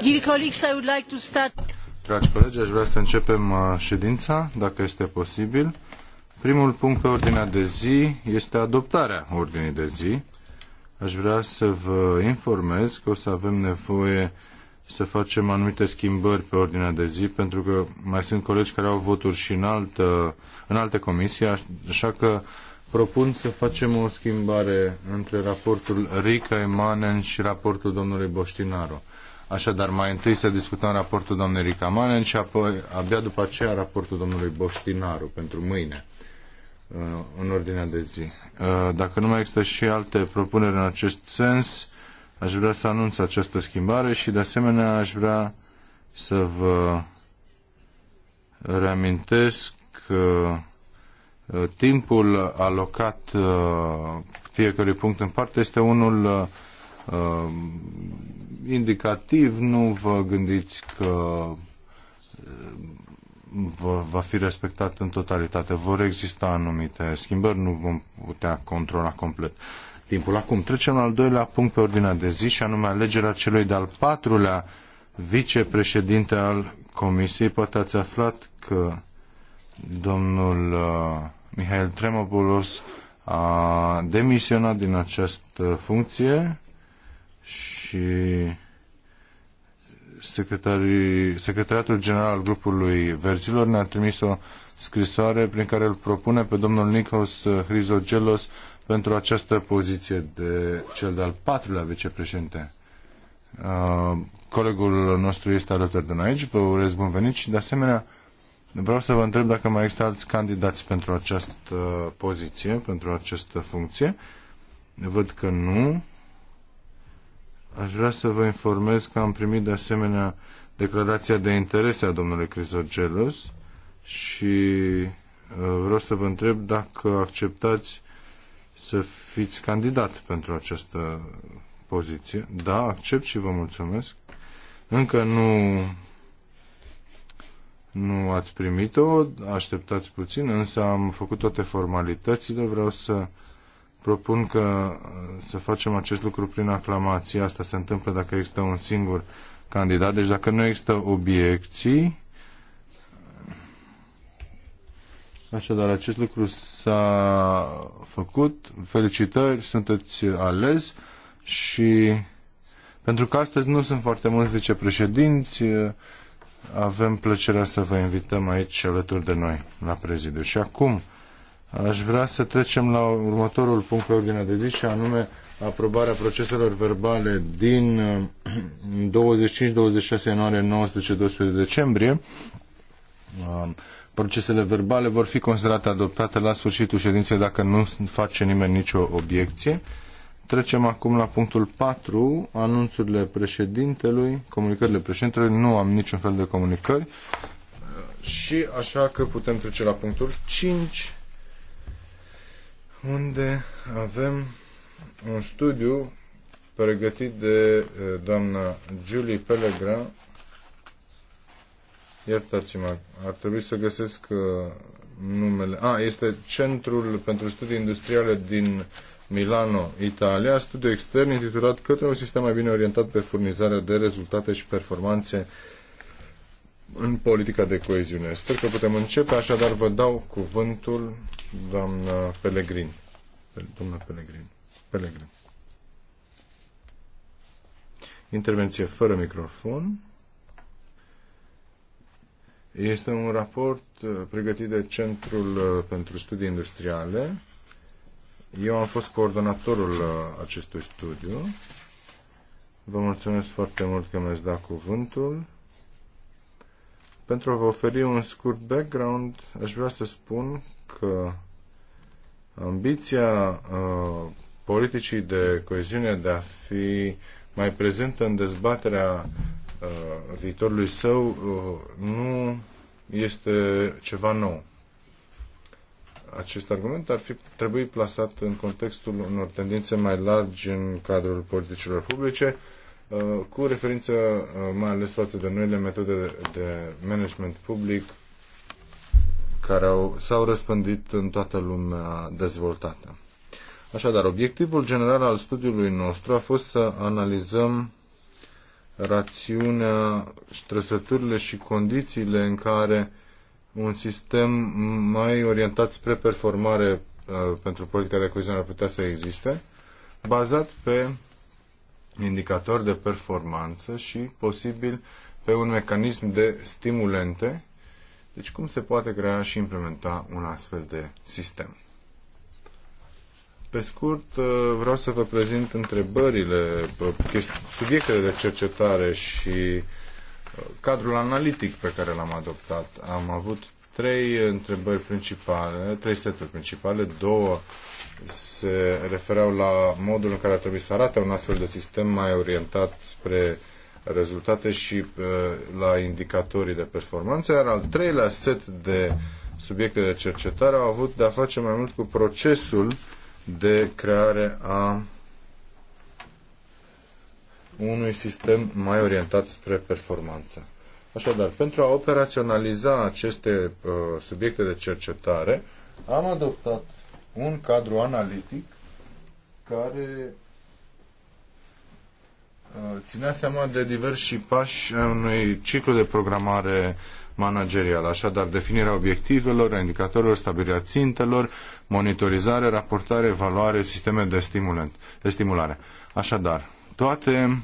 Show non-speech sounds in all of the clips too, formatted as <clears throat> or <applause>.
Dragi colegi, aș vrea să începem uh, ședința, dacă este posibil. Primul punct pe ordinea de zi este adoptarea ordinii de zi. Aș vrea să vă informez că o să avem nevoie să facem anumite schimbări pe ordinea de zi, pentru că mai sunt colegi care au voturi și în, altă, în alte comisii, așa că propun să facem o schimbare între raportul Rica Emanen și raportul domnului Boștinaru. Așadar, mai întâi să discutăm raportul domnului Rica Emanen și apoi, abia după aceea, raportul domnului Boștinaru pentru mâine uh, în ordinea de zi. Uh, dacă nu mai există și alte propuneri în acest sens, aș vrea să anunț această schimbare și, de asemenea, aș vrea să vă reamintesc că Uh, timpul alocat uh, fiecărui punct în parte este unul uh, indicativ. Nu vă gândiți că va fi respectat în totalitate. Vor exista anumite schimbări, nu vom putea controla complet timpul. Acum trecem la al doilea punct pe ordinea de zi și anume alegerea celui de-al patrulea vicepreședinte al Comisiei. Poate ați aflat că domnul Mihail Tremopoulos a demisionat din această funcție și secretariatul general al grupului Verzilor ne-a trimis o scrisoare prin care îl propune pe domnul Nikos Hrizogelos pentru această poziție de cel de-al patrulea vicepreședinte. Uh, colegul nostru este alături de noi aici, vă urez bun venit și de asemenea Vreau să vă întreb dacă mai există alți candidați pentru această poziție, pentru această funcție. Văd că nu. Aș vrea să vă informez că am primit de asemenea declarația de interese a domnului Crisogelos și uh, vreau să vă întreb dacă acceptați să fiți candidat pentru această poziție. Da, accept și vă mulțumesc. Încă nu nu ați primit-o, așteptați puțin, însă am făcut toate formalitățile, vreau să propun că uh, să facem acest lucru prin aclamație, asta se întâmplă dacă există un singur candidat, deci dacă nu există obiecții, Așadar, acest lucru s-a făcut. Felicitări, sunteți ales și pentru că astăzi nu sunt foarte mulți vicepreședinți, uh, avem plăcerea să vă invităm aici alături de noi la prezidiu. Și acum aș vrea să trecem la următorul punct pe ordinea de zi și anume aprobarea proceselor verbale din 25-26 uh, <clears throat> ianuarie 19-12 decembrie. Uh, procesele verbale vor fi considerate adoptate la sfârșitul ședinței dacă nu face nimeni nicio obiecție. Trecem acum la punctul 4, anunțurile președintelui, comunicările președintelui. Nu am niciun fel de comunicări. Și așa că putem trece la punctul 5, unde avem un studiu pregătit de eh, doamna Julie Pelegra. Iertați-mă, ar trebui să găsesc eh, numele. A, ah, este Centrul pentru Studii Industriale din Milano, Italia, studiu extern intitulat Către un sistem mai bine orientat pe furnizarea de rezultate și performanțe în politica de coeziune. Sper că putem începe, așadar vă dau cuvântul doamna Pelegrin. Doamna Pelegrin. Pelegrin. Intervenție fără microfon. Este un raport uh, pregătit de Centrul uh, pentru Studii Industriale eu am fost coordonatorul uh, acestui studiu. Vă mulțumesc foarte mult că mi-ați dat cuvântul. Pentru a vă oferi un scurt background, aș vrea să spun că ambiția uh, politicii de coeziune de a fi mai prezentă în dezbaterea uh, viitorului său nu este ceva nou acest argument ar fi trebui plasat în contextul unor tendințe mai largi în cadrul politicilor publice, uh, cu referință uh, mai ales față de noile metode de management public care au, s-au răspândit în toată lumea dezvoltată. Așadar, obiectivul general al studiului nostru a fost să analizăm rațiunea, trăsăturile și condițiile în care uh, un sistem mai orientat spre performare uh, pentru politica de coeziune ar putea să existe, bazat pe indicatori de performanță și posibil pe un mecanism de stimulente. Deci cum se poate crea și implementa un astfel de sistem? Pe scurt, uh, vreau să vă prezint întrebările, uh, subiectele de cercetare și cadrul analitic pe care l-am adoptat. Am avut trei întrebări principale, trei seturi principale, două se refereau la modul în care ar trebui să arate un astfel de sistem mai orientat spre rezultate și uh, la indicatorii de performanță, iar al treilea set de subiecte de cercetare au avut de a face mai mult cu procesul de creare a unui sistem mai orientat spre performanță. Așadar, pentru a operaționaliza aceste uh, subiecte de cercetare, am adoptat un cadru analitic care uh, ținea seama de diversi pași a unui ciclu de programare managerial. Așadar, definirea obiectivelor, a indicatorilor, stabilirea țintelor, monitorizare, raportare, evaluare, sisteme de, stimulant, de stimulare. Așadar, toate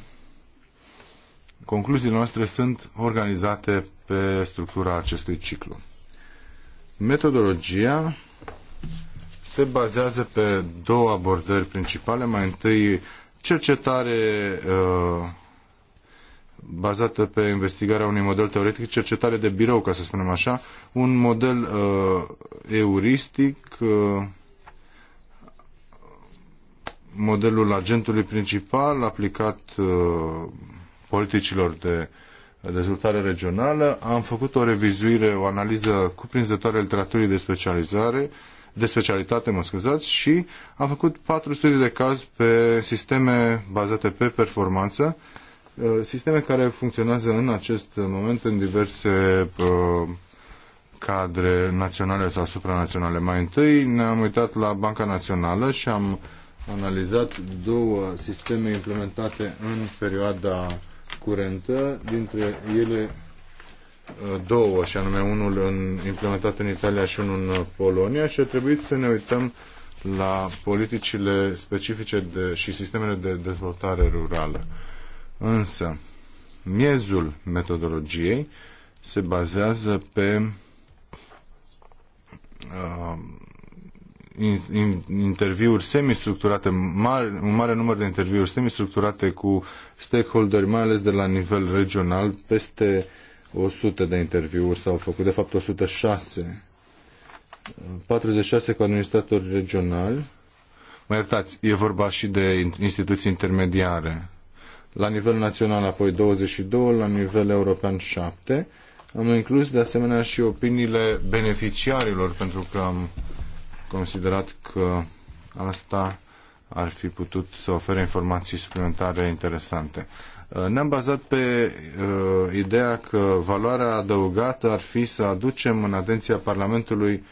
concluziile noastre sunt organizate pe structura acestui ciclu. Metodologia se bazează pe două abordări principale. Mai întâi, cercetare uh, bazată pe investigarea unui model teoretic, cercetare de birou, ca să spunem așa, un model uh, euristic, uh, modelul agentului principal aplicat uh, politicilor de dezvoltare regională. Am făcut o revizuire, o analiză cuprinzătoare literaturii de specializare, de specialitate, mă scuzați, și am făcut patru studii de caz pe sisteme bazate pe performanță, uh, sisteme care funcționează în acest moment în diverse uh, cadre naționale sau supranaționale. Mai întâi ne-am uitat la Banca Națională și am uh, analizat două sisteme implementate în perioada curentă, dintre ele uh, două, și anume unul în, implementat în Italia și unul în Polonia și a trebuit să ne uităm la politicile specifice de, și sistemele de dezvoltare rurală. Însă, miezul metodologiei se bazează pe uh, interviuri semistructurate, mari, un mare număr de interviuri semistructurate cu stakeholderi, mai ales de la nivel regional, peste 100 de interviuri s-au făcut, de fapt 106, 46 cu administratori regionali, mă iertați, e vorba și de instituții intermediare, la nivel național apoi 22, la nivel european 7, am inclus de asemenea și opiniile beneficiarilor, pentru că am considerat că asta ar fi putut să ofere informații suplimentare interesante. Uh, ne-am bazat pe uh, ideea că valoarea adăugată ar fi să aducem în atenția Parlamentului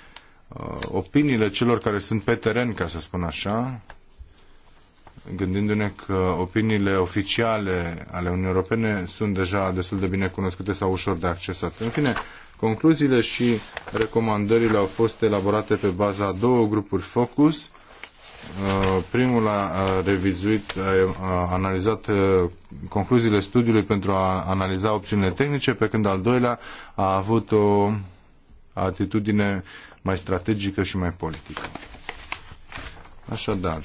uh, opiniile celor care sunt pe teren, ca să spun așa, gândindu-ne că opiniile oficiale ale Uniunii Europene sunt deja destul de bine cunoscute sau ușor de accesate. În fine, Concluziile și recomandările au fost elaborate pe baza a două grupuri focus. Uh, primul a revizuit, a analizat uh, concluziile studiului pentru a analiza opțiunile tehnice, pe când al doilea a avut o atitudine mai strategică și mai politică. Așadar,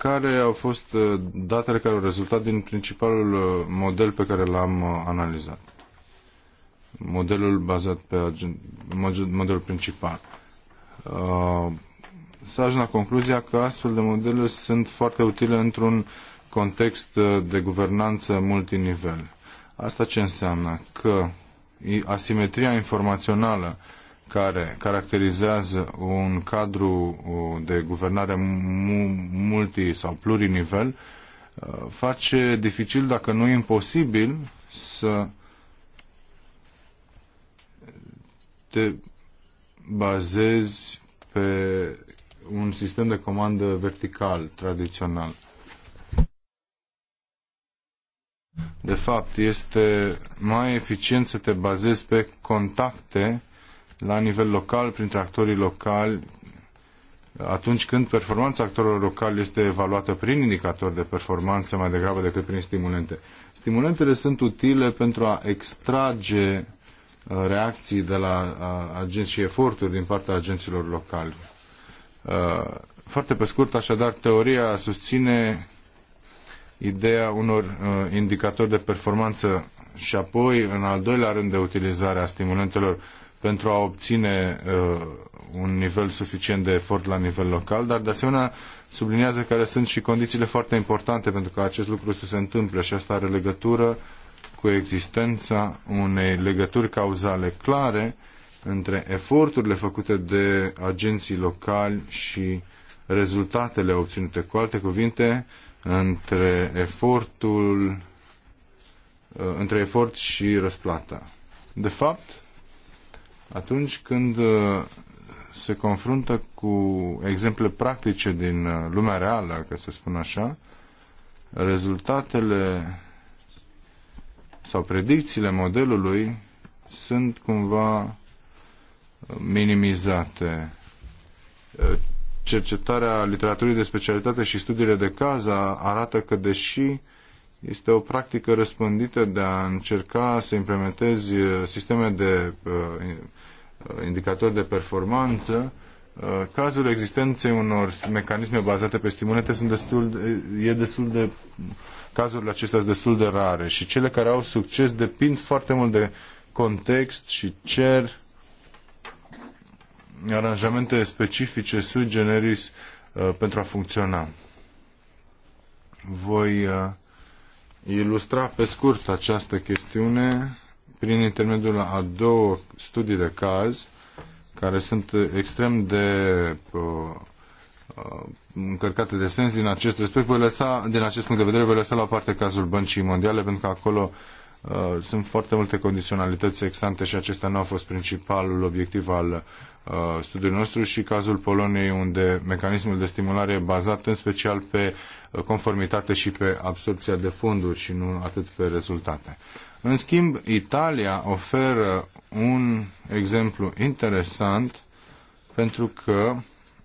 care au fost uh, datele care au rezultat din principalul uh, model pe care l-am uh, analizat. Modelul bazat pe modelul principal. S-a ajuns la concluzia că astfel de modele sunt foarte utile într-un context de guvernanță multinivel. Asta ce înseamnă? Că asimetria informațională uh, care caracterizează un cadru uh, de guvernare multi sau plurinivel uh, face dificil, dacă nu imposibil, să te bazezi pe un sistem de comandă vertical tradițional. De fapt, este mai eficient să te bazezi pe contacte la nivel local, printre actorii locali, atunci când performanța actorilor locali este evaluată prin indicatori de performanță mai degrabă decât prin stimulente. Stimulentele sunt utile pentru a extrage uh, reacții de la uh, agenți și eforturi din partea agenților locali. Uh, foarte pe scurt, așadar, teoria susține ideea unor indicatori de performanță și apoi, în al doilea rând, de utilizarea stimulentelor pentru a obține uh, un nivel suficient de efort la nivel local, dar de asemenea subliniază care sunt și condițiile foarte importante pentru ca acest lucru să se întâmple și asta are legătură cu existența unei legături cauzale clare între eforturile făcute de agenții locali și rezultatele obținute. Cu alte cuvinte, între efortul uh, între efort și răsplata. De fapt, atunci când uh, se confruntă cu exemple practice din uh, lumea reală, ca să spun așa, rezultatele sau predicțiile modelului sunt cumva uh, minimizate. Cercetarea literaturii de specialitate și studiile de caz arată că, deși este o practică răspândită de a încerca să implementezi uh, sisteme de uh, uh, indicatori de performanță. Cazul existenței unor mecanisme bazate pe stimulente sunt destul de, e destul de cazurile acestea sunt destul de rare și cele care au succes depind foarte mult de context și cer aranjamente specifice sui generis pentru a funcționa. Voi ilustra pe scurt această chestiune prin intermediul a două studii de caz care sunt extrem de uh, uh, încărcate de sens din acest respect. Voi lăsa, din acest punct de vedere, voi lăsa la parte cazul Băncii Mondiale, pentru că acolo uh, sunt foarte multe condiționalități exante și acesta nu a fost principalul obiectiv al Uh, studiul nostru și cazul Poloniei, unde mecanismul de stimulare e bazat în special pe uh, conformitate și pe absorpția de fonduri și nu atât pe rezultate. În schimb, Italia oferă un exemplu interesant pentru că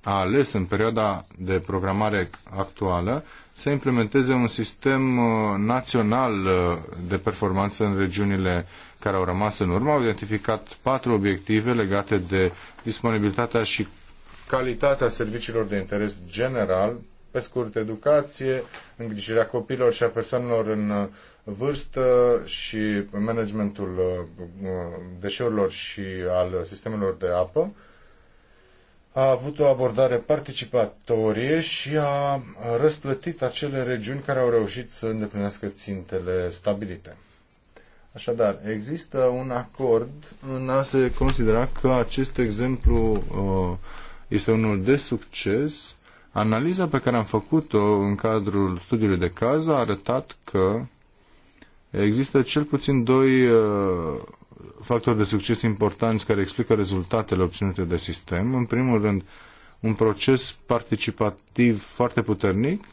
a ales în perioada de programare actuală să implementeze un sistem uh, național uh, de performanță în regiunile care au rămas în urmă. Au identificat patru obiective legate de disponibilitatea și calitatea serviciilor de interes general, pe scurt, educație, îngrijirea copilor și a persoanelor în uh, vârstă și managementul deșeurilor și al sistemelor de apă a avut o abordare participatorie și a răsplătit acele regiuni care au reușit să îndeplinească țintele stabilite. Așadar, există un acord în a se considera că acest exemplu uh, este unul de succes. Analiza pe care am făcut-o în cadrul studiului de caz a arătat că există cel puțin doi uh, factori de succes importanți care explică rezultatele obținute de sistem. În primul rând, un proces participativ foarte puternic,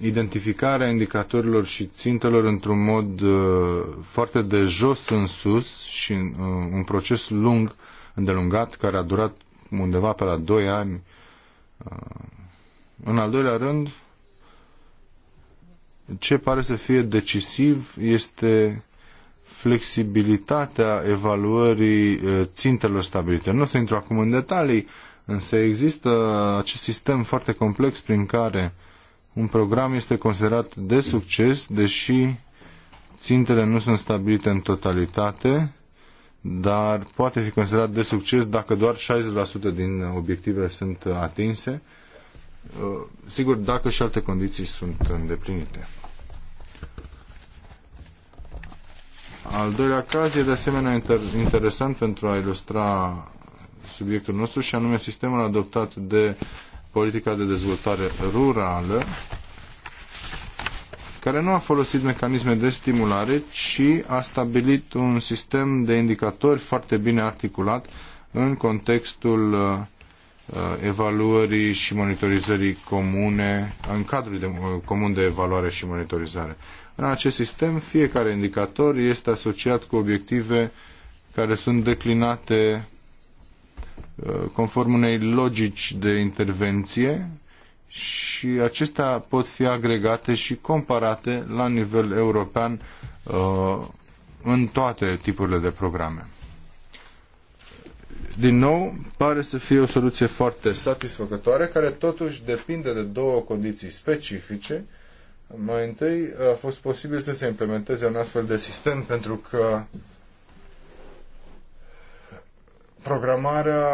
identificarea indicatorilor și țintelor într-un mod uh, foarte de jos în sus și uh, un proces lung, îndelungat, care a durat undeva pe la 2 ani. Uh, în al doilea rând, ce pare să fie decisiv este flexibilitatea evaluării uh, țintelor stabilite. Nu o să intru acum în detalii, însă există acest sistem foarte complex prin care un program este considerat de succes, deși țintele nu sunt stabilite în totalitate, dar poate fi considerat de succes dacă doar 60% din obiectivele sunt atinse Uh, sigur, dacă și alte condiții sunt îndeplinite. Al doilea caz e de asemenea inter- interesant pentru a ilustra subiectul nostru și anume sistemul adoptat de politica de dezvoltare rurală care nu a folosit mecanisme de stimulare, ci a stabilit un sistem de indicatori foarte bine articulat în contextul uh, Uh, evaluării și monitorizării comune, în cadrul de, uh, comun de evaluare și monitorizare. În acest sistem, fiecare indicator este asociat cu obiective care sunt declinate uh, conform unei logici de intervenție și acestea pot fi agregate și comparate la nivel european în toate tipurile de programe din nou, pare să fie o soluție foarte satisfăcătoare, care totuși depinde de două condiții specifice. Mai întâi, a fost posibil să se implementeze un astfel de sistem pentru că programarea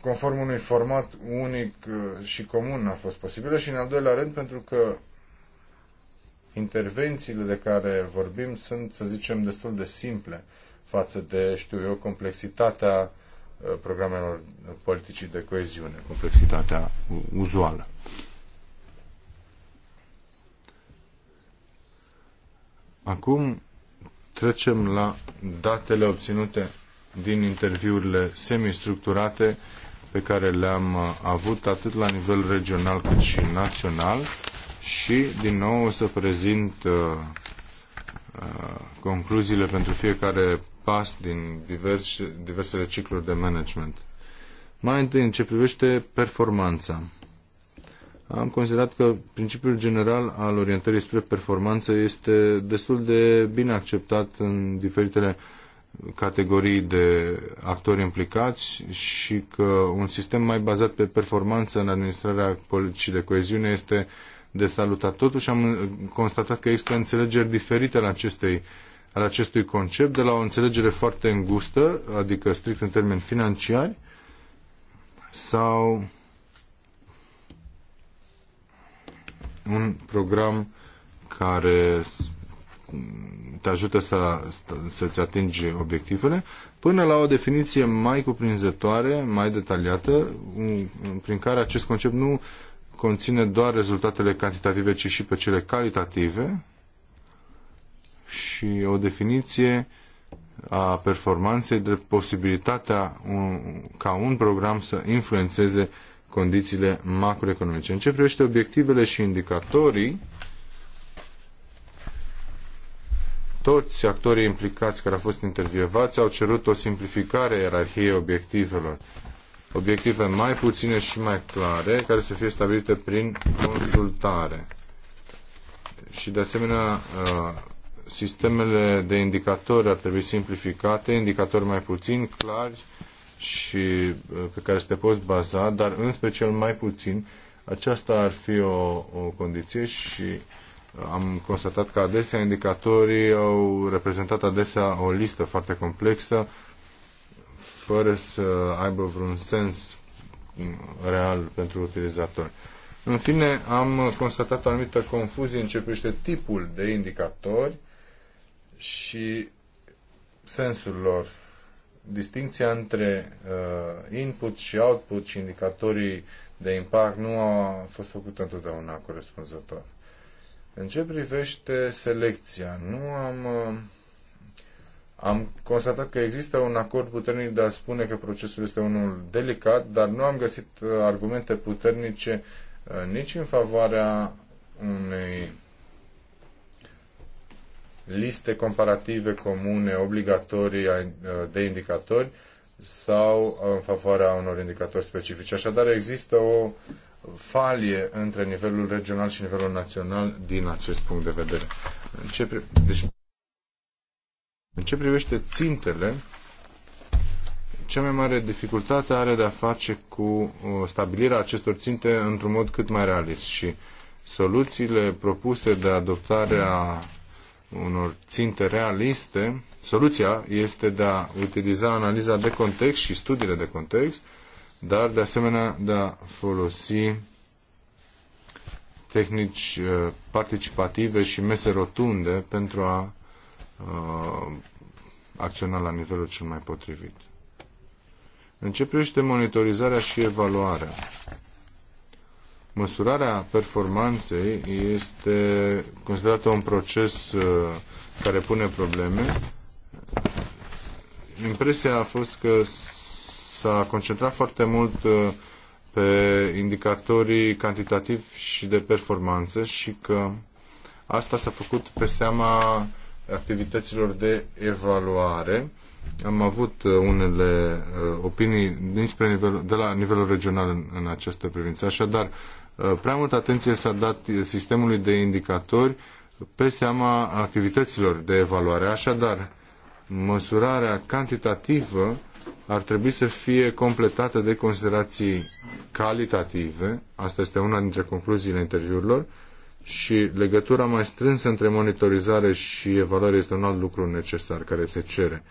conform unui format unic uh, și comun a fost posibilă și, în al doilea rând, pentru că intervențiile de care vorbim sunt, să zicem, destul de simple față de, știu eu, complexitatea Uh, programelor politicii de coeziune, complexitatea uzuală. Acum trecem la datele obținute din interviurile semistructurate pe care le-am uh, avut atât la nivel regional cât și național și din nou o să prezint uh, uh concluziile pentru fiecare pas din divers, diversele cicluri de management. Mai întâi, în ce privește performanța. Am considerat că principiul general al orientării spre performanță este destul de bine acceptat în diferitele categorii de actori implicați și că un sistem mai bazat pe performanță în administrarea politicii de coeziune este de salutat. Totuși am constatat că există înțelegeri diferite la acestei al acestui concept de la o înțelegere foarte îngustă, adică strict în termeni financiari, sau un program care te ajută să, să-ți atingi obiectivele, până la o definiție mai cuprinzătoare, mai detaliată, prin care acest concept nu conține doar rezultatele cantitative, ci și pe cele calitative, și o definiție a performanței de posibilitatea un, ca un program să influențeze condițiile macroeconomice. În ce privește obiectivele și indicatorii, toți actorii implicați care au fost intervievați au cerut o simplificare a ierarhiei obiectivelor. Obiective mai puține și mai clare, care să fie stabilite prin consultare. Și de asemenea, uh, sistemele de indicatori ar trebui simplificate, indicatori mai puțin clari și uh, pe care să te poți baza, dar în special mai puțin. Aceasta ar fi o, o condiție și uh, am constatat că adesea indicatorii au reprezentat adesea o listă foarte complexă, fără să aibă vreun sens real pentru utilizatori. În fine, am constatat o anumită confuzie în ce privește tipul de indicatori și sensul lor. Distinția între uh, input și output și indicatorii de impact nu a fost făcută întotdeauna corespunzător. În ce privește selecția, nu am, uh, am constatat că există un acord puternic de a spune că procesul este unul delicat, dar nu am găsit uh, argumente puternice uh, nici în favoarea unei liste comparative comune obligatorii de indicatori sau în favoarea unor indicatori specifice. Așadar, există o falie între nivelul regional și nivelul național din acest punct de vedere. În ce, pri... deci, în ce privește țintele, cea mai mare dificultate are de a face cu uh, stabilirea acestor ținte într-un mod cât mai realist și soluțiile propuse de adoptarea unor ținte realiste, soluția este de a utiliza analiza de context și studiile de context, dar de asemenea de a folosi tehnici uh, participative și mese rotunde pentru a uh, acționa la nivelul cel mai potrivit. În ce privește monitorizarea și evaluarea? Măsurarea performanței este considerată un proces uh, care pune probleme. Impresia a fost că s-a concentrat foarte mult uh, pe indicatorii cantitativi și de performanță și că asta s-a făcut pe seama activităților de evaluare. Am avut uh, unele opinii dinspre nivel, de la nivelul regional în, în această privință. Așadar, Uh, prea multă atenție s-a dat sistemului de indicatori pe seama activităților de evaluare. Așadar, măsurarea cantitativă ar trebui să fie completată de considerații calitative, asta este una dintre concluziile interviurilor, și legătura mai strânsă între monitorizare și evaluare este un alt lucru necesar care se cere.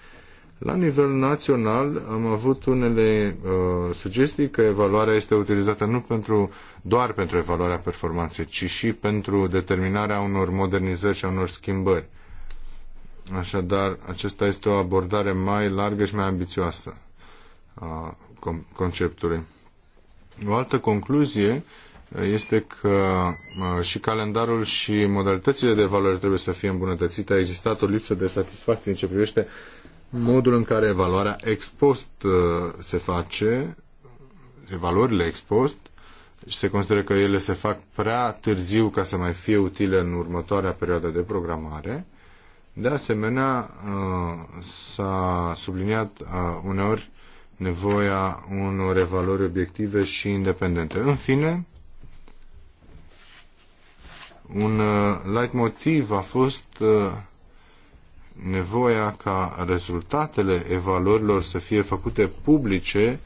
La nivel național am avut unele uh, sugestii că evaluarea este utilizată nu pentru doar pentru evaluarea performanței, ci și pentru determinarea unor modernizări și a unor schimbări. Așadar, acesta este o abordare mai largă și mai ambițioasă a conceptului. O altă concluzie este că și calendarul și modalitățile de evaluare trebuie să fie îmbunătățite. A existat o lipsă de satisfacție în ce privește modul în care evaluarea ex post se face, evaluările ex post și se consideră că ele se fac prea târziu ca să mai fie utile în următoarea perioadă de programare. De asemenea, uh, s-a subliniat uh, uneori nevoia unor evaluări obiective și independente. În fine, un uh, light motiv a fost nevoia ca rezultatele evaluărilor să fie făcute publice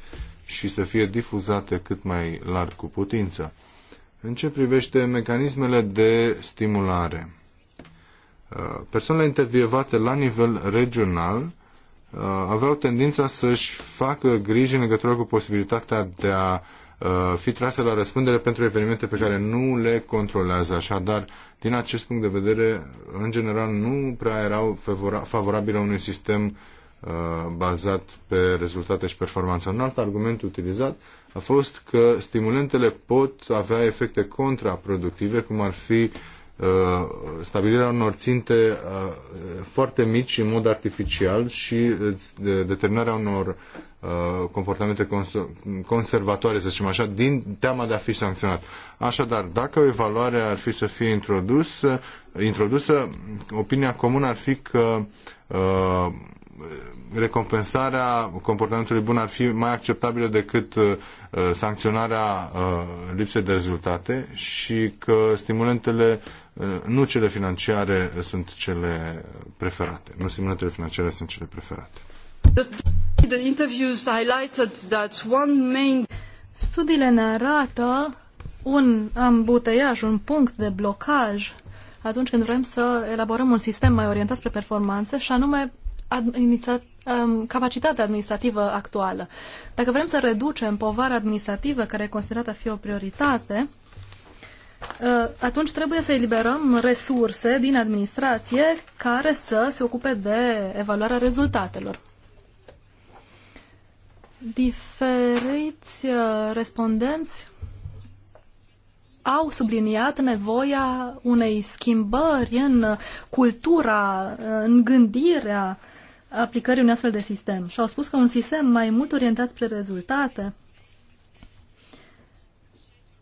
și să fie difuzate cât mai larg cu putință. În ce privește mecanismele de stimulare, uh, persoanele intervievate la nivel regional uh, aveau tendința să-și facă griji în legătură cu posibilitatea de a uh, fi trase la răspundere pentru evenimente pe care nu le controlează. Așadar, din acest punct de vedere, în general, nu prea erau favorabile unui sistem Uh, bazat pe rezultate și performanță. Un alt argument utilizat a fost că stimulentele pot avea efecte contraproductive, cum ar fi uh, stabilirea unor ținte uh, foarte mici în mod artificial și determinarea unor comportamente conservatoare, să zicem așa, din teama de a fi sancționat. Așadar, dacă o evaluare ar fi să fie introdusă, introdusă opinia comună ar fi că recompensarea comportamentului bun ar fi mai acceptabilă decât uh, sancționarea uh, lipsei de rezultate și că stimulentele, uh, nu cele financiare, sunt cele preferate. Nu stimulentele financiare sunt cele preferate. The interviews highlighted that one main... Studiile ne arată un ambuteiaj, un punct de blocaj atunci când vrem să elaborăm un sistem mai orientat spre performanță și anume administrat, um, capacitatea administrativă actuală. Dacă vrem să reducem povara administrativă, care e considerată a fi o prioritate, uh, atunci trebuie să eliberăm resurse din administrație care să se ocupe de evaluarea rezultatelor. Diferiți uh, respondenți au subliniat nevoia unei schimbări în cultura, în gândirea aplicării unui astfel de sistem. Și au spus că un sistem mai mult orientat spre rezultate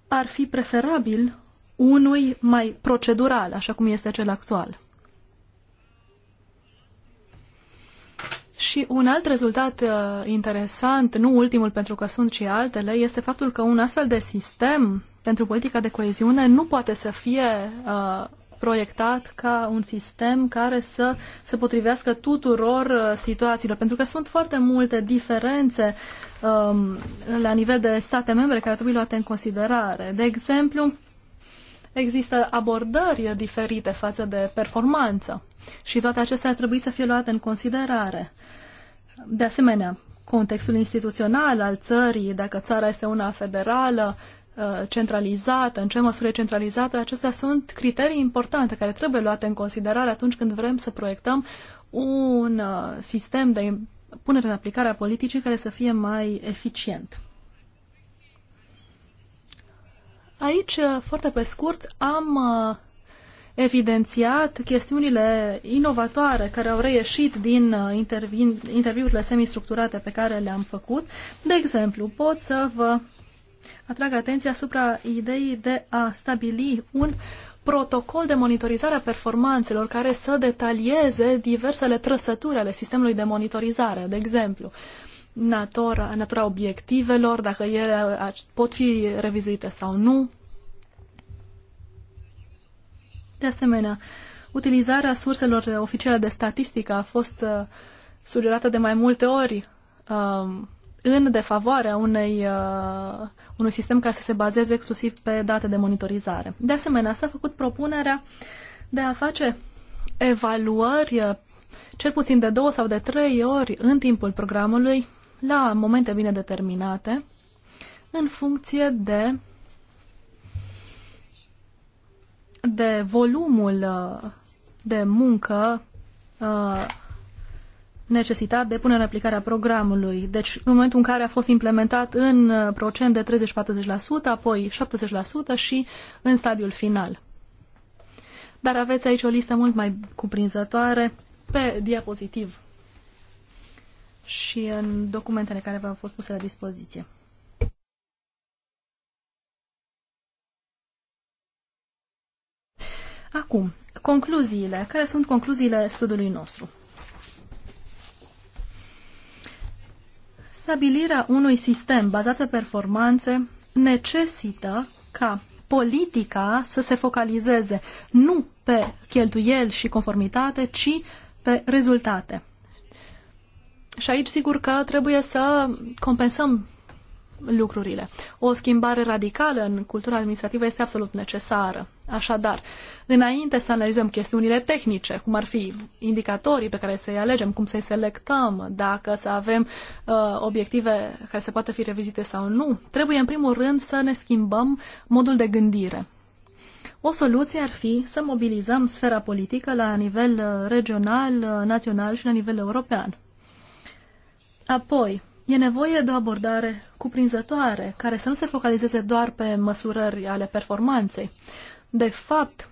ar fi preferabil unui mai procedural, așa cum este cel actual. Și un alt rezultat uh, interesant, nu ultimul pentru că sunt și altele, este faptul că un astfel de sistem pentru politica de coeziune nu poate să fie uh, proiectat ca un sistem care să se potrivească tuturor uh, situațiilor, pentru că sunt foarte multe diferențe um, la nivel de state membre care trebuie luate în considerare. De exemplu, există abordări diferite față de performanță și toate acestea ar trebui să fie luate în considerare. De asemenea, contextul instituțional al țării, dacă țara este una federală Uh, centralizată, în ce măsură e centralizată, acestea sunt criterii importante care trebuie luate în considerare atunci când vrem să proiectăm un uh, sistem de punere în aplicare a politicii care să fie mai eficient. Aici, uh, foarte pe scurt, am evidențiat chestiunile inovatoare care au reieșit din intervi interviurile semistructurate pe care le-am făcut. De exemplu, pot să vă atrag atenția asupra ideii de a stabili un protocol de monitorizare a performanțelor care să detalieze diversele trăsături ale sistemului de monitorizare, de exemplu, natura, natura obiectivelor, dacă ele pot fi revizuite sau nu. De asemenea, utilizarea surselor oficiale de statistică a fost uh, sugerată de mai multe ori um, în defavoarea unei, uh, unui sistem care să se bazeze exclusiv pe date de monitorizare. De asemenea, s-a făcut propunerea de a face evaluări uh, cel puțin de două sau de trei ori în timpul programului, la momente bine determinate, în funcție de, de volumul uh, de muncă uh, necesita punere în aplicare a programului. Deci, în momentul în care a fost implementat în uh, procent de 30-40%, apoi 70% și în stadiul final. Dar aveți aici o listă mult mai cuprinzătoare pe diapozitiv și în documentele care v-au fost puse la dispoziție. Acum, concluziile. Care sunt concluziile studiului nostru? Stabilirea unui sistem bazat pe performanțe necesită ca politica să se focalizeze nu pe cheltuieli și conformitate, ci pe rezultate. Și aici sigur că trebuie să compensăm lucrurile. O schimbare radicală în cultura administrativă este absolut necesară. Așadar, uh, înainte să analizăm chestiunile tehnice, cum ar fi indicatorii pe care să-i alegem, cum să-i selectăm, dacă să avem uh, obiective care se poată fi revizite sau nu, trebuie în primul rând să ne schimbăm modul de gândire. O soluție ar fi să mobilizăm sfera politică la nivel uh, regional, uh, național și la nivel european. Apoi, e nevoie de o abordare cuprinzătoare, care să nu se focalizeze doar pe măsurări ale performanței. De fapt,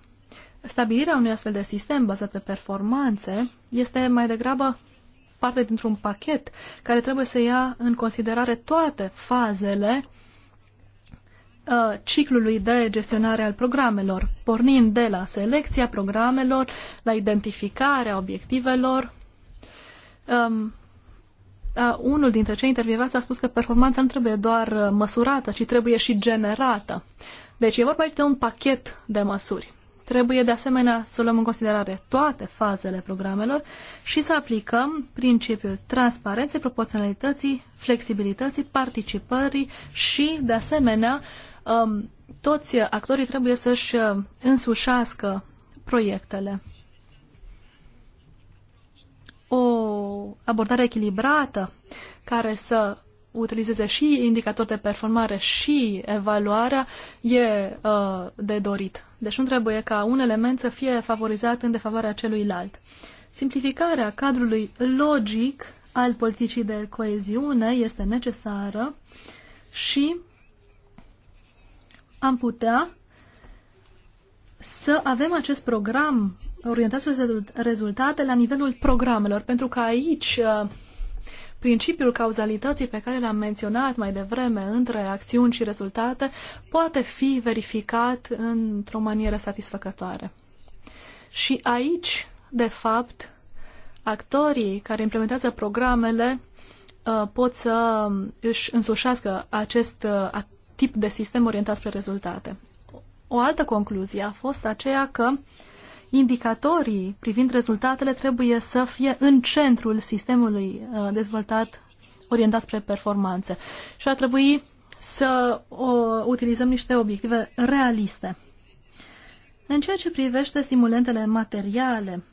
stabilirea unui astfel de sistem bazat pe performanțe este mai degrabă parte dintr-un pachet care trebuie să ia în considerare toate fazele uh, ciclului de gestionare al programelor, pornind de la selecția programelor, la identificarea obiectivelor. Um, a, unul dintre cei intervievați a spus că performanța nu trebuie doar uh, măsurată, ci trebuie și generată. Deci e vorba de un pachet de măsuri. Trebuie de asemenea să luăm în considerare toate fazele programelor și să aplicăm principiul transparenței, proporționalității, flexibilității, participării și, de asemenea, um, toți actorii trebuie să-și uh, însușească proiectele. O abordare echilibrată care să utilizeze și indicatori de performare și evaluarea e uh, de dorit. Deci nu trebuie ca un element să fie favorizat în defavoarea celuilalt. Simplificarea cadrului logic al politicii de coeziune este necesară și am putea să avem acest program orientat spre rezultate la nivelul programelor, pentru că aici uh, principiul cauzalității pe care l-am menționat mai devreme între acțiuni și rezultate poate fi verificat într-o manieră satisfăcătoare. Și aici, de fapt, actorii care implementează programele uh, pot să își însușească acest uh, tip de sistem orientat spre rezultate. O altă concluzie a fost aceea că uh, indicatorii privind rezultatele trebuie să fie în centrul sistemului uh, dezvoltat orientat spre performanțe. Și ar trebui să o, utilizăm niște obiective realiste. În ceea ce privește stimulentele materiale,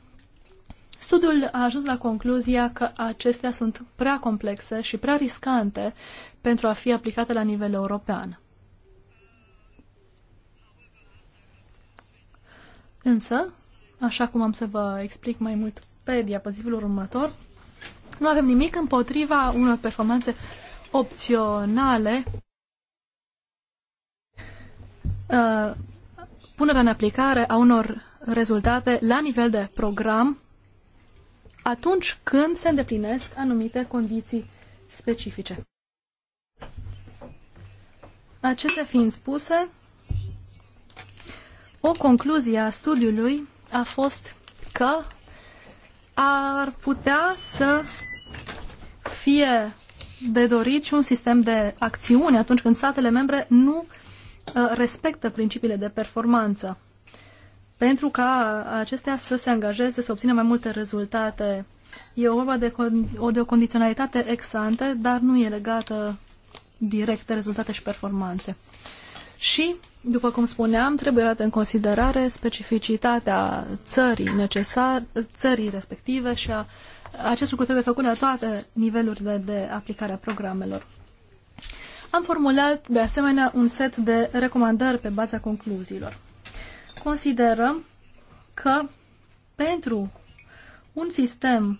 studiul a ajuns la concluzia că acestea sunt prea complexe și prea riscante pentru a fi aplicate la nivel european. Însă, așa cum am să vă explic mai mult pe diapozitivul următor, nu avem nimic împotriva unor performanțe opționale. Uh, punerea în aplicare a unor rezultate la nivel de program atunci când se îndeplinesc anumite condiții specifice. Acestea fiind spuse, o concluzie a studiului a fost că ar putea să fie de dorit și un sistem de acțiuni atunci când statele membre nu uh, respectă principiile de performanță pentru ca acestea să se angajeze, să obțină mai multe rezultate. E o vorba de, o, de o condiționalitate ex ante, dar nu e legată direct de rezultate și performanțe. Și după cum spuneam, trebuie luată în considerare specificitatea țării necesar, țării respective și a, acest lucru trebuie făcut la toate nivelurile de aplicare a programelor. Am formulat, de asemenea, un set de recomandări pe baza concluziilor. Considerăm că pentru un sistem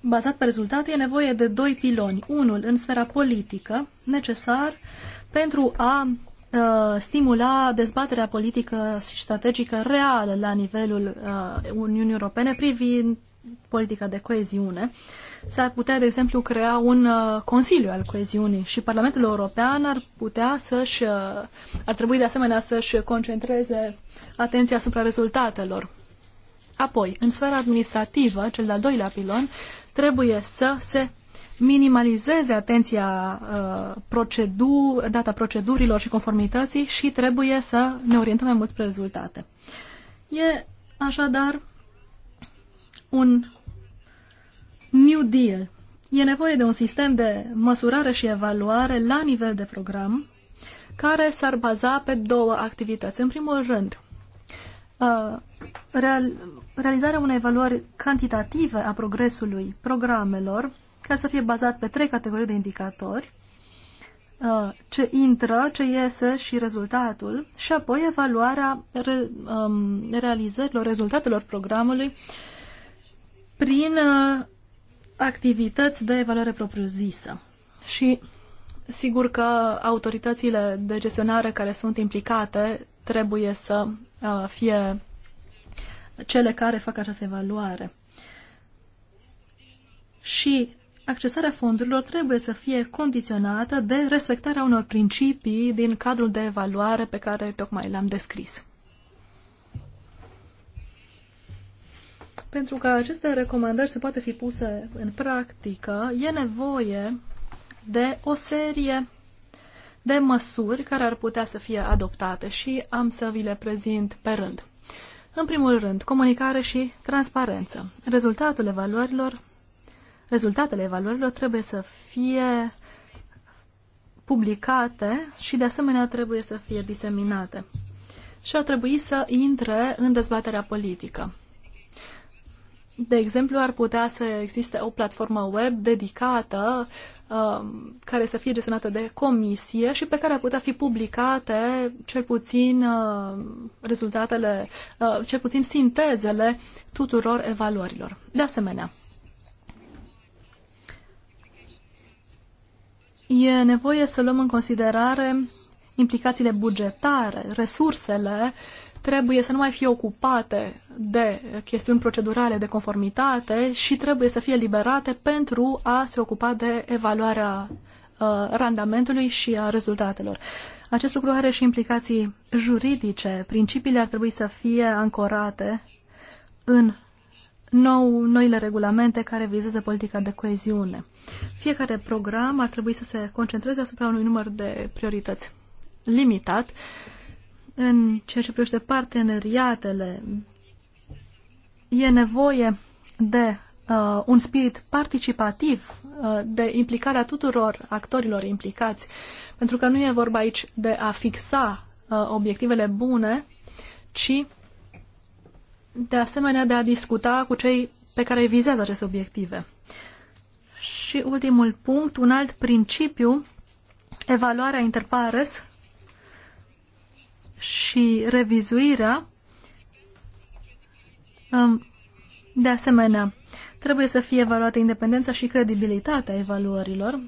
bazat pe rezultate e nevoie de doi piloni. Unul în sfera politică, necesar pentru a Uh, stimula dezbaterea politică și strategică reală la nivelul uh, Uniunii Europene privind politica de coeziune. S-ar putea, de exemplu, crea un uh, Consiliu al Coeziunii și Parlamentul European ar putea să-și, uh, ar trebui de asemenea să-și concentreze atenția asupra rezultatelor. Apoi, în sfera administrativă, cel de-al doilea pilon, trebuie să se minimalizeze atenția uh, procedu, data procedurilor și conformității și trebuie să ne orientăm mai mult spre rezultate. E așadar un New Deal. E nevoie de un sistem de măsurare și evaluare la nivel de program care s-ar baza pe două activități. În primul rând, uh, real, realizarea unei evaluări cantitative a progresului programelor care să fie bazat pe trei categorii de indicatori, uh, ce intră, ce iese și rezultatul, și apoi evaluarea um, realizărilor, rezultatelor programului prin uh, activități de evaluare propriu-zisă. Și sigur că autoritățile de gestionare care sunt implicate trebuie să uh, fie cele care fac această evaluare. Și accesarea fondurilor trebuie să fie condiționată de respectarea unor principii din cadrul de evaluare pe care tocmai l-am descris. Pentru că aceste recomandări se poate fi puse în practică, e nevoie de o serie de măsuri care ar putea să fie adoptate și am să vi le prezint pe rând. În primul rând, comunicare și transparență. Rezultatul evaluărilor rezultatele evaluărilor trebuie să fie publicate și de asemenea trebuie să fie diseminate. Și ar trebui să intre în dezbaterea politică. De exemplu, ar putea să existe o platformă web dedicată um, care să fie gestionată de comisie și pe care ar putea fi publicate cel puțin uh, rezultatele, uh, cel puțin sintezele tuturor evaluărilor. De asemenea, e nevoie să luăm în considerare implicațiile bugetare, resursele trebuie să nu mai fie ocupate de chestiuni procedurale de conformitate și trebuie să fie liberate pentru a se ocupa de evaluarea uh, randamentului și a rezultatelor. Acest lucru are și implicații juridice. Principiile ar trebui să fie ancorate în nou, noile regulamente care vizează politica de coeziune. Fiecare program ar trebui să se concentreze asupra unui număr de priorități limitat. În ceea ce privește parteneriatele, e nevoie de uh, un spirit participativ, uh, de implicarea tuturor actorilor implicați, pentru că nu e vorba aici de a fixa uh, obiectivele bune, ci de asemenea de a discuta cu cei pe care vizează aceste obiective. Și ultimul punct, un alt principiu, evaluarea interpares și revizuirea. Um, de asemenea, trebuie să fie evaluată independența și credibilitatea evaluărilor.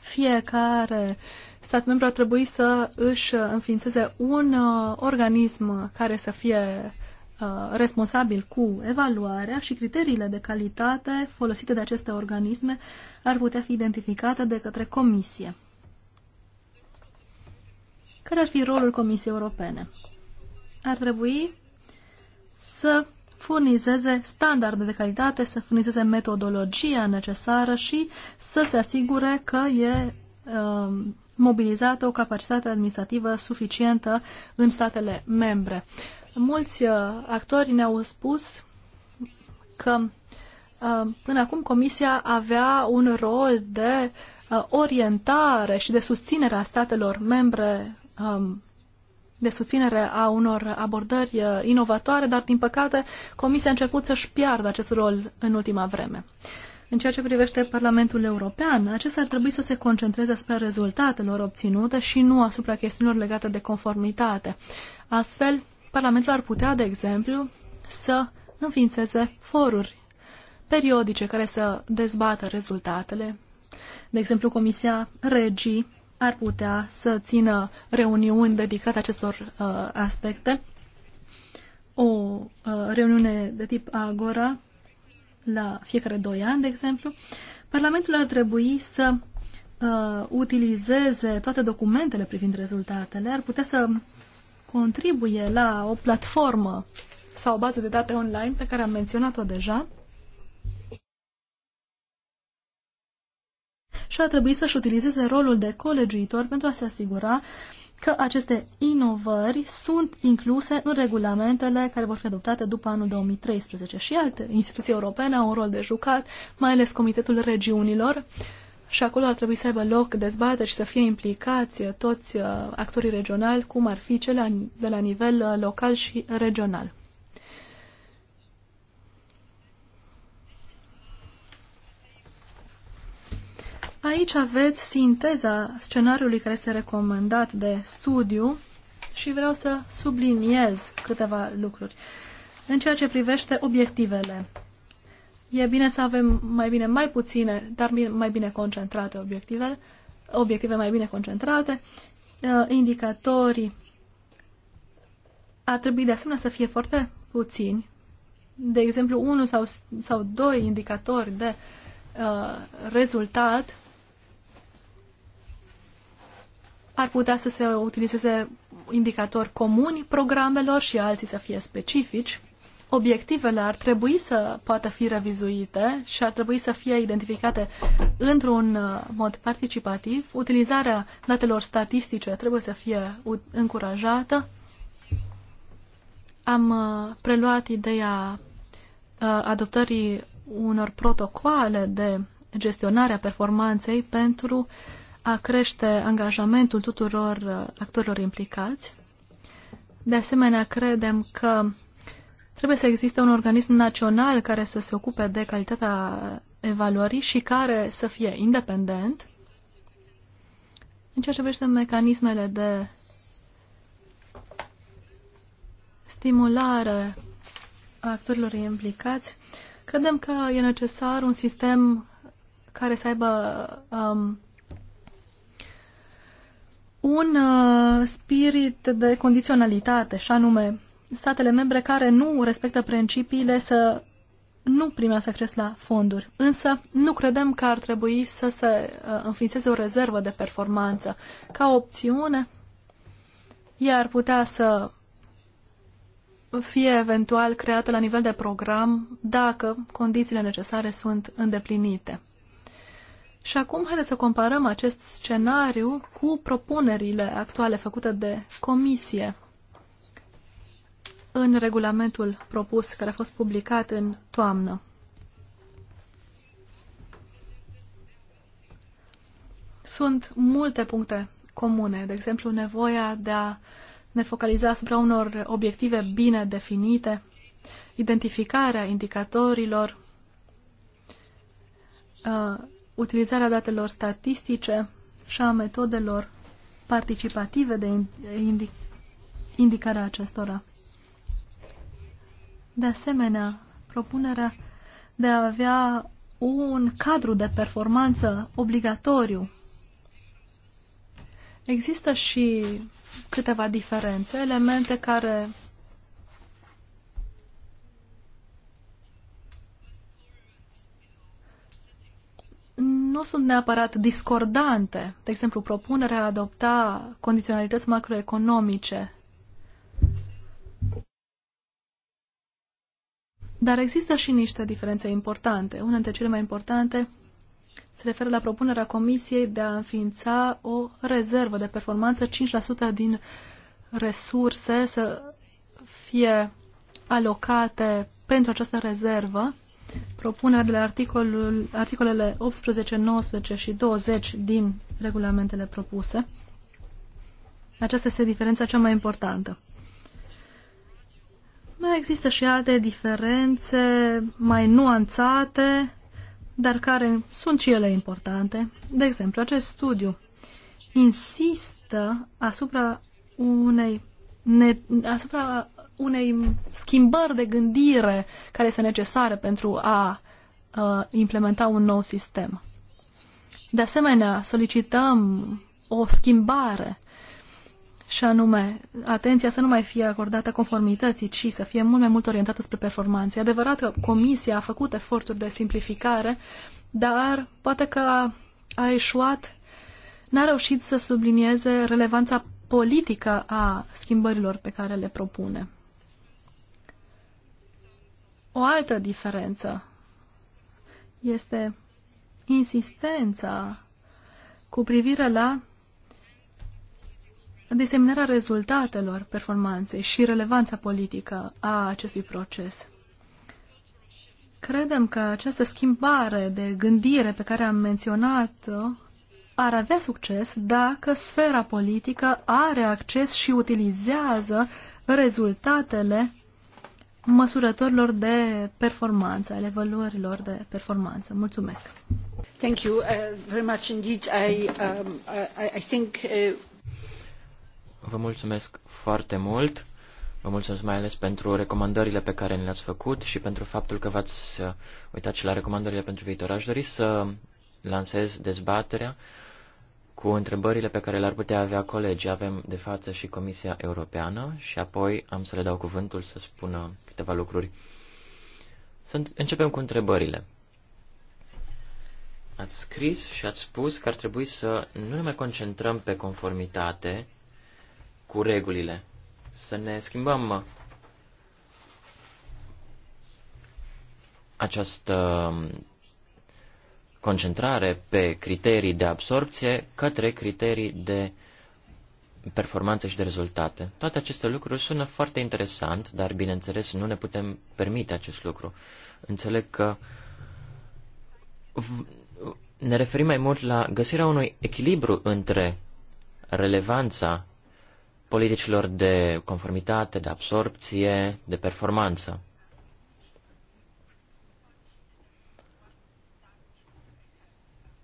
Fiecare stat membru ar trebui să își înființeze un uh, organism care să fie Uh, responsabil cu evaluarea și criteriile de calitate folosite de aceste organisme ar putea fi identificate de către Comisie. Care ar fi rolul Comisiei Europene? Ar trebui să furnizeze standarde de calitate, să furnizeze metodologia necesară și să se asigure că e uh, mobilizată o capacitate administrativă suficientă în statele membre. Mulți uh, actori ne-au spus că uh, până acum Comisia avea un rol de uh, orientare și de susținere a statelor membre, um, de susținere a unor abordări inovatoare, dar din păcate Comisia a început să-și piardă acest rol în ultima vreme. În ceea ce privește Parlamentul European, acesta ar trebui să se concentreze asupra rezultatelor obținute și nu asupra chestiunilor legate de conformitate. Astfel, Parlamentul ar putea, de exemplu, să înființeze foruri periodice care să dezbată rezultatele. De exemplu, Comisia Regii ar putea să țină reuniuni dedicate acestor uh, aspecte. O uh, reuniune de tip Agora la fiecare doi ani, de exemplu. Parlamentul ar trebui să uh, utilizeze toate documentele privind rezultatele, ar putea să contribuie la o platformă sau o bază de date online pe care am menționat-o deja și ar trebui să-și utilizeze rolul de colegiuitor pentru a se asigura că aceste inovări sunt incluse în regulamentele care vor fi adoptate după anul 2013 și alte instituții europene au un rol de jucat, mai ales Comitetul Regiunilor, uh, și acolo ar trebui să aibă loc dezbateri și să fie implicați uh, toți uh, actorii regionali, cum ar fi cele de la nivel uh, local și regional. Aici aveți sinteza scenariului care este recomandat de studiu și vreau să subliniez câteva lucruri. În ceea ce privește obiectivele, E bine să avem mai bine mai puține, dar mai bine concentrate obiective, obiective mai bine concentrate, uh, indicatorii ar trebui de asemenea să fie foarte puțini, de exemplu, unul sau, sau doi indicatori de uh, rezultat ar putea să se utilizeze indicatori comuni programelor și alții să fie specifici obiectivele ar trebui să poată fi revizuite și ar trebui să fie identificate într-un uh, mod participativ. Utilizarea datelor statistice trebuie să fie încurajată. Am uh, preluat ideea uh, adoptării unor protocoale de gestionare a performanței pentru a crește angajamentul tuturor actorilor implicați. De asemenea, credem că Trebuie să existe un organism național care să se ocupe de calitatea evaluării și care să fie independent în ceea ce privește mecanismele de stimulare a actorilor implicați, credem că e necesar un sistem care să aibă um, un uh, spirit de condiționalitate, și anume statele membre care nu respectă principiile să nu primească acces la fonduri. Însă nu credem că ar trebui să se uh, înființeze o rezervă de performanță. Ca opțiune, ea ar putea să fie eventual creată la nivel de program dacă condițiile necesare sunt îndeplinite. Și acum haideți să comparăm acest scenariu cu propunerile actuale făcute de comisie în regulamentul propus care a fost publicat în toamnă. Sunt multe puncte comune, de exemplu nevoia de a ne focaliza asupra unor obiective bine definite, identificarea indicatorilor, uh, utilizarea datelor statistice și a metodelor participative de indicarea acestora de asemenea, propunerea de a avea un cadru de performanță obligatoriu. Există și câteva diferențe, elemente care nu sunt neapărat discordante. De exemplu, propunerea de a adopta condiționalități macroeconomice Dar există și niște diferențe importante. Una dintre cele mai importante se referă la propunerea Comisiei de a înființa o rezervă de performanță, 5% din resurse să fie alocate pentru această rezervă. Propunerea de la articolul, articolele 18, 19 și 20 din regulamentele propuse. Aceasta este diferența cea mai importantă. Mai există și alte diferențe mai nuanțate, dar care sunt și ele importante. De exemplu, acest studiu insistă asupra unei, ne, asupra unei schimbări de gândire care este necesară pentru a uh, implementa un nou sistem. De asemenea, solicităm o schimbare și anume, atenția să nu mai fie acordată conformității, ci să fie mult mai mult orientată spre performanță. E adevărat că Comisia a făcut eforturi de simplificare, dar poate că a, a eșuat, n-a reușit să sublinieze relevanța politică a schimbărilor pe care le propune. O altă diferență este insistența cu privire la Desemnarea rezultatelor performanței și relevanța politică a acestui proces. Credem că această schimbare de gândire pe care am menționat-o ar avea succes dacă sfera politică are acces și utilizează rezultatele măsurătorilor de performanță, ale valorilor de performanță. Mulțumesc! Thank you uh, very much indeed. I, um, uh, I, I think uh, Vă mulțumesc foarte mult. Vă mulțumesc mai ales pentru recomandările pe care ni le-ați făcut și pentru faptul că v-ați uh, uitat și la recomandările pentru viitor. Aș dori să lansez dezbaterea cu întrebările pe care le-ar putea avea colegii. Avem de față și Comisia Europeană și apoi am să le dau cuvântul să spună câteva lucruri. Să începem cu întrebările. Ați scris și ați spus că ar trebui să nu ne mai concentrăm pe conformitate, cu regulile. Să ne schimbăm uh, această um, concentrare pe criterii de absorpție către criterii de performanță și de rezultate. Toate aceste lucruri sună foarte interesant, dar bineînțeles nu ne putem permite acest lucru. Înțeleg că ne referim mai mult la găsirea unui echilibru între relevanța politicilor de conformitate, de absorpție, de performanță.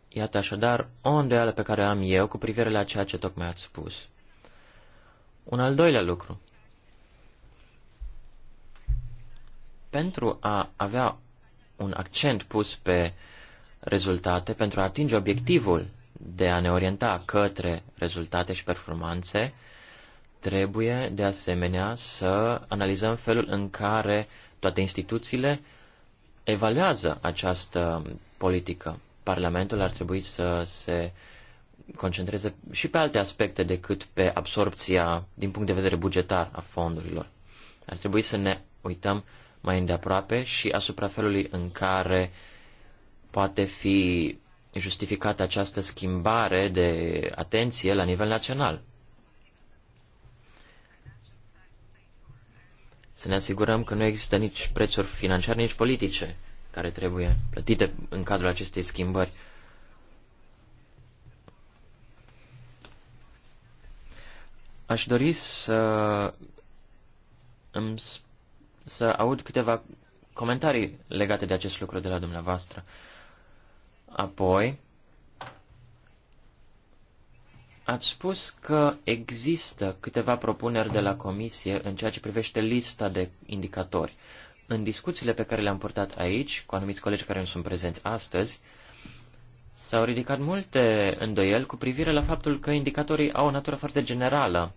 Iată așadar o îndoială pe care o am eu cu privire la ceea ce tocmai ați spus. Un al doilea lucru. Pentru a avea un accent pus pe rezultate, pentru a atinge obiectivul de a ne orienta către rezultate și performanțe, Trebuie, de asemenea, să analizăm felul în care toate instituțiile evaluează această politică. Parlamentul ar trebui să se concentreze și pe alte aspecte decât pe absorpția din punct de vedere bugetar a fondurilor. Ar trebui să ne uităm mai îndeaproape și asupra felului în care poate fi justificată această schimbare de atenție la nivel național. să ne asigurăm că nu există nici prețuri financiare, nici politice care trebuie plătite în cadrul acestei schimbări. Aș dori să, îmi, să aud câteva comentarii legate de acest lucru de la dumneavoastră. Apoi, Ați spus că există câteva propuneri de la Comisie în ceea ce privește lista de indicatori. În discuțiile pe care le-am purtat aici, cu anumiți colegi care nu sunt prezenți astăzi, s-au ridicat multe îndoieli cu privire la faptul că indicatorii au o natură foarte generală.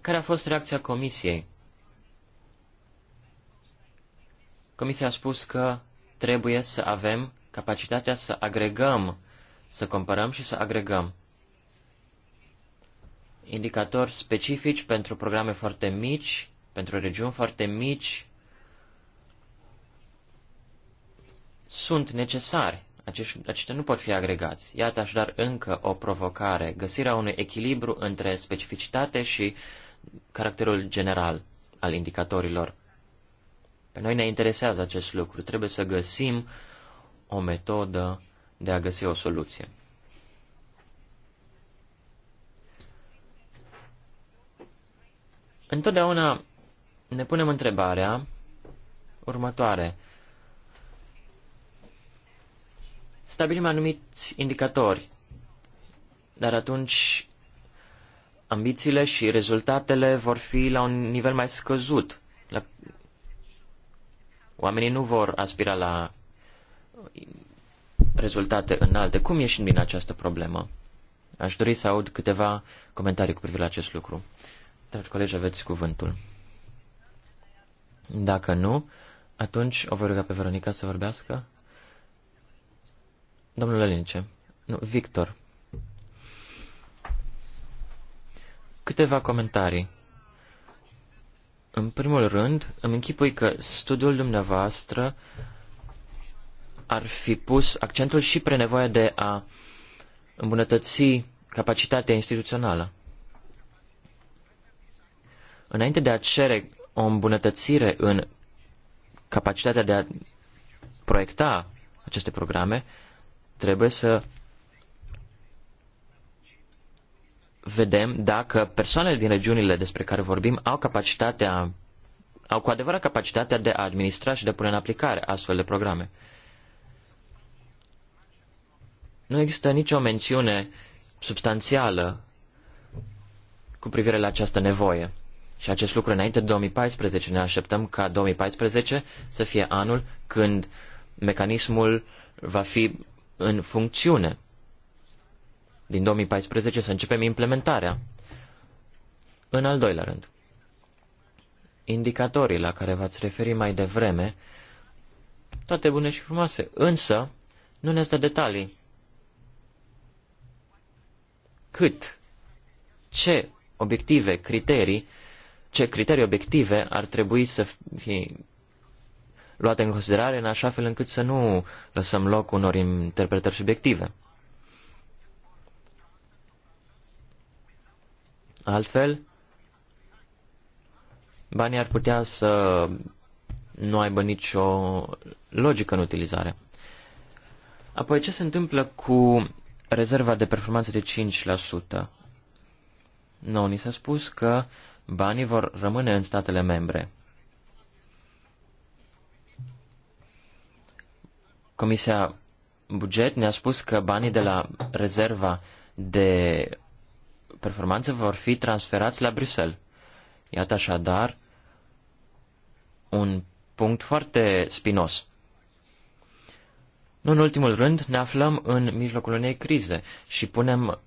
Care a fost reacția Comisiei? Comisia a spus că trebuie să avem capacitatea să agregăm, să comparăm și să agregăm indicatori specifici pentru programe foarte mici, pentru regiuni foarte mici, sunt necesari. aceștia nu pot fi agregați. Iată așadar încă o provocare, găsirea unui echilibru între specificitate și caracterul general al indicatorilor. Pe noi ne interesează acest lucru. Trebuie să găsim o metodă de a găsi o soluție. Întotdeauna ne punem întrebarea următoare. Stabilim anumiți indicatori, dar atunci ambițiile și rezultatele vor fi la un nivel mai scăzut, la Oamenii nu vor aspira la rezultate înalte. Cum ieșim din această problemă? Aș dori să aud câteva comentarii cu privire la acest lucru. Dragi colegi, aveți cuvântul. Dacă nu, atunci o voi ruga pe Veronica să vorbească. Domnule Lince, nu, Victor. Câteva comentarii în primul rând, îmi închipui că studiul dumneavoastră ar fi pus accentul și pre nevoia de a îmbunătăți capacitatea instituțională. Înainte de a cere o îmbunătățire în capacitatea de a proiecta aceste programe, trebuie să vedem dacă persoanele din regiunile despre care vorbim au capacitatea, au cu adevărat capacitatea de a administra și de a pune în aplicare astfel de programe. Nu există nicio mențiune substanțială cu privire la această nevoie. Și acest lucru înainte de 2014. Ne așteptăm ca 2014 să fie anul când mecanismul va fi în funcțiune din 2014 să începem implementarea. În al doilea rând, indicatorii la care v-ați referit mai devreme, toate bune și frumoase, însă nu ne stă detalii. Cât, ce obiective, criterii, ce criterii obiective ar trebui să fie luate în considerare în așa fel încât să nu lăsăm loc unor interpretări subiective. Altfel, banii ar putea să nu aibă nicio logică în utilizare. Apoi, ce se întâmplă cu rezerva de performanță de 5%? Nu, ni s-a spus că banii vor rămâne în statele membre. Comisia Buget ne-a spus că banii de la rezerva de performanță vor fi transferați la Bruxelles. Iată așadar un punct foarte spinos. Nu în ultimul rând, ne aflăm în mijlocul unei crize și punem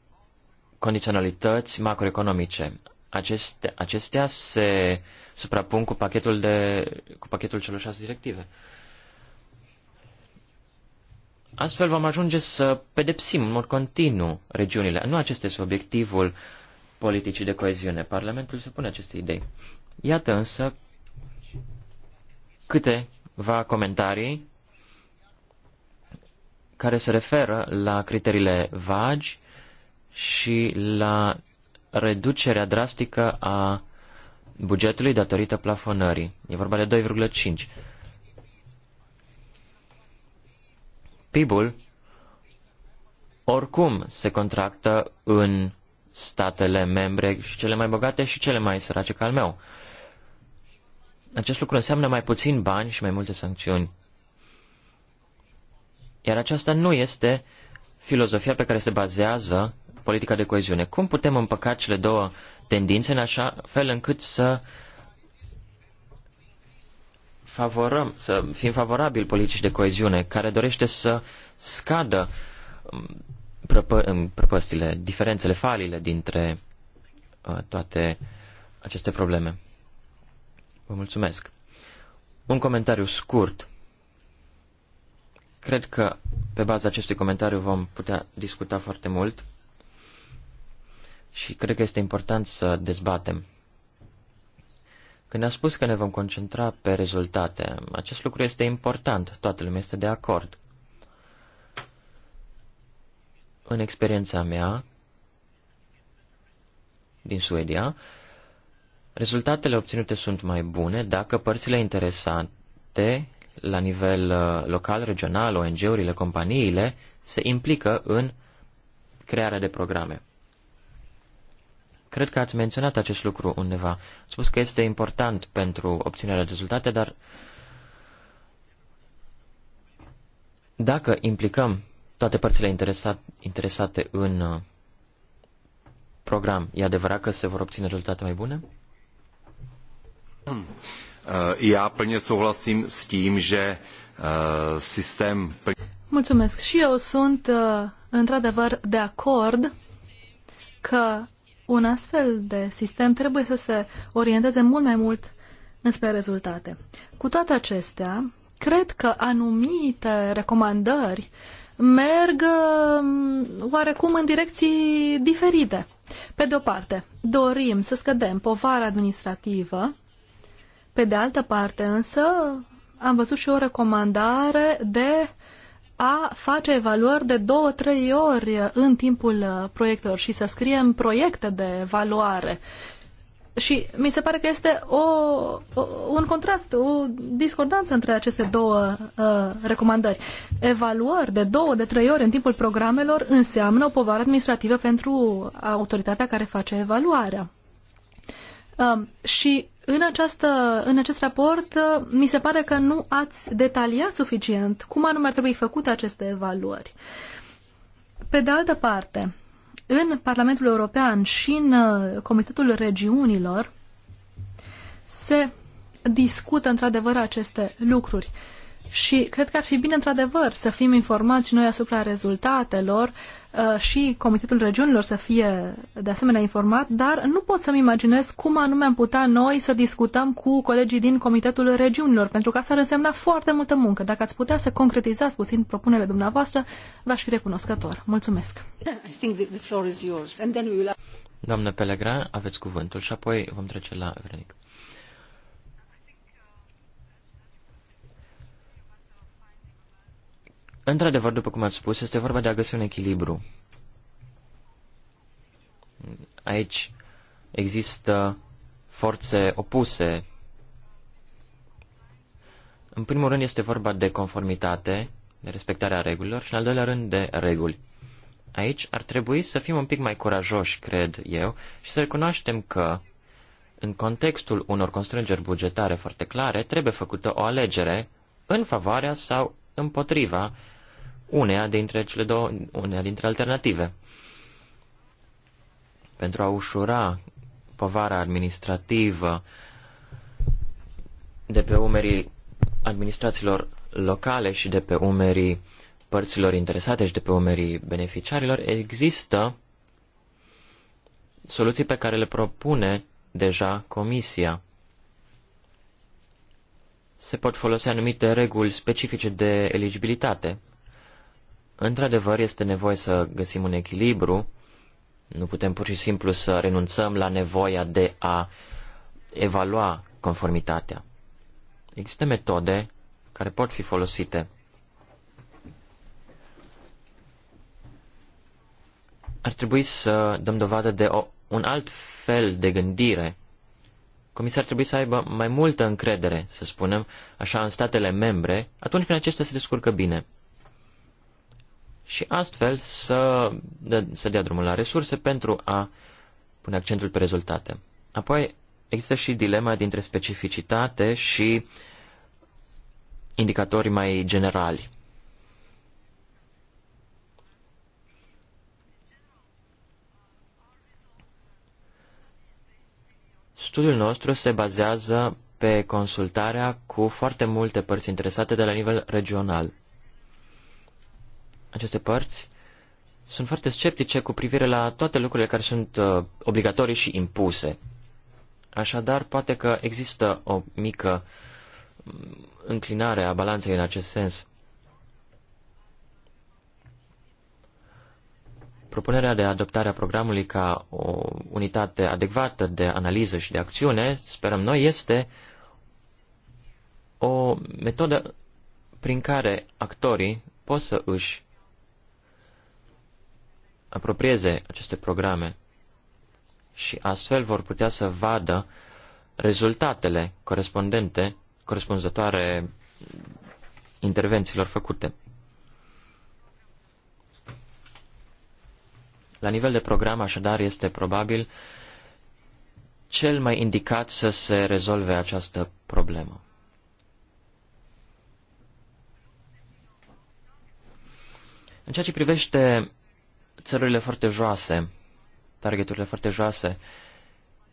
condiționalități macroeconomice. Aceste, acestea se suprapun cu pachetul, de, cu pachetul celor șase directive. Uh, Astfel vom ajunge să pedepsim în mod continuu regiunile. Nu acesta este obiectivul politicii de coeziune. Parlamentul se pune aceste idei. Iată însă câteva comentarii care se referă la criteriile vagi și la reducerea drastică a bugetului datorită plafonării. E vorba de 2,5. PIB-ul oricum se contractă în statele membre și cele mai bogate și cele mai sărace ca al meu. Acest lucru înseamnă mai puțin bani și mai multe sancțiuni. Iar aceasta nu este filozofia pe care se bazează politica de coeziune. Cum putem împăca cele două tendințe în așa fel încât să uh, favorăm, să fim favorabili politici de coeziune, care dorește să scadă um, prăpăstile, diferențele, falile dintre uh, toate aceste probleme. Vă mulțumesc. Un comentariu scurt. Cred că pe baza acestui comentariu vom putea discuta foarte mult și cred că este important să dezbatem când a spus că ne vom concentra pe rezultate, acest lucru este important, toată lumea este de acord. În experiența mea din Suedia, rezultatele obținute sunt mai bune dacă părțile interesate la nivel uh, local, regional, ONG-urile, companiile, se implică în crearea de programe. Cred că ați menționat acest lucru undeva. Ați spus că este important pentru obținerea rezultate, dar dacă implicăm toate părțile interesat, interesate în uh, program, e adevărat că se vor obține rezultate mai bune? Hmm. Uh, já plně souhlasím s tím, že uh, systém... Mulțumesc. Și eu sunt într-adevăr de acord că un astfel de sistem trebuie să se orienteze mult mai mult înspre rezultate. Cu toate acestea, cred că anumite recomandări merg um, oarecum în direcții diferite. Pe de o parte, dorim să scădem povara administrativă, pe de altă parte însă am văzut și o recomandare de a face evaluări de două, trei ori în timpul uh, proiectelor și să scriem proiecte de evaluare. Și mi se pare că este o, o, un contrast, o discordanță între aceste două uh, recomandări. Evaluări de două, de trei ori în timpul programelor înseamnă o povară administrativă pentru autoritatea care face evaluarea. Uh, și în, această, în acest raport, mi se pare că nu ați detaliat suficient cum anume ar trebui făcute aceste evaluări. Pe de altă parte, în Parlamentul European și în uh, Comitetul Regiunilor se discută într-adevăr aceste lucruri. Și cred că ar fi bine, într-adevăr, să fim informați noi asupra rezultatelor uh, și Comitetul Regiunilor să fie de asemenea informat, dar nu pot să-mi imaginez cum anume am putea noi să discutăm cu colegii din Comitetul Regiunilor, pentru că asta ar însemna foarte multă muncă. Dacă ați putea să concretizați puțin propunerile dumneavoastră, v-aș fi recunoscător. Mulțumesc! Doamnă Pelegra, aveți cuvântul și apoi vom trece la Veronica. Într-adevăr, după cum ați spus, este vorba de a găsi un echilibru. Aici există forțe opuse. În primul rând este vorba de conformitate, de respectarea regulilor și în al doilea rând de reguli. Aici ar trebui să fim un pic mai curajoși, cred eu, și să recunoaștem că, în contextul unor constrângeri bugetare foarte clare, trebuie făcută o alegere în favoarea sau împotriva Unea dintre cele două, unea dintre alternative. Pentru a ușura povara administrativă de pe umerii administrațiilor locale și de pe umerii părților interesate și de pe umerii beneficiarilor, există soluții pe care le propune deja Comisia. Se pot folosi anumite reguli specifice de eligibilitate, Într-adevăr, este nevoie să găsim un echilibru. Nu putem pur și simplu să renunțăm la nevoia de a evalua conformitatea. Există metode care pot fi folosite. Ar trebui să dăm dovadă de o, un alt fel de gândire. Comisia ar trebui să aibă mai multă încredere, să spunem, așa, în statele membre, atunci când acestea se descurcă bine și astfel să, de, să dea drumul la resurse pentru a pune accentul pe rezultate. Apoi există și dilema dintre specificitate și indicatori mai generali. Studiul nostru se bazează pe consultarea cu foarte multe părți interesate de la nivel regional aceste părți sunt foarte sceptice cu privire la toate lucrurile care sunt uh, obligatorii și impuse. Așadar, poate că există o mică mm, înclinare a balanței în acest sens. Propunerea de adoptare a programului ca o unitate adecvată de analiză și de acțiune, sperăm noi, este o metodă prin care actorii pot să își apropieze aceste programe și astfel vor putea să vadă rezultatele corespondente, corespunzătoare intervențiilor făcute. La nivel de program, așadar, este probabil cel mai indicat să se rezolve această problemă. În ceea ce privește țările foarte joase, targeturile foarte joase.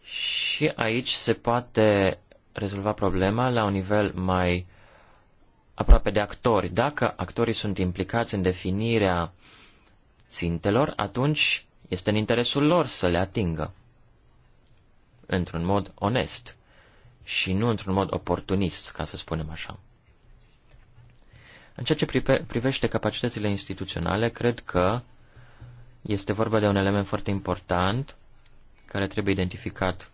Și aici se poate rezolva problema la un nivel mai aproape de actori. Dacă actorii sunt implicați în definirea țintelor, atunci este în interesul lor să le atingă într-un mod onest și nu într-un mod oportunist, ca să spunem așa. În ceea ce privește capacitățile instituționale, cred că este vorba de un element foarte important care trebuie identificat.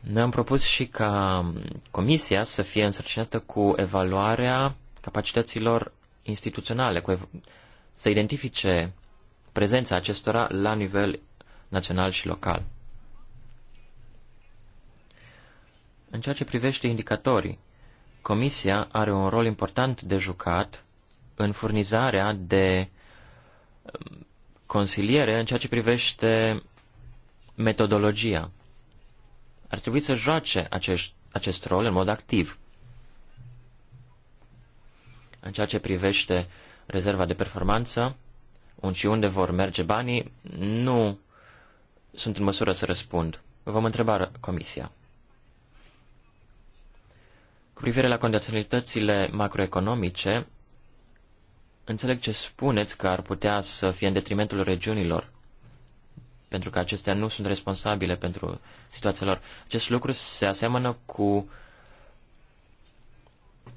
Noi am propus și ca comisia să fie însărcinată cu evaluarea capacităților instituționale, cu ev- să identifice prezența acestora la nivel național și local. În ceea ce privește indicatorii, Comisia are un rol important de jucat în furnizarea de uh, consiliere în ceea ce privește metodologia. Ar trebui să joace acest, acest rol în mod activ. În ceea ce privește rezerva de performanță, un și unde vor merge banii, nu sunt în măsură să răspund. Vom întreba comisia. Cu privire la condiționalitățile macroeconomice, Înțeleg ce spuneți că ar putea să fie în detrimentul regiunilor, pentru că acestea nu sunt responsabile pentru situația lor. Acest lucru se aseamănă cu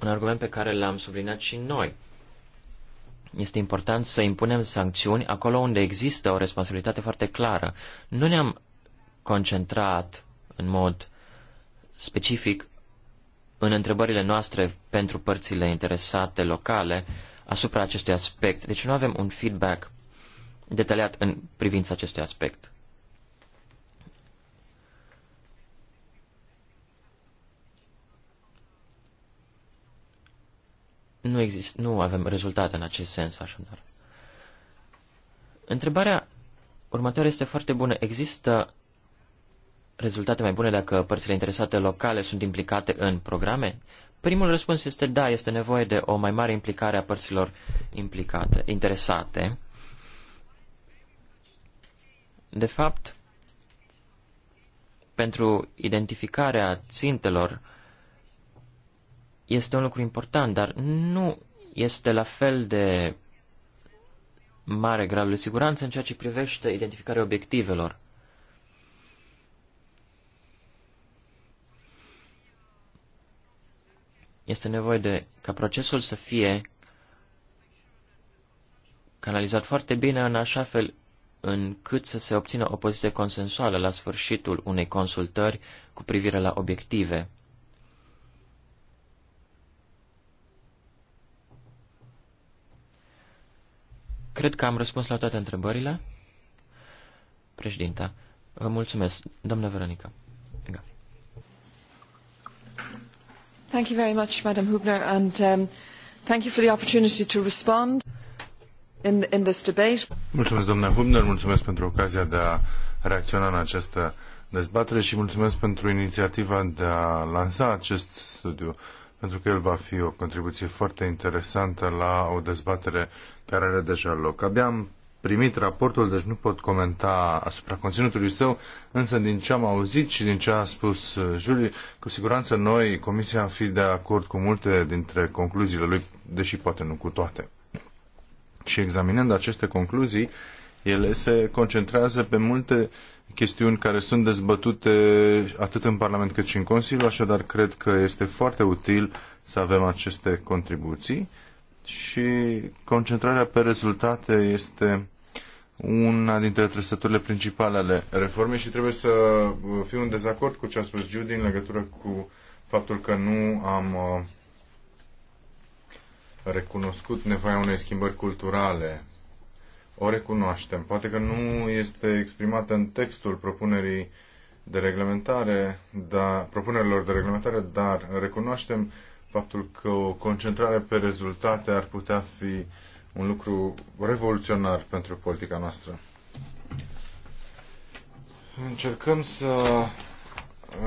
un argument pe care l-am subliniat și noi. Este important să impunem sancțiuni acolo unde există o responsabilitate foarte clară. Nu ne-am concentrat în mod specific în întrebările noastre pentru părțile interesate locale, asupra acestui aspect. Deci nu avem un feedback detaliat în privința acestui aspect. Nu, există, nu avem rezultate în acest sens, așadar. Întrebarea următoare este foarte bună. Există rezultate mai bune dacă părțile interesate locale sunt implicate în programe? Primul răspuns este da, este nevoie de o mai mare implicare a părților implicate, interesate. De fapt, pentru identificarea țintelor este un lucru important, dar nu este la fel de mare gradul de siguranță în ceea ce privește identificarea obiectivelor. Este nevoie de ca procesul să fie canalizat foarte bine în așa fel încât să se obțină o poziție consensuală la sfârșitul unei consultări cu privire la obiective. Cred că am răspuns la toate întrebările. Președinta, mulțumesc, doamna Veronica. Thank you very much, Madam Hubner, and um, thank you for the opportunity to respond in, in this debate. Mulțumesc, doamna Hubner, mulțumesc pentru ocazia de a reacționa în această dezbatere și mulțumesc pentru inițiativa de a lansa acest studiu, pentru că el va fi o contribuție foarte interesantă la o dezbatere care are deja loc. Abia am primit raportul, deci nu pot comenta asupra conținutului său, însă din ce am auzit și din ce a spus uh, Julie, cu siguranță noi, Comisia, am fi de acord cu multe dintre concluziile lui, deși poate nu cu toate. Și examinând aceste concluzii, ele se concentrează pe multe chestiuni care sunt dezbătute atât în Parlament cât și în Consiliu, așadar cred că este foarte util să avem aceste contribuții și concentrarea pe rezultate este una dintre trăsăturile principale ale reformei și trebuie să uh, fiu în dezacord cu ce a spus Judy în legătură cu faptul că nu am uh, recunoscut nevoia unei schimbări culturale. O recunoaștem. Poate că nu este exprimată în textul propunerii de reglementare, dar, propunerilor de reglementare, dar recunoaștem faptul că o concentrare pe rezultate ar putea fi uh, un lucru revoluționar pentru politica noastră. Încercăm să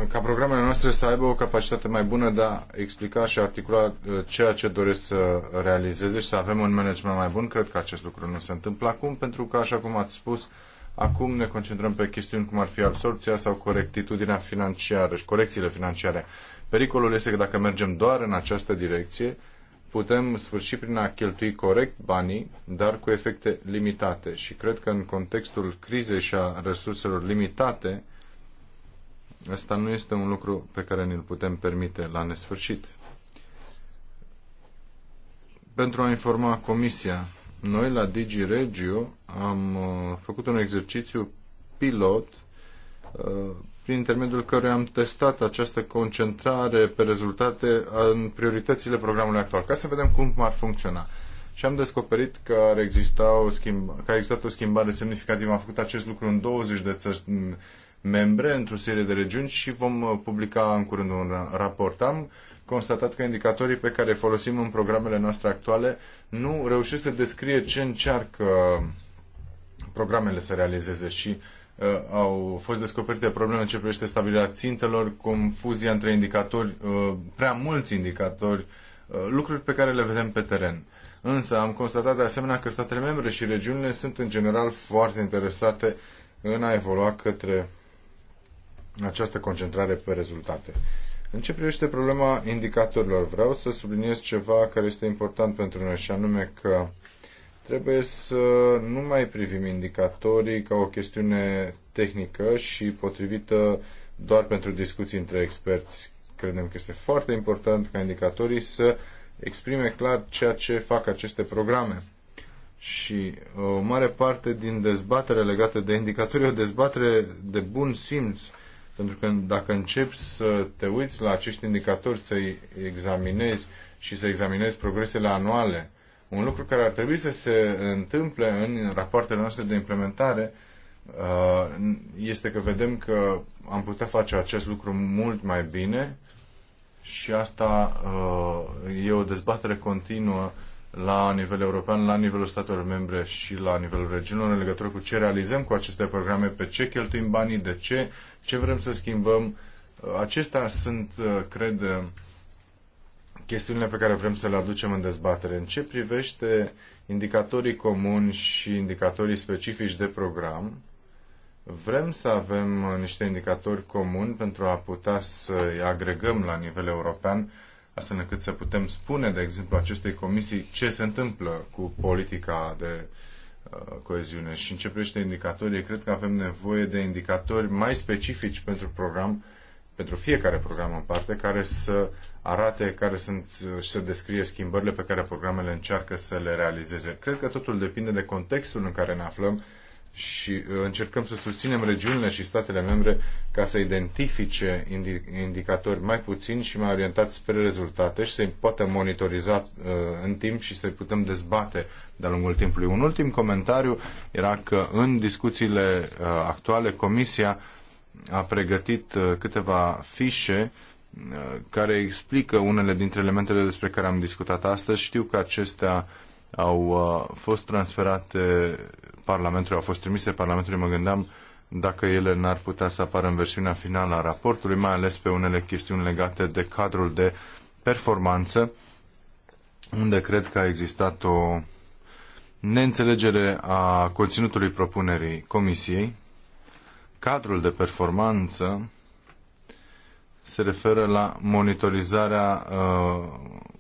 ca programele noastre să aibă o capacitate mai bună de a explica și articula uh, ceea ce doresc să realizeze și să avem un management mai bun. Cred că acest lucru nu se întâmplă acum, pentru că, așa cum ați spus, acum ne concentrăm pe chestiuni cum ar fi absorpția sau corectitudinea financiară și corecțiile financiare. Pericolul este că dacă mergem doar în această direcție, putem sfârși prin a cheltui corect banii, dar cu efecte limitate. Și cred că în contextul crizei și a resurselor limitate, asta nu este un lucru pe care ne-l putem permite la nesfârșit. Pentru a informa Comisia, noi la Digiregio am uh, făcut un exercițiu pilot uh, prin intermediul căruia am testat această concentrare pe rezultate în prioritățile programului actual, ca să vedem cum ar funcționa. Și am descoperit că, ar exista o schimb, că a existat o schimbare semnificativă. Am făcut acest lucru în 20 de țări membre, într-o serie de regiuni și vom uh, publica în curând un raport. Am constatat că indicatorii pe care îi folosim în programele noastre actuale nu reușesc să descrie ce încearcă programele să realizeze și uh, Uh, au fost descoperite probleme în ce privește stabilirea țintelor, confuzia între indicatori, uh, prea mulți indicatori, uh, lucruri pe care le vedem pe teren. Însă am constatat de asemenea că statele membre și regiunile sunt în general foarte interesate în a evolua către această concentrare pe rezultate. În ce privește problema indicatorilor, vreau să subliniez ceva care este important pentru noi și anume că uh, Trebuie să nu mai privim indicatorii ca o chestiune tehnică și potrivită doar pentru discuții între experți. Credem că este foarte important ca indicatorii să exprime clar ceea ce fac aceste programe. Și uh, o mare parte din dezbatere legată de indicatori o dezbatere de bun simț, pentru că dacă începi să te uiți la acești indicatori, să-i examinezi și să examinezi progresele anuale, un lucru care ar trebui să se întâmple în rapoartele noastre de implementare uh, este că vedem că am putea face acest lucru mult mai bine și asta uh, e o dezbatere continuă la nivel european, la nivelul statelor membre și la nivelul regiunilor în legătură cu ce realizăm cu aceste programe, pe ce cheltuim banii, de ce, ce vrem să schimbăm. Uh, acestea sunt, cred, chestiunile pe care vrem să le aducem în dezbatere. În ce privește indicatorii comuni și indicatorii specifici de program, vrem să avem niște indicatori comuni pentru a putea să îi agregăm la nivel european, astfel încât să putem spune, de exemplu, acestei comisii ce se întâmplă cu politica de uh, coeziune. Și în ce privește indicatorii, cred că avem nevoie de indicatori mai specifici pentru program pentru fiecare program în parte care să arate care sunt și să descrie schimbările pe care programele încearcă să le realizeze. Cred că totul depinde de contextul în care ne aflăm și uh, încercăm să susținem regiunile și statele membre ca să identifice indicatori mai puțini și mai orientați spre rezultate și să-i poată monitoriza uh, în timp și să-i putem dezbate de-a lungul timpului. Un ultim comentariu era că în discuțiile uh, actuale Comisia a pregătit uh, câteva fișe uh, care explică unele dintre elementele despre care am discutat astăzi. Știu că acestea au uh, fost transferate Parlamentului, au fost trimise Parlamentului. Mă gândeam dacă ele n-ar putea să apară în versiunea finală a raportului, mai ales pe unele chestiuni legate de cadrul de performanță, unde cred că a existat o neînțelegere a conținutului propunerii Comisiei cadrul de performanță se referă la monitorizarea uh,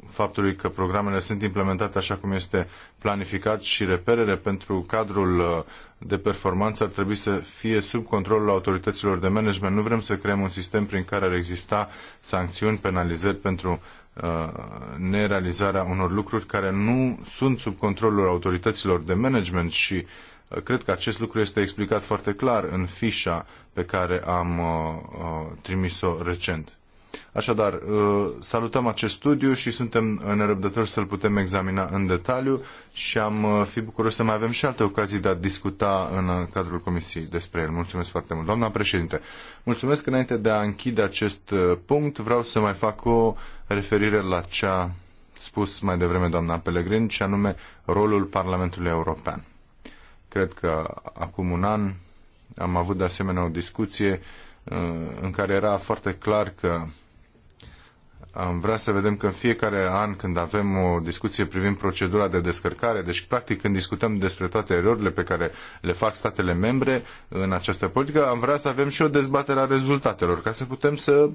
faptului că programele sunt implementate așa cum este planificat și reperele pentru cadrul uh, de performanță ar trebui să fie sub controlul autorităților de management. Nu vrem să creăm un sistem prin care ar exista sancțiuni, penalizări pentru uh, nerealizarea unor lucruri care nu sunt sub controlul autorităților de management și uh, Cred că acest lucru este explicat foarte clar în fișa pe care am uh, uh, trimis-o recent. Așadar, uh, salutăm acest studiu și suntem nerăbdători să-l putem examina în detaliu și am fi bucuros să mai avem și alte ocazii de a discuta în cadrul Comisiei despre el. Mulțumesc foarte mult. Doamna președinte, mulțumesc înainte de a închide acest punct. Vreau să mai fac o referire la ce a spus mai devreme doamna Pelegrin, și anume rolul Parlamentului European. Cred că acum un an am avut de asemenea o discuție uh, în care era foarte clar că am vrea să vedem că în fiecare an când avem o discuție privind procedura de descărcare, deci practic când discutăm despre toate erorile pe care le fac statele membre în această politică, am vrea să avem și o dezbatere a rezultatelor, ca să putem să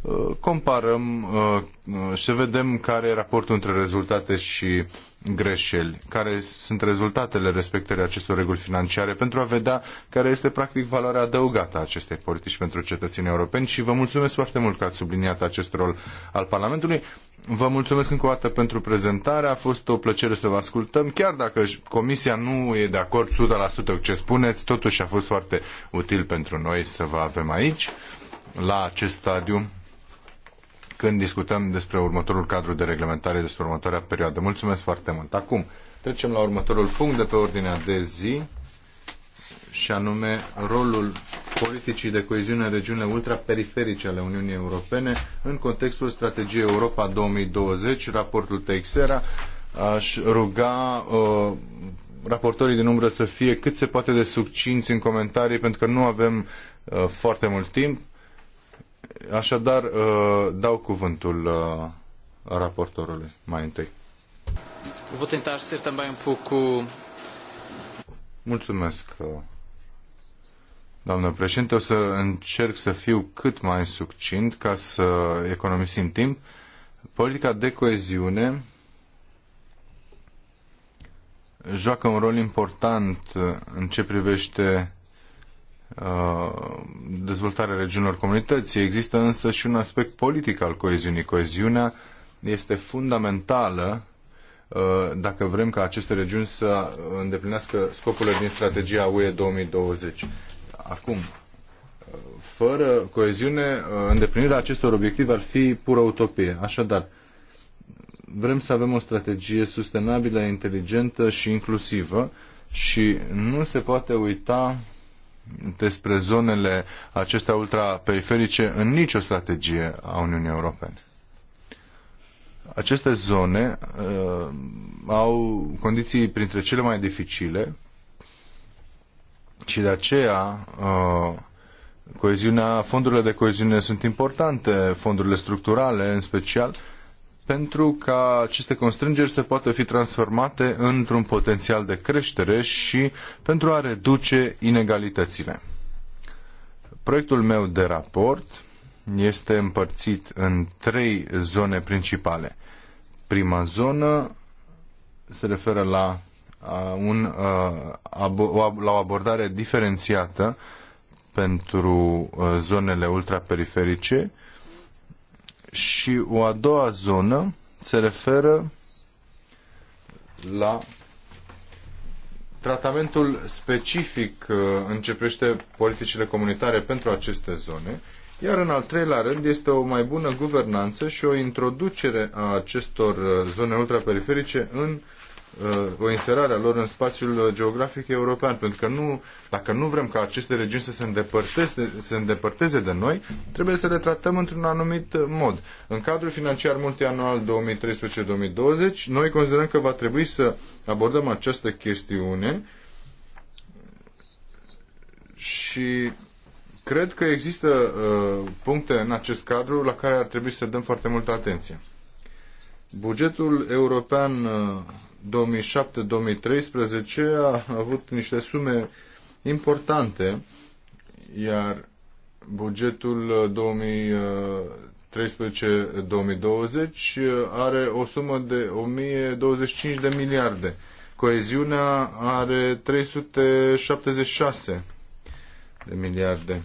Uh, comparăm uh, uh, și vedem care e raportul între rezultate și greșeli, care sunt rezultatele respectării acestor reguli financiare pentru a vedea care este practic valoarea adăugată a acestei politici pentru cetățenii europeni și vă mulțumesc foarte mult că ați subliniat acest rol al Parlamentului. Vă mulțumesc încă o dată pentru prezentare, a fost o plăcere să vă ascultăm, chiar dacă Comisia nu e de acord 100% cu ce spuneți, totuși a fost foarte util pentru noi să vă avem aici, la acest stadiu când discutăm despre următorul cadru de reglementare, despre următoarea perioadă. Mulțumesc foarte mult. Acum trecem la următorul punct de pe ordinea de zi și anume rolul politicii de coeziune în regiunile ultraperiferice ale Uniunii Europene în contextul strategiei Europa 2020, raportul Texera. Aș ruga uh, raportorii din umbră să fie cât se poate de succinți în comentarii pentru că nu avem uh, foarte mult timp. Așadar, uh, dau cuvântul uh, raportorului mai întâi. tenta să ser também um pouco. Mulțumesc, uh, doamnă președinte. O să încerc să fiu cât mai succint ca să economisim timp. Politica de coeziune joacă un rol important în ce privește Uh, dezvoltarea regiunilor comunității. Există însă și un aspect politic al coeziunii. Coeziunea este fundamentală uh, dacă vrem ca aceste regiuni să îndeplinească scopurile din strategia UE 2020. Acum, uh, fără coeziune, îndeplinirea acestor obiective ar fi pură utopie. Așadar, vrem să avem o strategie sustenabilă, inteligentă și inclusivă și nu se poate uita despre zonele acestea ultraperiferice în nicio strategie a Uniunii Europene. Aceste zone uh, au condiții printre cele mai dificile și de aceea uh, coeziunea, fondurile de coeziune sunt importante, fondurile structurale în special, uh, pentru ca aceste constrângeri să poată fi transformate într-un potențial de creștere și pentru a reduce inegalitățile. Proiectul meu de raport este împărțit în trei zone principale. Prima zonă se referă la, un, la o abordare diferențiată pentru zonele ultraperiferice, și o a doua zonă se referă la tratamentul specific uh, privește politicile comunitare pentru aceste zone, iar în al treilea rând este o mai bună guvernanță și o introducere a acestor uh, zone ultraperiferice în Uh, o inserare a lor în spațiul uh, geografic european, pentru că nu, dacă nu vrem ca aceste regiuni să se îndepărteze, să se îndepărteze de noi, trebuie să le tratăm într-un anumit uh, mod. În cadrul financiar multianual 2013-2020, noi considerăm că va trebui să abordăm această chestiune și cred că există uh, puncte în acest cadru la care ar trebui să dăm foarte multă atenție. Bugetul european 2007-2013 a avut niște sume importante, iar bugetul 2013-2020 are o sumă de 1025 de miliarde. Coeziunea are 376 de miliarde.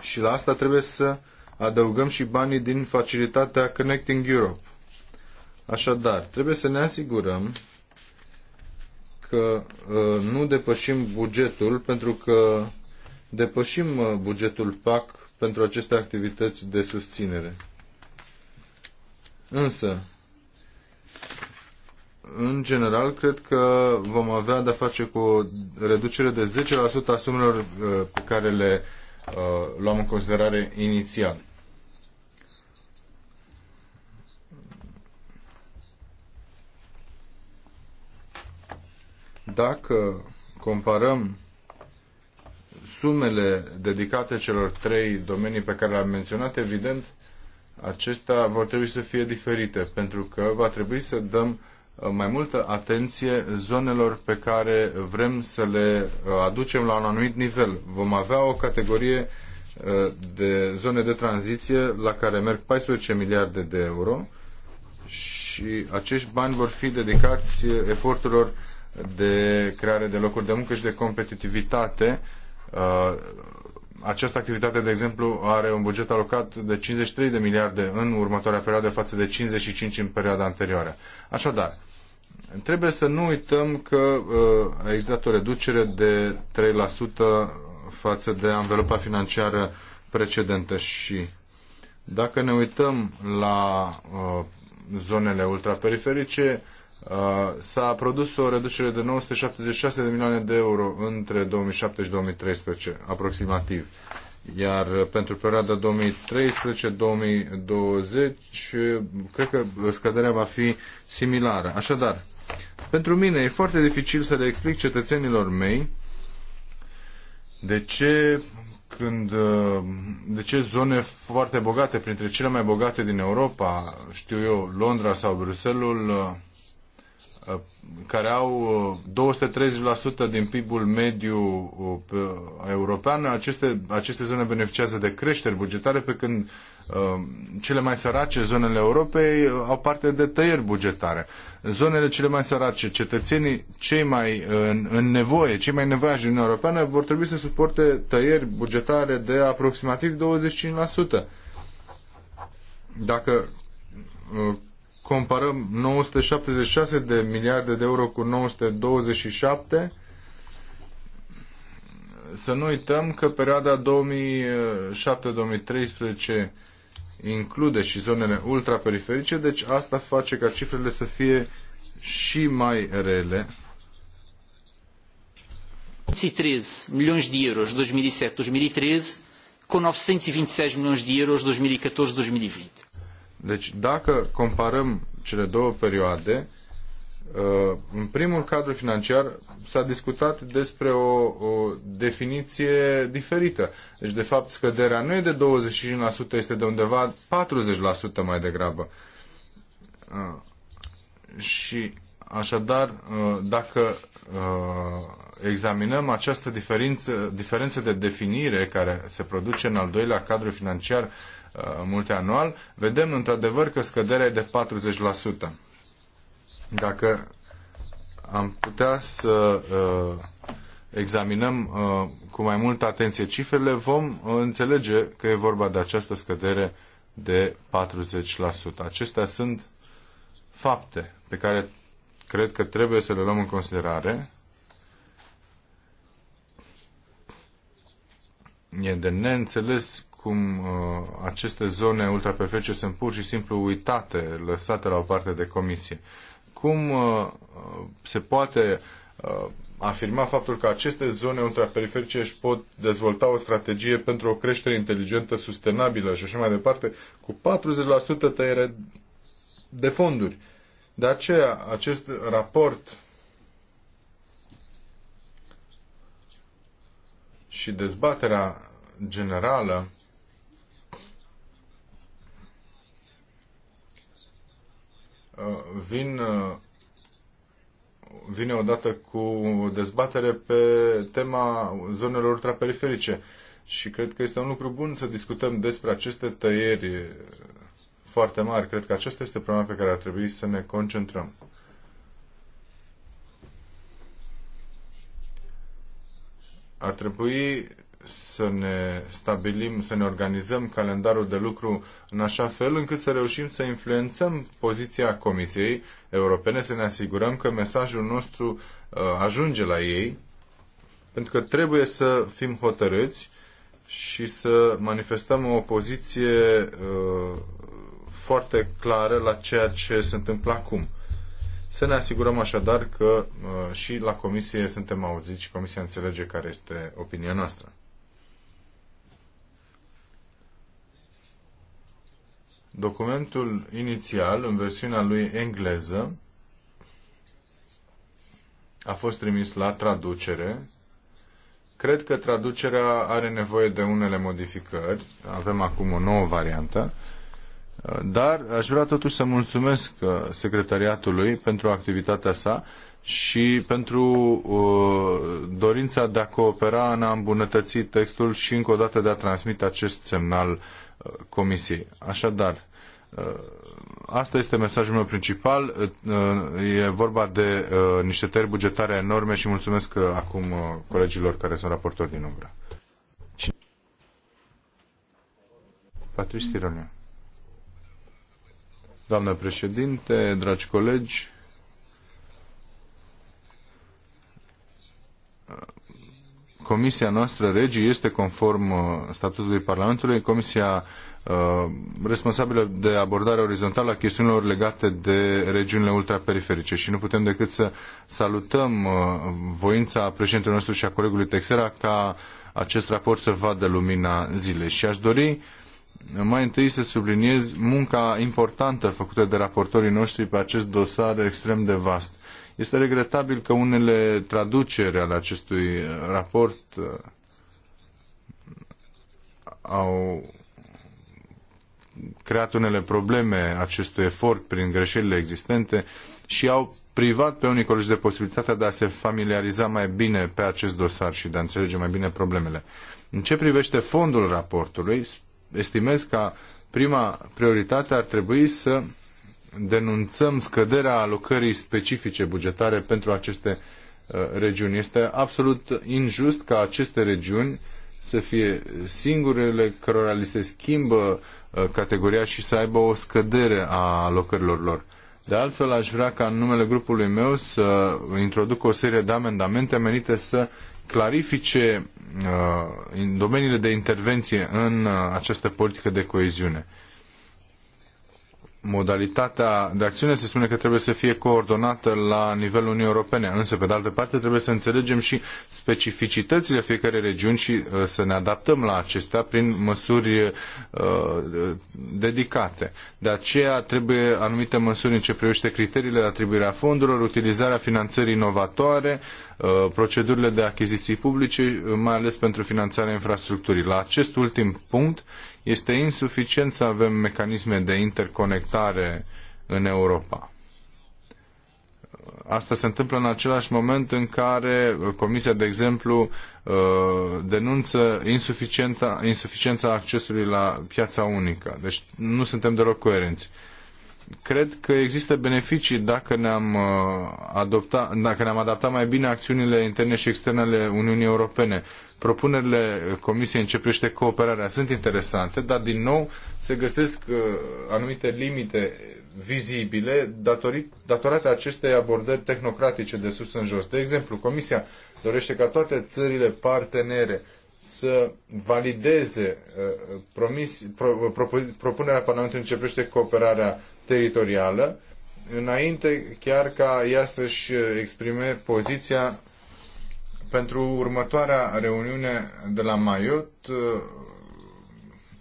Și la asta trebuie să adăugăm și banii din facilitatea Connecting Europe. Așadar, trebuie să ne asigurăm că uh, nu depășim bugetul, pentru că depășim uh, bugetul PAC pentru aceste activități de susținere. Însă, în general, cred că vom avea de-a face cu o reducere de 10% a sumelor pe uh, care le luăm în considerare inițial. Dacă comparăm sumele dedicate celor trei domenii pe care le-am menționat, evident, acestea vor trebui să fie diferite, pentru că va trebui să dăm uh, mai multă atenție zonelor pe care vrem să le uh, aducem la un anumit nivel. Vom avea o categorie uh, de zone de tranziție la care merg 14 miliarde de euro și acești bani vor fi dedicați eforturilor de creare de locuri de muncă și de competitivitate. Uh, această activitate, de exemplu, are un buget alocat de 53 de miliarde în următoarea perioadă față de 55 în perioada anterioară. Așadar, trebuie să nu uităm că uh, a existat o reducere de 3% față de anvelopa financiară precedentă și dacă ne uităm la uh, zonele ultraperiferice, Uh, s-a produs o reducere de 976 de milioane de euro între 2007 și 2013, aproximativ. Iar pentru perioada 2013-2020, cred că scăderea va fi similară. Așadar, pentru mine e foarte dificil să le explic cetățenilor mei de ce când de ce zone foarte bogate, printre cele mai bogate din Europa, știu eu, Londra sau Bruselul, Uh, care au uh, 230% din PIB-ul mediu uh, european, aceste, aceste zone beneficiază de creșteri bugetare, pe când cele mai sărace zonele Europei au parte de tăieri bugetare. Zonele cele mai sărace, cetățenii cei mai în, în nevoie, cei mai nevoiași din Uniunea Europeană vor trebui să suporte tăieri bugetare de aproximativ 25%. Dacă comparăm 976 de miliarde de euro cu 927, să nu uităm că perioada 2007-2013 include și zonele ultraperiferice, deci asta face ca cifrele să fie și mai rele. 2013 milioane de euro, 2007-2013 cu 926 milioane de euro, 2014-2020. Deci dacă comparăm cele două perioade, uh, în primul cadru financiar s-a discutat despre o, o definiție diferită. Deci, de fapt, scăderea nu e de 25%, este de undeva 40% mai degrabă. Uh, și, așadar, uh, dacă examinăm această diferență, diferență de definire care se produce în al doilea cadru financiar Uh, multianual, vedem într-adevăr că scăderea e de 40%. Dacă am putea să uh, examinăm uh, cu mai multă atenție cifrele, vom înțelege că e vorba de această scădere de 40%. Acestea sunt fapte pe care cred că trebuie să le luăm în considerare. E de neînțeles cum uh, aceste zone ultraperfece sunt pur și simplu uitate, lăsate la o parte de comisie. Cum uh, uh, se poate afirma faptul că aceste zone ultraperiferice își pot dezvolta o strategie pentru o creștere inteligentă, sustenabilă și așa mai departe, cu 40% tăiere de fonduri. De aceea, acest raport și dezbaterea generală Uh, vin, uh, vine odată cu dezbatere pe tema zonelor ultraperiferice și cred că este un lucru bun să discutăm despre aceste tăieri foarte mari. Cred că aceasta este problema pe care ar trebui să ne concentrăm. Ar trebui să ne stabilim, să ne organizăm calendarul de lucru în așa fel încât să reușim să influențăm poziția Comisiei Europene, să ne asigurăm că mesajul nostru uh, ajunge la ei, pentru că trebuie să fim hotărâți și să manifestăm o poziție uh, foarte clară la ceea ce se întâmplă acum. Să ne asigurăm așadar că uh, și la comisie suntem auziți și comisia înțelege care este opinia noastră. Documentul inițial, în versiunea lui engleză, a fost trimis la traducere. Cred că traducerea are nevoie de unele modificări. Avem acum o nouă variantă. Dar aș vrea totuși să mulțumesc uh, secretariatului pentru activitatea sa și pentru uh, dorința de a coopera în a îmbunătăți textul și încă o dată de a transmite acest semnal Comisiei. Așadar, ă, Asta este mesajul meu principal. Ă, ă, e vorba de niște tăieri bugetare enorme și mulțumesc acum colegilor care sunt raportori din umbră. Patrice Tironiu. Doamnă președinte, dragi colegi, Comisia noastră, Regi, este conform uh, statutului Parlamentului, Comisia uh, responsabilă de abordare orizontală a chestiunilor legate de regiunile ultraperiferice și nu putem decât să salutăm uh, voința președintelui nostru și a colegului Texera ca acest raport să vadă lumina zilei. Și aș dori uh, mai întâi să subliniez munca importantă făcută de raportorii noștri pe acest dosar extrem de vast este regretabil că unele traduceri ale acestui raport uh, au creat unele probleme acestui efort prin greșelile existente și au privat pe unii colegi de posibilitatea de a se familiariza mai bine pe acest dosar și de a înțelege mai bine problemele. În ce privește fondul raportului, estimez că prima prioritate ar trebui să denunțăm scăderea alocării specifice bugetare pentru aceste uh, regiuni. Este absolut injust ca aceste regiuni să fie singurele cărora li se schimbă uh, categoria și să aibă o scădere a alocărilor lor. De altfel, aș vrea ca în numele grupului meu să introduc o serie de amendamente menite să clarifice uh, domeniile de intervenție în uh, această politică de coeziune modalitatea de acțiune se spune că trebuie să fie coordonată la nivelul Uniunii Europene, însă pe de altă parte trebuie să înțelegem și specificitățile fiecărei regiuni și uh, să ne adaptăm la acestea prin măsuri uh, dedicate. De aceea trebuie anumite măsuri în ce privește criteriile de atribuire a fondurilor, utilizarea finanțării inovatoare, uh, procedurile de achiziții publice, uh, mai ales pentru finanțarea infrastructurii. La acest ultim punct este insuficient să avem mecanisme de interconectare în Europa. Asta se întâmplă în același moment în care Comisia, de exemplu, uh, denunță insuficiența, insuficiența accesului la piața unică. Deci nu suntem deloc coerenți cred că există beneficii dacă ne-am, uh, adopta, dacă ne-am adaptat mai bine acțiunile interne și externe ale Uniunii Europene. Propunerile Comisiei în ce privește cooperarea sunt interesante, dar din nou se găsesc uh, anumite limite vizibile datorate acestei abordări tehnocratice de sus în jos. De exemplu, Comisia dorește ca toate țările partenere să valideze uh, promis, pro, pro, propunerea Parlamentului în ce privește cooperarea teritorială, înainte chiar ca ea să-și exprime poziția pentru următoarea reuniune de la Maiot. Uh,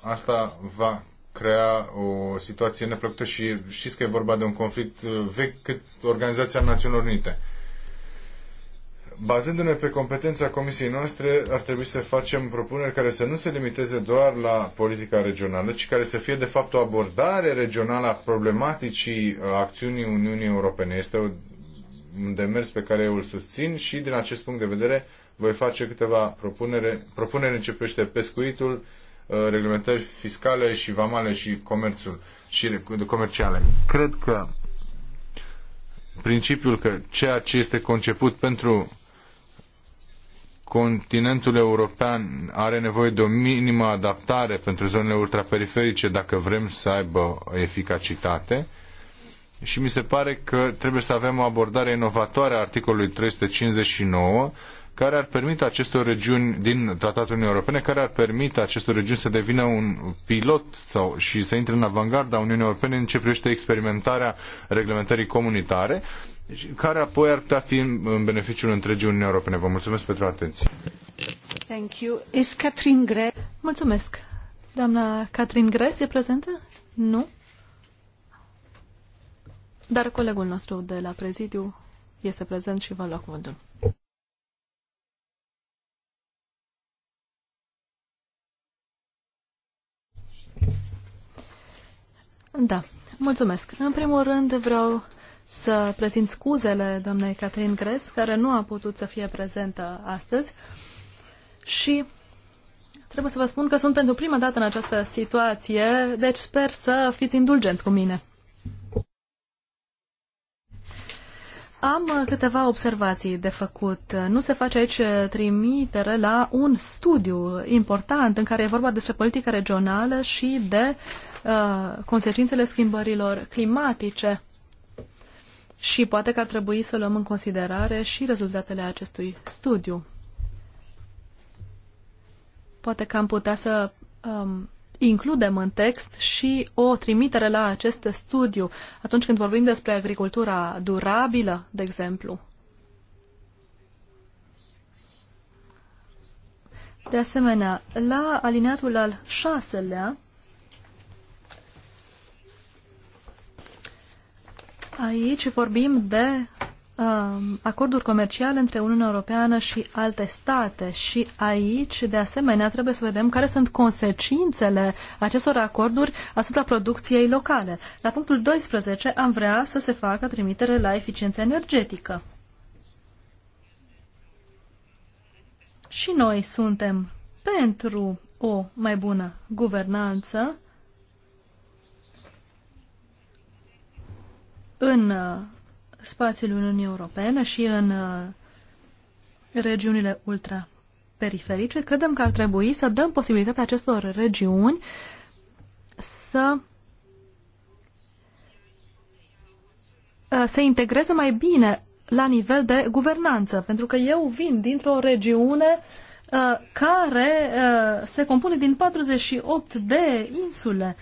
asta va crea o situație neplăcută și știți că e vorba de un conflict uh, vechi cât Organizația Națiunilor Unite. Bazându-ne pe competența comisiei noastre, ar trebui să facem propuneri care să nu se limiteze doar la politica regională, ci care să fie de fapt o abordare regională a problematicii uh, acțiunii Uniunii Europene. Este un demers pe care eu îl susțin și din acest punct de vedere voi face câteva propunere. Propunere începește pescuitul, uh, reglementări fiscale și vamale și comerțul și comerciale. Cred că principiul că ceea ce este conceput pentru continentul european are nevoie de o minimă adaptare pentru zonele ultraperiferice dacă vrem să aibă eficacitate și mi se pare că trebuie să avem o abordare inovatoare a articolului 359 care ar permite acestor regiuni din Tratatul Uniunii Europene, care ar permite acestor regiuni să devină un pilot sau, și să intre în avangarda Uniunii Europene în ce privește experimentarea reglementării comunitare deci, care apoi ar putea fi în beneficiul întregii Uniunii Europene. Vă mulțumesc pentru atenție. Thank you. Is Catherine Gre Mulțumesc. Doamna Catherine Gres e prezentă? Nu? Dar colegul nostru de la prezidiu este prezent și va lua cuvântul. Da, mulțumesc. În primul rând vreau să prezint scuzele doamnei Catherine Gres, care nu a putut să fie prezentă astăzi. Și trebuie să vă spun că sunt pentru prima dată în această situație, deci sper să fiți indulgenți cu mine. Am câteva observații de făcut. Nu se face aici trimitere la un studiu important în care e vorba despre politica regională și de uh, consecințele schimbărilor climatice și poate că ar trebui să luăm în considerare și rezultatele acestui studiu. Poate că am putea să um, includem în text și o trimitere la acest studiu atunci când vorbim despre agricultura durabilă, de exemplu. De asemenea, la alineatul al șaselea, Aici vorbim de um, acorduri comerciale între Uniunea Europeană și alte state și aici, de asemenea, trebuie să vedem care sunt consecințele acestor acorduri asupra producției locale. La punctul 12 am vrea să se facă trimitere la eficiența energetică. Și noi suntem pentru o mai bună guvernanță în uh, spațiul Uniunii Europene și în uh, regiunile ultraperiferice, credem că ar trebui să dăm posibilitatea acestor regiuni să uh, se integreze mai bine la nivel de guvernanță, pentru că eu vin dintr-o regiune care se compune din 48 de insule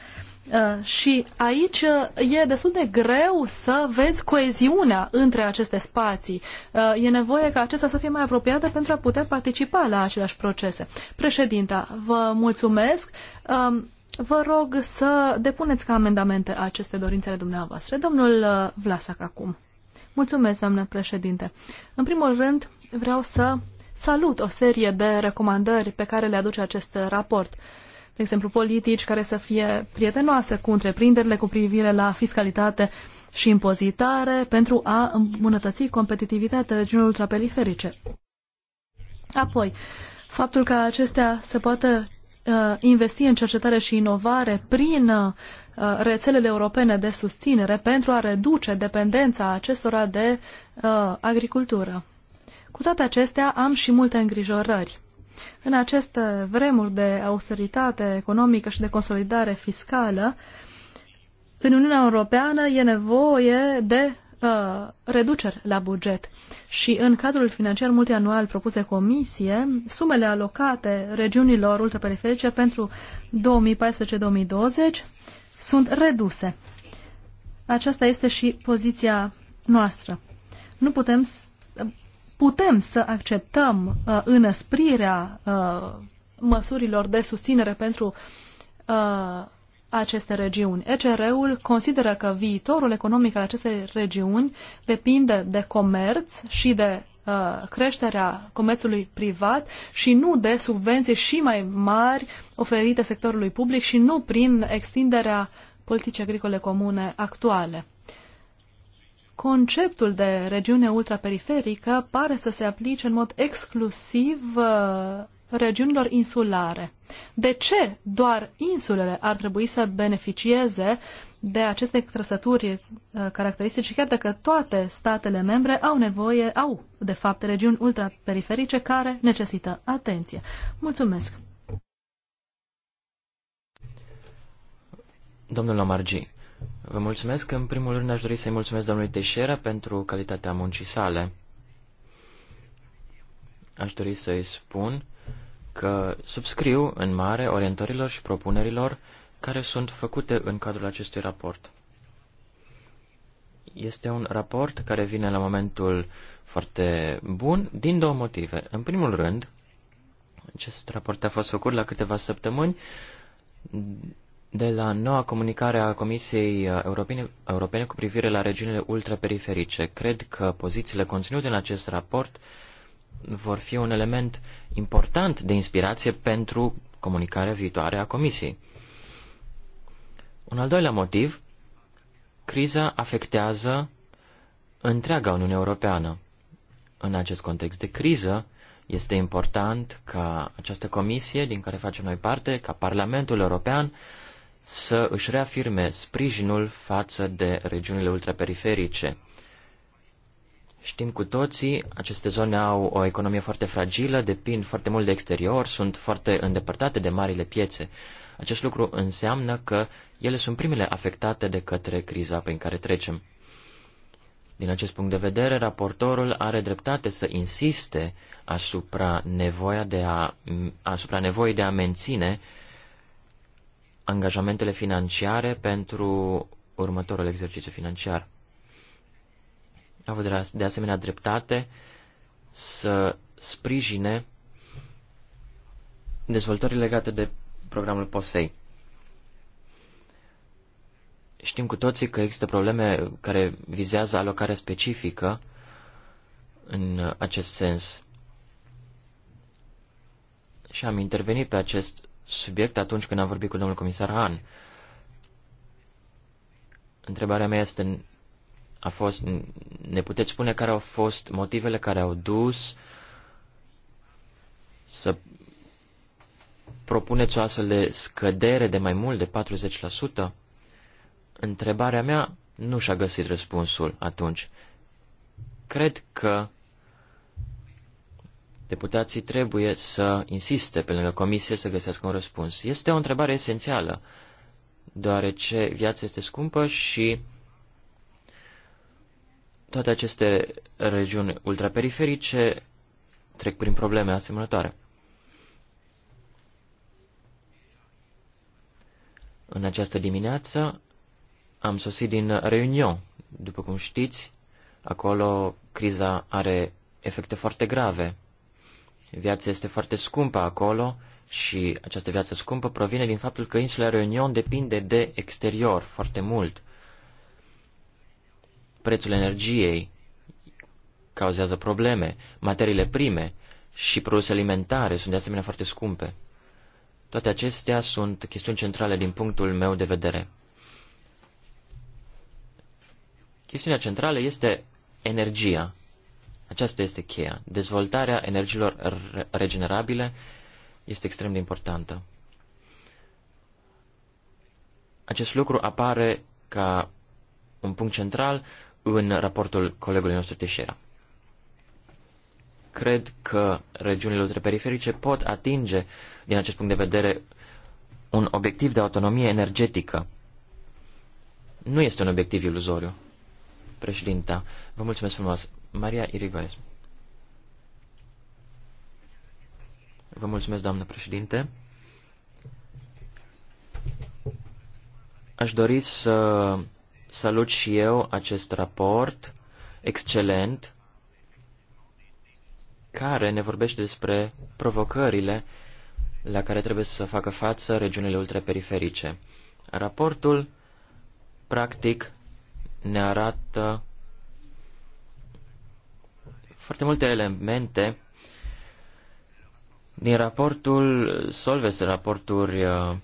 Uh, și aici uh, e destul de greu să vezi coeziunea între aceste spații. Uh, e nevoie ca acestea să fie mai apropiate pentru a putea participa la aceleași procese. Președinta, vă mulțumesc. Um, vă rog să depuneți ca amendamente aceste dorințele dumneavoastră. Domnul Vlasac acum. Mulțumesc, doamnă președinte. În primul rând, vreau să salut o serie de recomandări pe care le aduce acest raport. Uh, de exemplu, politici care să fie prietenoase cu întreprinderile cu privire la fiscalitate și impozitare pentru a îmbunătăți competitivitatea regiunilor ultraperiferice. Apoi, faptul că acestea se poată uh, investi în cercetare și inovare prin uh, rețelele europene de susținere pentru a reduce dependența acestora de uh, agricultură. Cu toate acestea, am și multe îngrijorări. În aceste vremuri de austeritate economică și de consolidare fiscală, în Uniunea Europeană e nevoie de uh, reduceri la buget. Și în cadrul financiar multianual propus de comisie, sumele alocate regiunilor ultraperiferice pentru 2014-2020 sunt reduse. Aceasta este și poziția noastră. Nu putem putem să acceptăm uh, înăsprirea uh, măsurilor de susținere pentru uh, aceste regiuni. ECR-ul consideră că viitorul economic al acestei regiuni depinde de comerț și de uh, creșterea comerțului privat și nu de subvenții și mai mari oferite sectorului public și nu prin extinderea politicii agricole comune actuale conceptul de regiune ultraperiferică pare să se aplice în mod exclusiv uh, regiunilor insulare. De ce doar insulele ar trebui să beneficieze de aceste trăsături uh, caracteristice, chiar dacă toate statele membre au nevoie, au, de fapt, regiuni ultraperiferice care necesită atenție. Mulțumesc! Domnul Lamargi, Vă mulțumesc. În primul rând aș dori să-i mulțumesc domnului Teșera pentru calitatea muncii sale. Aș dori să-i spun că subscriu în mare orientărilor și propunerilor care sunt făcute în cadrul acestui raport. Este un raport care vine la momentul foarte bun din două motive. În primul rând, acest raport a fost făcut la câteva săptămâni de la noua comunicare a Comisiei uh, Europene, Europene cu privire la regiunile ultraperiferice. Cred că pozițiile conținute în acest raport vor fi un element important de inspirație pentru comunicarea viitoare a Comisiei. Un al doilea motiv, criza afectează întreaga Uniune Europeană. În acest context de criză, este important ca această comisie din care facem noi parte, ca Parlamentul European, să își reafirme sprijinul față de regiunile ultraperiferice. Știm cu toții, aceste zone au o economie foarte fragilă, depind foarte mult de exterior, sunt foarte îndepărtate de marile piețe. Acest lucru înseamnă că ele sunt primele afectate de către criza prin care trecem. Din acest punct de vedere, raportorul are dreptate să insiste asupra, nevoia de a, asupra nevoii de a menține uh, angajamentele financiare pentru următorul exercițiu financiar. A avut de asemenea dreptate să sprijine dezvoltări legate de programul POSEI. Știm cu toții că există probleme care vizează alocarea specifică în acest sens. Și am intervenit pe acest subiect atunci când am vorbit cu domnul comisar Han. Întrebarea mea este, a fost, ne puteți spune care au fost motivele care au dus să propuneți o astfel de scădere de mai mult de 40%? Întrebarea mea nu și-a găsit răspunsul atunci. Cred că Deputații trebuie să insiste pe lângă comisie să găsească un răspuns. Este o întrebare esențială, deoarece viața este scumpă și toate aceste regiuni ultraperiferice trec prin probleme asemănătoare. În această dimineață am sosit din Reunion. După cum știți, acolo criza are efecte foarte grave Viața este foarte scumpă acolo și această viață scumpă provine din faptul că insula Reunion depinde de exterior foarte mult. Prețul energiei cauzează probleme, materiile prime și produse alimentare sunt de asemenea foarte scumpe. Toate acestea sunt chestiuni centrale din punctul meu de vedere. Chestiunea centrală este energia. Aceasta este cheia. Dezvoltarea energiilor regenerabile este extrem de importantă. Acest lucru apare ca un punct central în raportul colegului nostru Teixeira. Cred că regiunile ultraperiferice pot atinge, din acest punct de vedere, un obiectiv de autonomie energetică. Nu este un obiectiv iluzoriu. Președinta, vă mulțumesc frumos. Maria Irigoyes. Vă mulțumesc, doamnă președinte. Aș dori să salut și eu acest raport excelent care ne vorbește despre provocările la care trebuie să facă față regiunile ultraperiferice. Raportul, practic, ne arată foarte multe elemente din raportul Solves, raporturi, uh,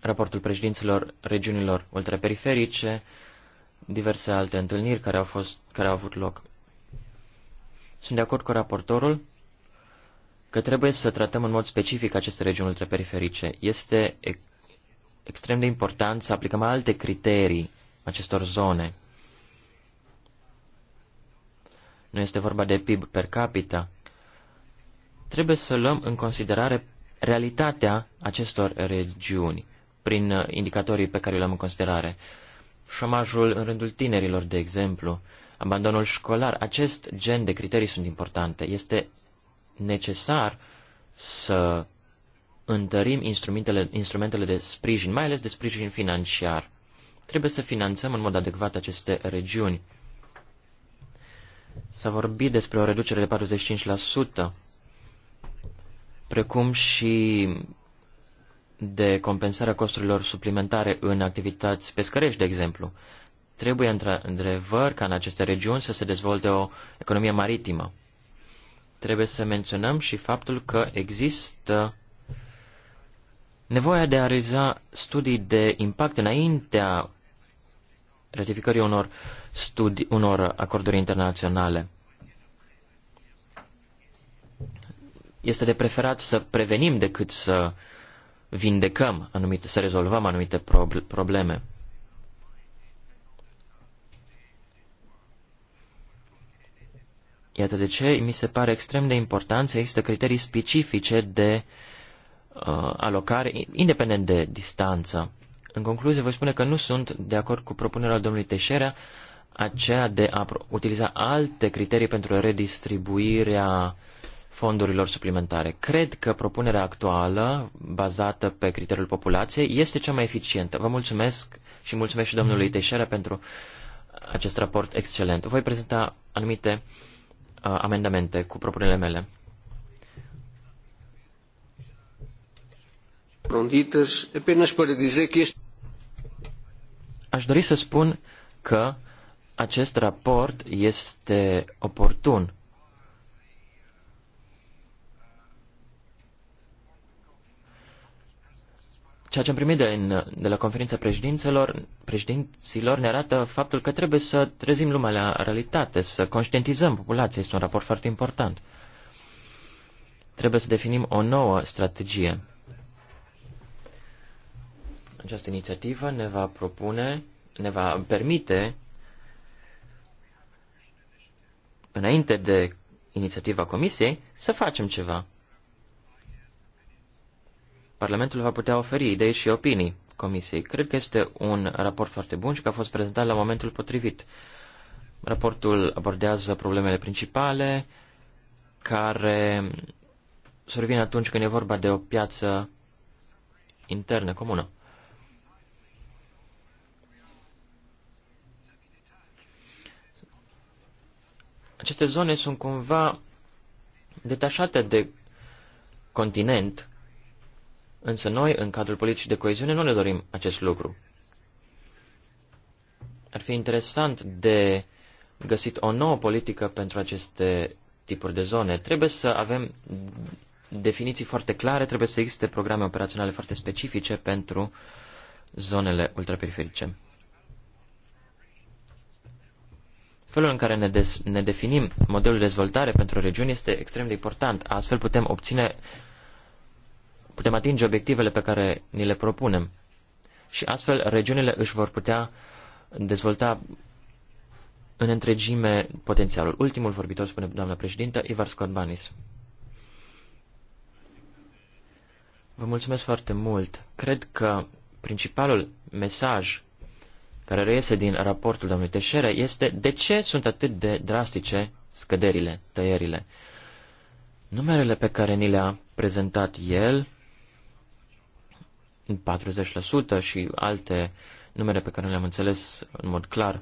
raportul președinților regiunilor ultraperiferice, diverse alte întâlniri care au, fost, care au avut loc. Sunt de acord cu raportorul că trebuie să tratăm în mod specific aceste regiuni ultraperiferice. Este extrem de important să aplicăm alte criterii acestor zone. Nu este vorba de PIB per capita. Trebuie să luăm în considerare realitatea acestor regiuni prin uh, indicatorii pe care le-am în considerare. Șomajul în rândul tinerilor, de exemplu, abandonul școlar, acest gen de criterii sunt importante. Este necesar să întărim instrumentele, instrumentele de sprijin, mai ales de sprijin financiar. Trebuie să finanțăm în mod adecvat aceste regiuni. S-a vorbit despre o reducere de 45%, precum și de compensarea costurilor suplimentare în activități pescărești, de exemplu. Trebuie într-adevăr ca în aceste regiuni să se dezvolte o economie maritimă. Trebuie să menționăm și faptul că există nevoia de a realiza studii de impact înaintea ratificării unor, studii, unor acorduri internaționale. Este de preferat să prevenim decât să vindecăm anumite, să rezolvăm anumite probleme. Iată de ce mi se pare extrem de important să există criterii specifice de uh, alocare, independent de distanță. În concluzie, voi spune că nu sunt de acord cu propunerea domnului Teșerea aceea de a utiliza alte criterii pentru redistribuirea fondurilor suplimentare. Cred că propunerea actuală, bazată pe criteriul populației, este cea mai eficientă. Vă mulțumesc și mulțumesc și domnului mhm. Teșerea pentru acest raport excelent. Voi prezenta anumite uh, amendamente cu propunerile mele. Aș dori să spun că acest raport este oportun. Ceea ce am primit de, de la conferința președinților, președinților ne arată faptul că trebuie să trezim lumea la realitate, să conștientizăm populația. Este un raport foarte important. Trebuie să definim o nouă strategie. Această inițiativă ne va propune, ne va permite, înainte de inițiativa Comisiei, să facem ceva. Parlamentul va putea oferi idei și opinii Comisiei. Cred că este un raport foarte bun și că a fost prezentat la momentul potrivit. Raportul abordează problemele principale care survin atunci când e vorba de o piață internă comună. aceste zone sunt cumva detașate de continent, însă noi, în cadrul politicii de coeziune, nu ne dorim acest lucru. Ar fi interesant de găsit o nouă politică pentru aceste tipuri de zone. Trebuie să avem definiții foarte clare, trebuie să existe programe operaționale foarte specifice pentru zonele ultraperiferice. Felul în care ne, des, ne definim modelul de dezvoltare pentru o regiune este extrem de important. Astfel putem obține, putem atinge obiectivele pe care ni le propunem. Și astfel regiunile își vor putea dezvolta în întregime potențialul. Ultimul vorbitor spune doamna președintă, Ivar Scott Banis. Vă mulțumesc foarte mult. Cred că principalul mesaj care reiese din raportul domnului Teșere este de ce sunt atât de drastice scăderile, tăierile. Numerele pe care ni le-a prezentat el, 40% și alte numere pe care nu le-am înțeles în mod clar,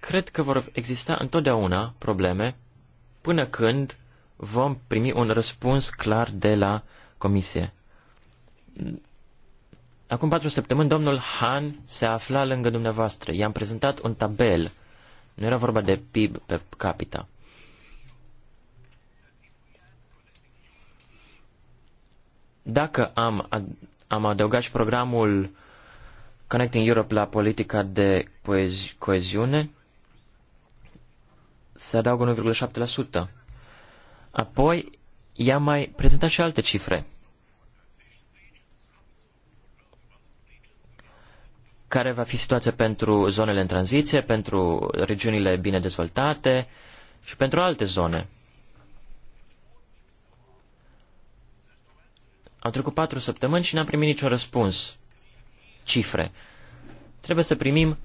cred că vor exista întotdeauna probleme până când vom primi un răspuns clar de la comisie. Acum patru săptămâni, domnul Han se afla lângă dumneavoastră. I-am prezentat un tabel. Nu era vorba de PIB pe capita. Dacă am, am adăugat și programul Connecting Europe la politica de coezi- coeziune, se adaugă 1,7%. Apoi, i-am mai prezentat și alte cifre. care va fi situația pentru zonele în tranziție, pentru regiunile bine dezvoltate și pentru alte zone. Au trecut patru săptămâni și n-am primit niciun răspuns. Cifre. Trebuie să primim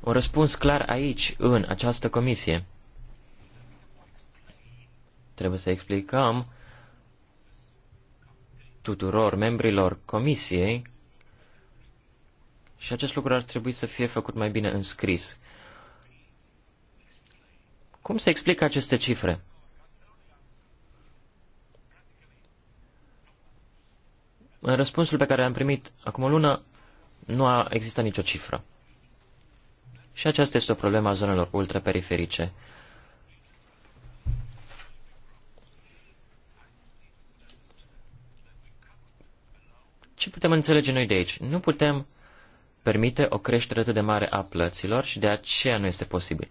un răspuns clar aici, în această comisie. Trebuie să explicăm tuturor membrilor comisiei și acest lucru ar trebui să fie făcut mai bine în scris. Cum se explică aceste cifre? În răspunsul pe care l-am primit acum o lună, nu a existat nicio cifră. Și aceasta este o problemă a zonelor ultraperiferice. Ce putem înțelege noi de aici? Nu putem permite o creștere atât de mare a plăților și de aceea nu este posibil.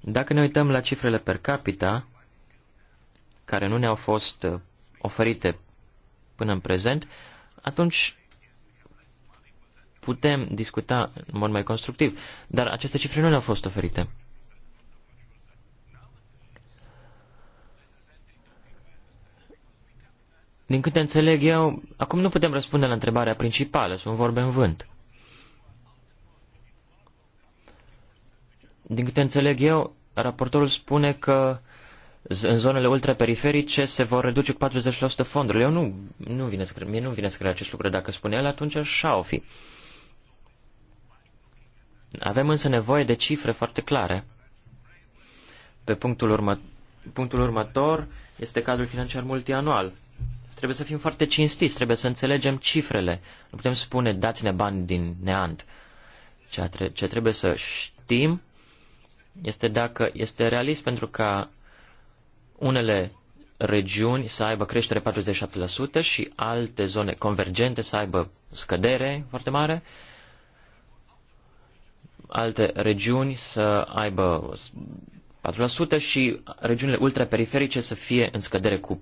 Dacă ne uităm la cifrele per capita, care nu ne-au fost uh, oferite până în prezent, atunci putem discuta în mod mai constructiv, dar aceste cifre nu ne-au fost oferite. Din câte înțeleg eu, acum nu putem răspunde la întrebarea principală, sunt vorbe în vânt. Din câte înțeleg eu, raportorul spune că în zonele ultraperiferice se vor reduce cu 40% fondurile. Eu nu, nu vine să cred, mie nu vine să cred acest lucru. Dacă spune el, atunci așa o fi. Avem însă nevoie de cifre foarte clare. Pe punctul, urmă, punctul următor este cadrul financiar multianual. Trebuie să fim foarte cinstiți, trebuie să înțelegem cifrele. Nu putem spune dați-ne bani din neant. Ce trebuie să știm este dacă este realist pentru ca unele regiuni să aibă creștere 47% și alte zone convergente să aibă scădere foarte mare, alte regiuni să aibă 4% și regiunile ultraperiferice să fie în scădere cu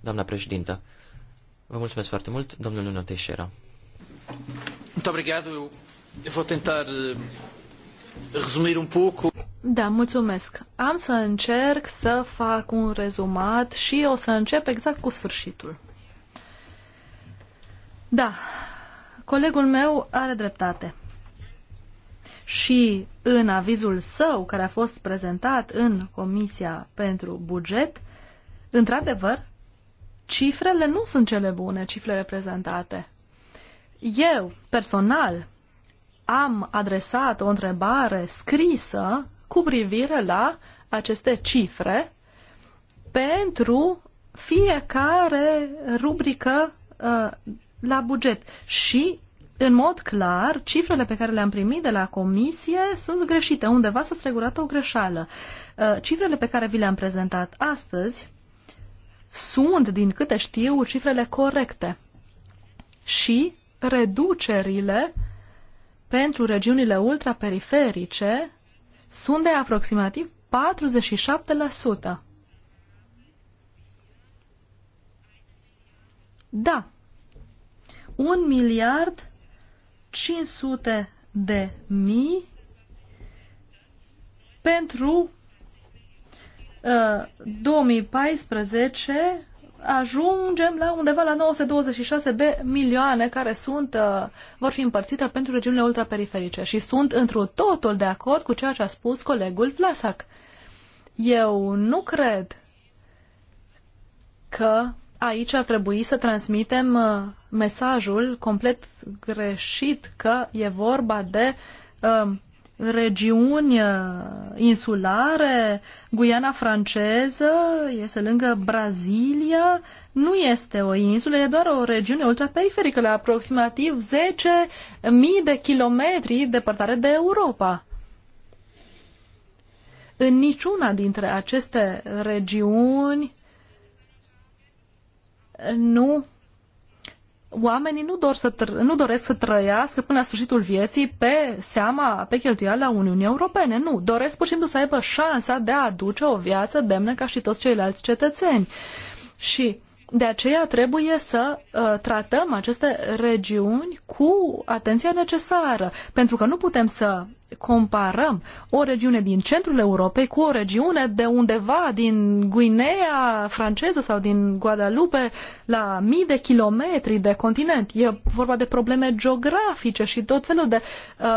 Doamna președintă, vă mulțumesc foarte mult, domnul Nuno Teixeira. Muito obrigado. Eu vou tentar eh, resumir um pouco. Da, mulțumesc. Am să încerc să fac un rezumat și o să încep exact cu sfârșitul. Da, colegul meu are dreptate. Și în avizul său, care a fost prezentat în Comisia pentru Buget, într-adevăr, cifrele nu sunt cele bune, cifrele prezentate. Eu, personal, am adresat o întrebare scrisă cu privire la aceste cifre pentru fiecare rubrică uh, la buget. Și, în mod clar, cifrele pe care le-am primit de la comisie sunt greșite. Undeva s-a stregurat o greșeală. Uh, cifrele pe care vi le-am prezentat astăzi sunt, din câte știu, cifrele corecte. Și reducerile pentru regiunile ultraperiferice sunt de aproximativ 47%. Da. un miliard 500 de mii pentru 2014 ajungem la undeva la 926 de milioane care sunt, uh, vor fi împărțite pentru regiunile ultraperiferice și sunt într-o totul de acord cu ceea ce a spus colegul Vlasac. Eu nu cred că aici ar trebui să transmitem uh, mesajul complet greșit că e vorba de uh, regiuni uh, insulare, Guiana franceză este lângă Brazilia, nu este o insulă, e doar o regiune ultraperiferică la aproximativ 10.000 de kilometri departare de Europa. În niciuna dintre aceste regiuni nu oamenii nu, dor să tr- nu doresc să trăiască până la sfârșitul vieții pe seama, pe cheltuiala Uniunii Europene. Nu, doresc pur și simplu să aibă șansa de a aduce o viață demnă ca și toți ceilalți cetățeni. Și de aceea trebuie să uh, tratăm aceste regiuni cu atenția necesară, pentru că nu putem să comparăm o regiune din centrul Europei cu o regiune de undeva din Guinea franceză sau din Guadalupe la mii de kilometri de continent. E vorba de probleme geografice și tot felul de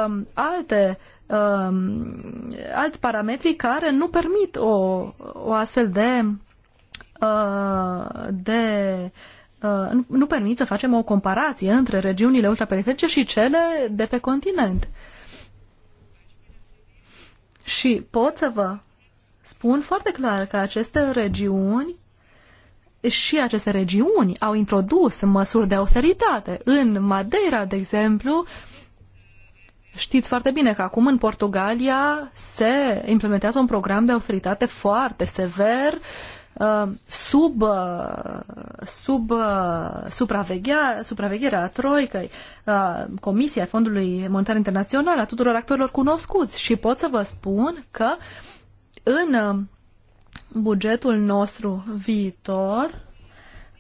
um, alte um, alți parametri care nu permit o, o astfel de uh, de uh, nu, nu permit să facem o comparație între regiunile ultraperiferice și cele de pe continent. Uh, și pot să vă spun foarte clar că aceste regiuni și aceste regiuni au introdus măsuri de austeritate. În Madeira, de exemplu, știți foarte bine că acum în Portugalia se implementează un program de austeritate foarte sever uh, Uh, sub, uh, sub uh, supravegherea, supravegherea Troicăi, Comisia Fondului Monetar Internațional, a tuturor actorilor cunoscuți și pot să vă spun că în bugetul nostru viitor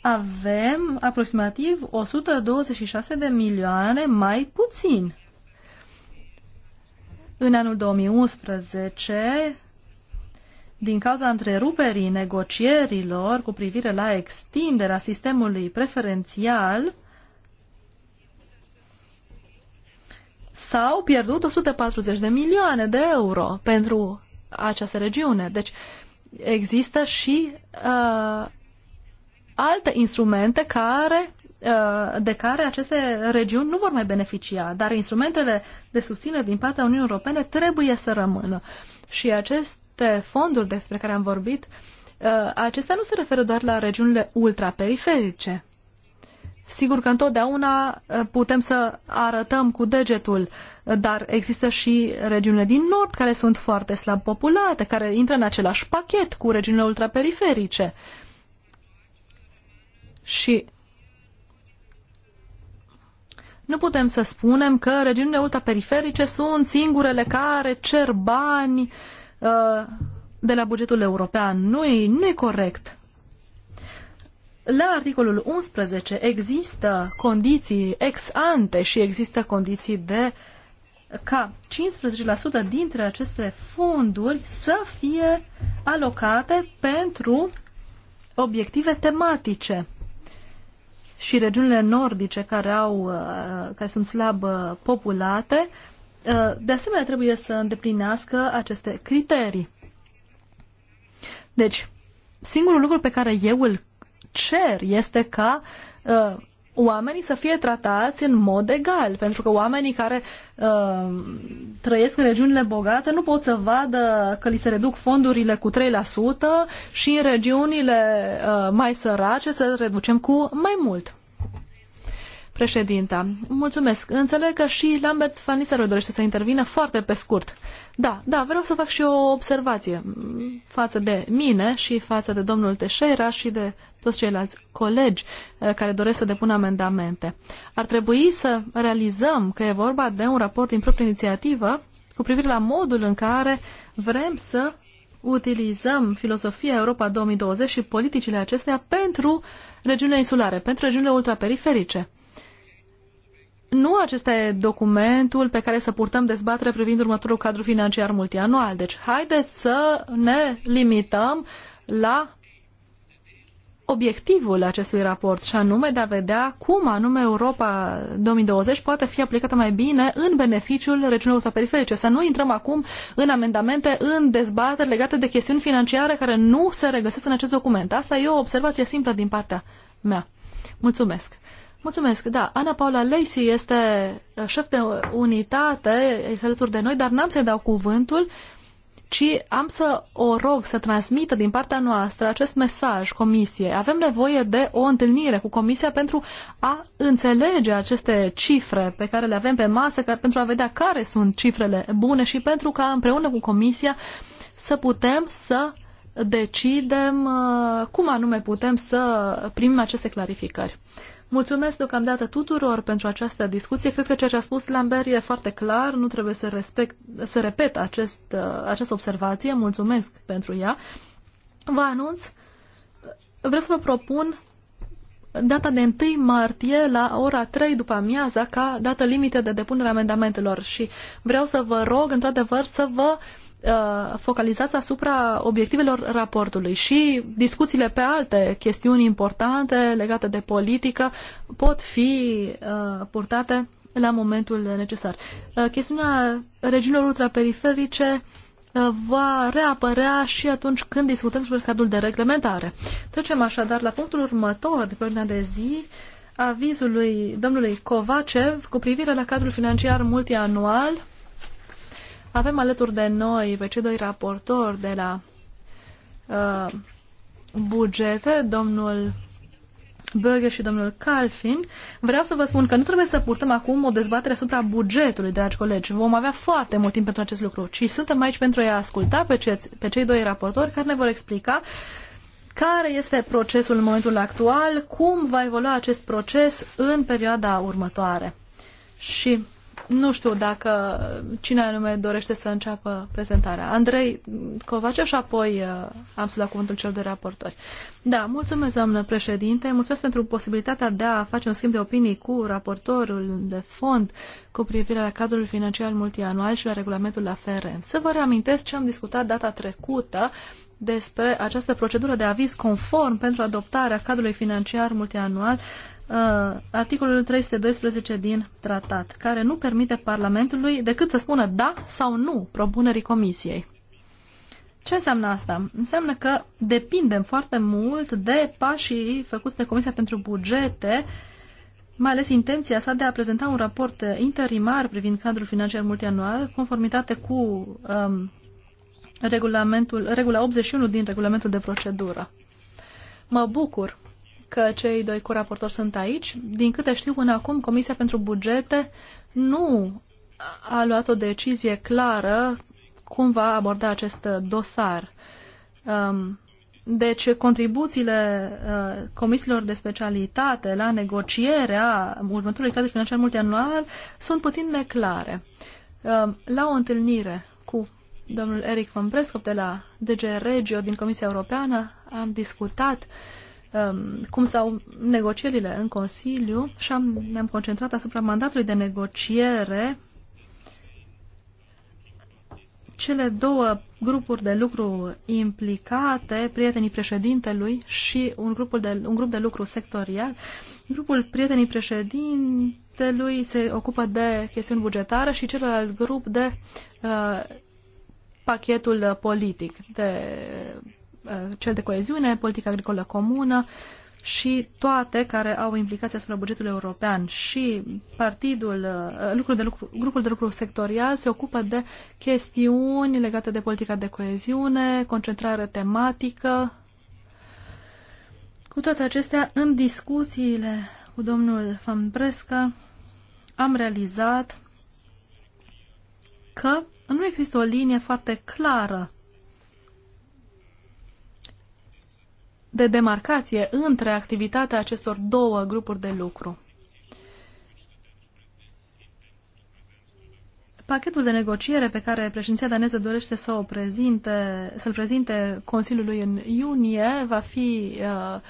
avem aproximativ 126 de milioane mai puțin. În anul 2011 din cauza întreruperii negocierilor cu privire la extinderea sistemului preferențial, s-au pierdut 140 de milioane de euro pentru această regiune. Deci există și uh, alte instrumente care, uh, de care aceste regiuni nu vor mai beneficia, dar instrumentele de susținere din partea Uniunii Europene trebuie să rămână. Și acest aceste fonduri despre care am vorbit, uh, acestea nu se referă doar la regiunile ultraperiferice. Sigur că întotdeauna uh, putem să arătăm cu degetul, uh, dar există și regiunile din nord care sunt foarte slab populate, care intră în același pachet cu regiunile ultraperiferice. Și nu putem să spunem că regiunile ultraperiferice sunt singurele care cer bani uh, de la bugetul european. Nu e, nu e corect. La articolul 11 există condiții ex ante și există condiții de ca 15% dintre aceste fonduri să fie alocate pentru obiective tematice și regiunile nordice care, au, uh, care sunt slab uh, populate Uh, de asemenea trebuie să îndeplinească aceste criterii. Deci, singurul lucru pe care eu îl cer este ca uh, oamenii să fie tratați în mod egal, pentru că oamenii care uh, trăiesc în regiunile bogate nu pot să vadă că li se reduc fondurile cu 3% și în regiunile uh, mai sărace să reducem cu mai mult. Președinta, mulțumesc. Înțeleg că și Lambert van dorește să intervină foarte pe scurt. Da, da, vreau să fac și o observație față de mine și față de domnul Teșeira și de toți ceilalți colegi eh, care doresc să depună amendamente. Ar trebui să realizăm că e vorba de un raport din proprie inițiativă cu privire la modul în care vrem să utilizăm filosofia Europa 2020 și politicile acestea pentru regiunile insulare, pentru regiunile ultraperiferice nu acesta e documentul pe care să purtăm dezbatere privind următorul cadru financiar multianual. Deci, haideți să ne limităm la obiectivul acestui raport și anume de a vedea cum anume Europa 2020 poate fi aplicată mai bine în beneficiul regiunilor periferice. Să nu intrăm acum în amendamente, în dezbateri legate de chestiuni financiare care nu se regăsesc în acest document. Asta e o observație simplă din partea mea. Mulțumesc. Mulțumesc, da. Ana Paula Lacey este uh, șef de unitate, este alături de noi, dar n-am să-i dau cuvântul, ci am să o rog să transmită din partea noastră acest mesaj comisiei. Avem nevoie de o întâlnire cu comisia pentru a înțelege aceste cifre pe care le avem pe masă, pentru a vedea care sunt cifrele bune și pentru ca împreună cu comisia să putem să decidem uh, cum anume putem să primim aceste clarificări. Mulțumesc deocamdată tuturor pentru această discuție. Cred că ceea ce a spus Lambert e foarte clar, nu trebuie să, respect, să repet acest, uh, această observație. Mulțumesc pentru ea. Vă anunț, vreau să vă propun data de 1 martie la ora 3 după amiaza ca dată limită de depunere a amendamentelor și vreau să vă rog într-adevăr să vă uh, Uh, focalizați asupra obiectivelor raportului și discuțiile pe alte chestiuni importante legate de politică pot fi uh, purtate la momentul necesar. Uh, chestiunea regiunilor ultraperiferice va reapărea și atunci când discutăm despre cadrul de reglementare. Trecem așadar la punctul următor de pe ordinea de zi, avizul lui domnului Kovacev cu privire la cadrul financiar multianual avem alături de noi pe cei doi raportori de la uh, bugete, domnul Böge și domnul Calfin, vreau să vă spun că nu trebuie să purtăm acum o dezbatere asupra bugetului, dragi colegi. Vom avea foarte mult timp pentru acest lucru, ci suntem aici pentru a asculta pe, ce, pe cei doi raportori care ne vor explica care este procesul în momentul actual, cum va evolua acest proces în perioada următoare. Și nu știu dacă cine anume dorește să înceapă prezentarea. Andrei Covaceu și apoi uh, am să dau cuvântul cel de raportori. Da, mulțumesc, doamnă președinte. Mulțumesc pentru posibilitatea de a face un schimb de opinii cu raportorul de fond cu privire la cadrul financiar multianual și la regulamentul aferent. Să vă reamintesc ce am discutat data trecută despre această procedură de aviz conform pentru adoptarea cadrului financiar multianual Uh, articolul 312 din tratat, care nu permite Parlamentului decât să spună da sau nu propunerii Comisiei. Ce înseamnă asta? Înseamnă că depindem foarte mult de pașii făcuți de Comisia pentru Bugete, mai ales intenția sa de a prezenta un raport interimar privind cadrul financiar multianual, conformitate cu um, regulamentul, regula 81 din regulamentul de procedură. Mă bucur că cei doi coraportori sunt aici. Din câte știu până acum, Comisia pentru Bugete nu a luat o decizie clară cum va aborda acest dosar. Um, deci, contribuțiile uh, comisiilor de specialitate la negocierea următorului cadru financiar multianual sunt puțin neclare. Um, la o întâlnire cu domnul Eric Van Prescop de la DG Regio din Comisia Europeană am discutat uh, Um, cum stau negocierile în Consiliu și am, ne-am concentrat asupra mandatului de negociere. Cele două grupuri de lucru implicate, prietenii președintelui și un, grupul de, un grup de lucru sectorial, grupul prietenii președintelui se ocupă de chestiuni bugetare și celălalt grup de uh, pachetul politic, de Eh, cel de coeziune, politica agricolă comună și toate care au implicații asupra bugetului european și partidul, eh, lucrul de lucru, grupul de lucru sectorial se ocupă de chestiuni legate de politica de coeziune, concentrare tematică. Cu toate acestea, în discuțiile cu domnul Fambresca am realizat că nu există o linie foarte clară de demarcație între activitatea acestor două grupuri de lucru. Pachetul de negociere pe care președinția daneză dorește să o prezinte, să-l prezinte Consiliului în iunie va fi uh,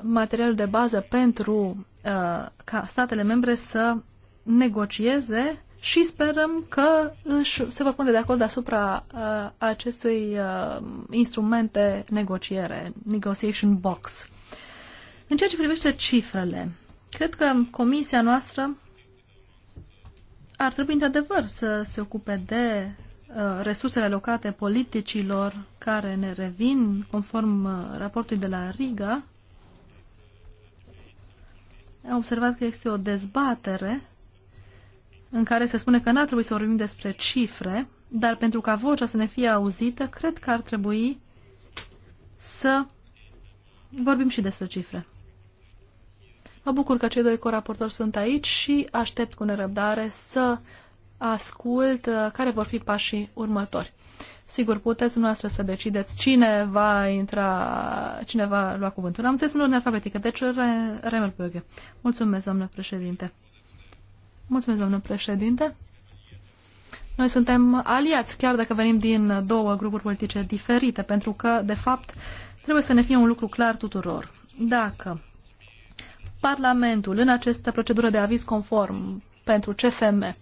materialul de bază pentru uh, ca statele membre să negocieze și sperăm că își, se va pune de acord asupra uh, acestui uh, instrument de negociere, negotiation box. În ceea ce privește cifrele, cred că comisia noastră ar trebui într-adevăr să se ocupe de uh, resursele locate politicilor care ne revin conform uh, raportului de la Riga. Am observat că este o dezbatere în care se spune că n-ar trebui să vorbim despre cifre, dar pentru ca vocea să ne fie auzită, cred că ar trebui să vorbim și despre cifre. Mă bucur că cei doi coraportori sunt aici și aștept cu nerăbdare să ascult uh, care vor fi pașii următori. Sigur, puteți noastră să decideți cine va intra, cine va lua cuvântul. Am înțeles în ordine alfabetică, deci Remer Böge. Mulțumesc, doamnă președinte. Mulțumesc, domnule președinte. Noi suntem aliați, chiar dacă venim din două grupuri politice diferite, pentru că, de fapt, trebuie să ne fie un lucru clar tuturor. Dacă Parlamentul, în această procedură de aviz conform pentru CFM,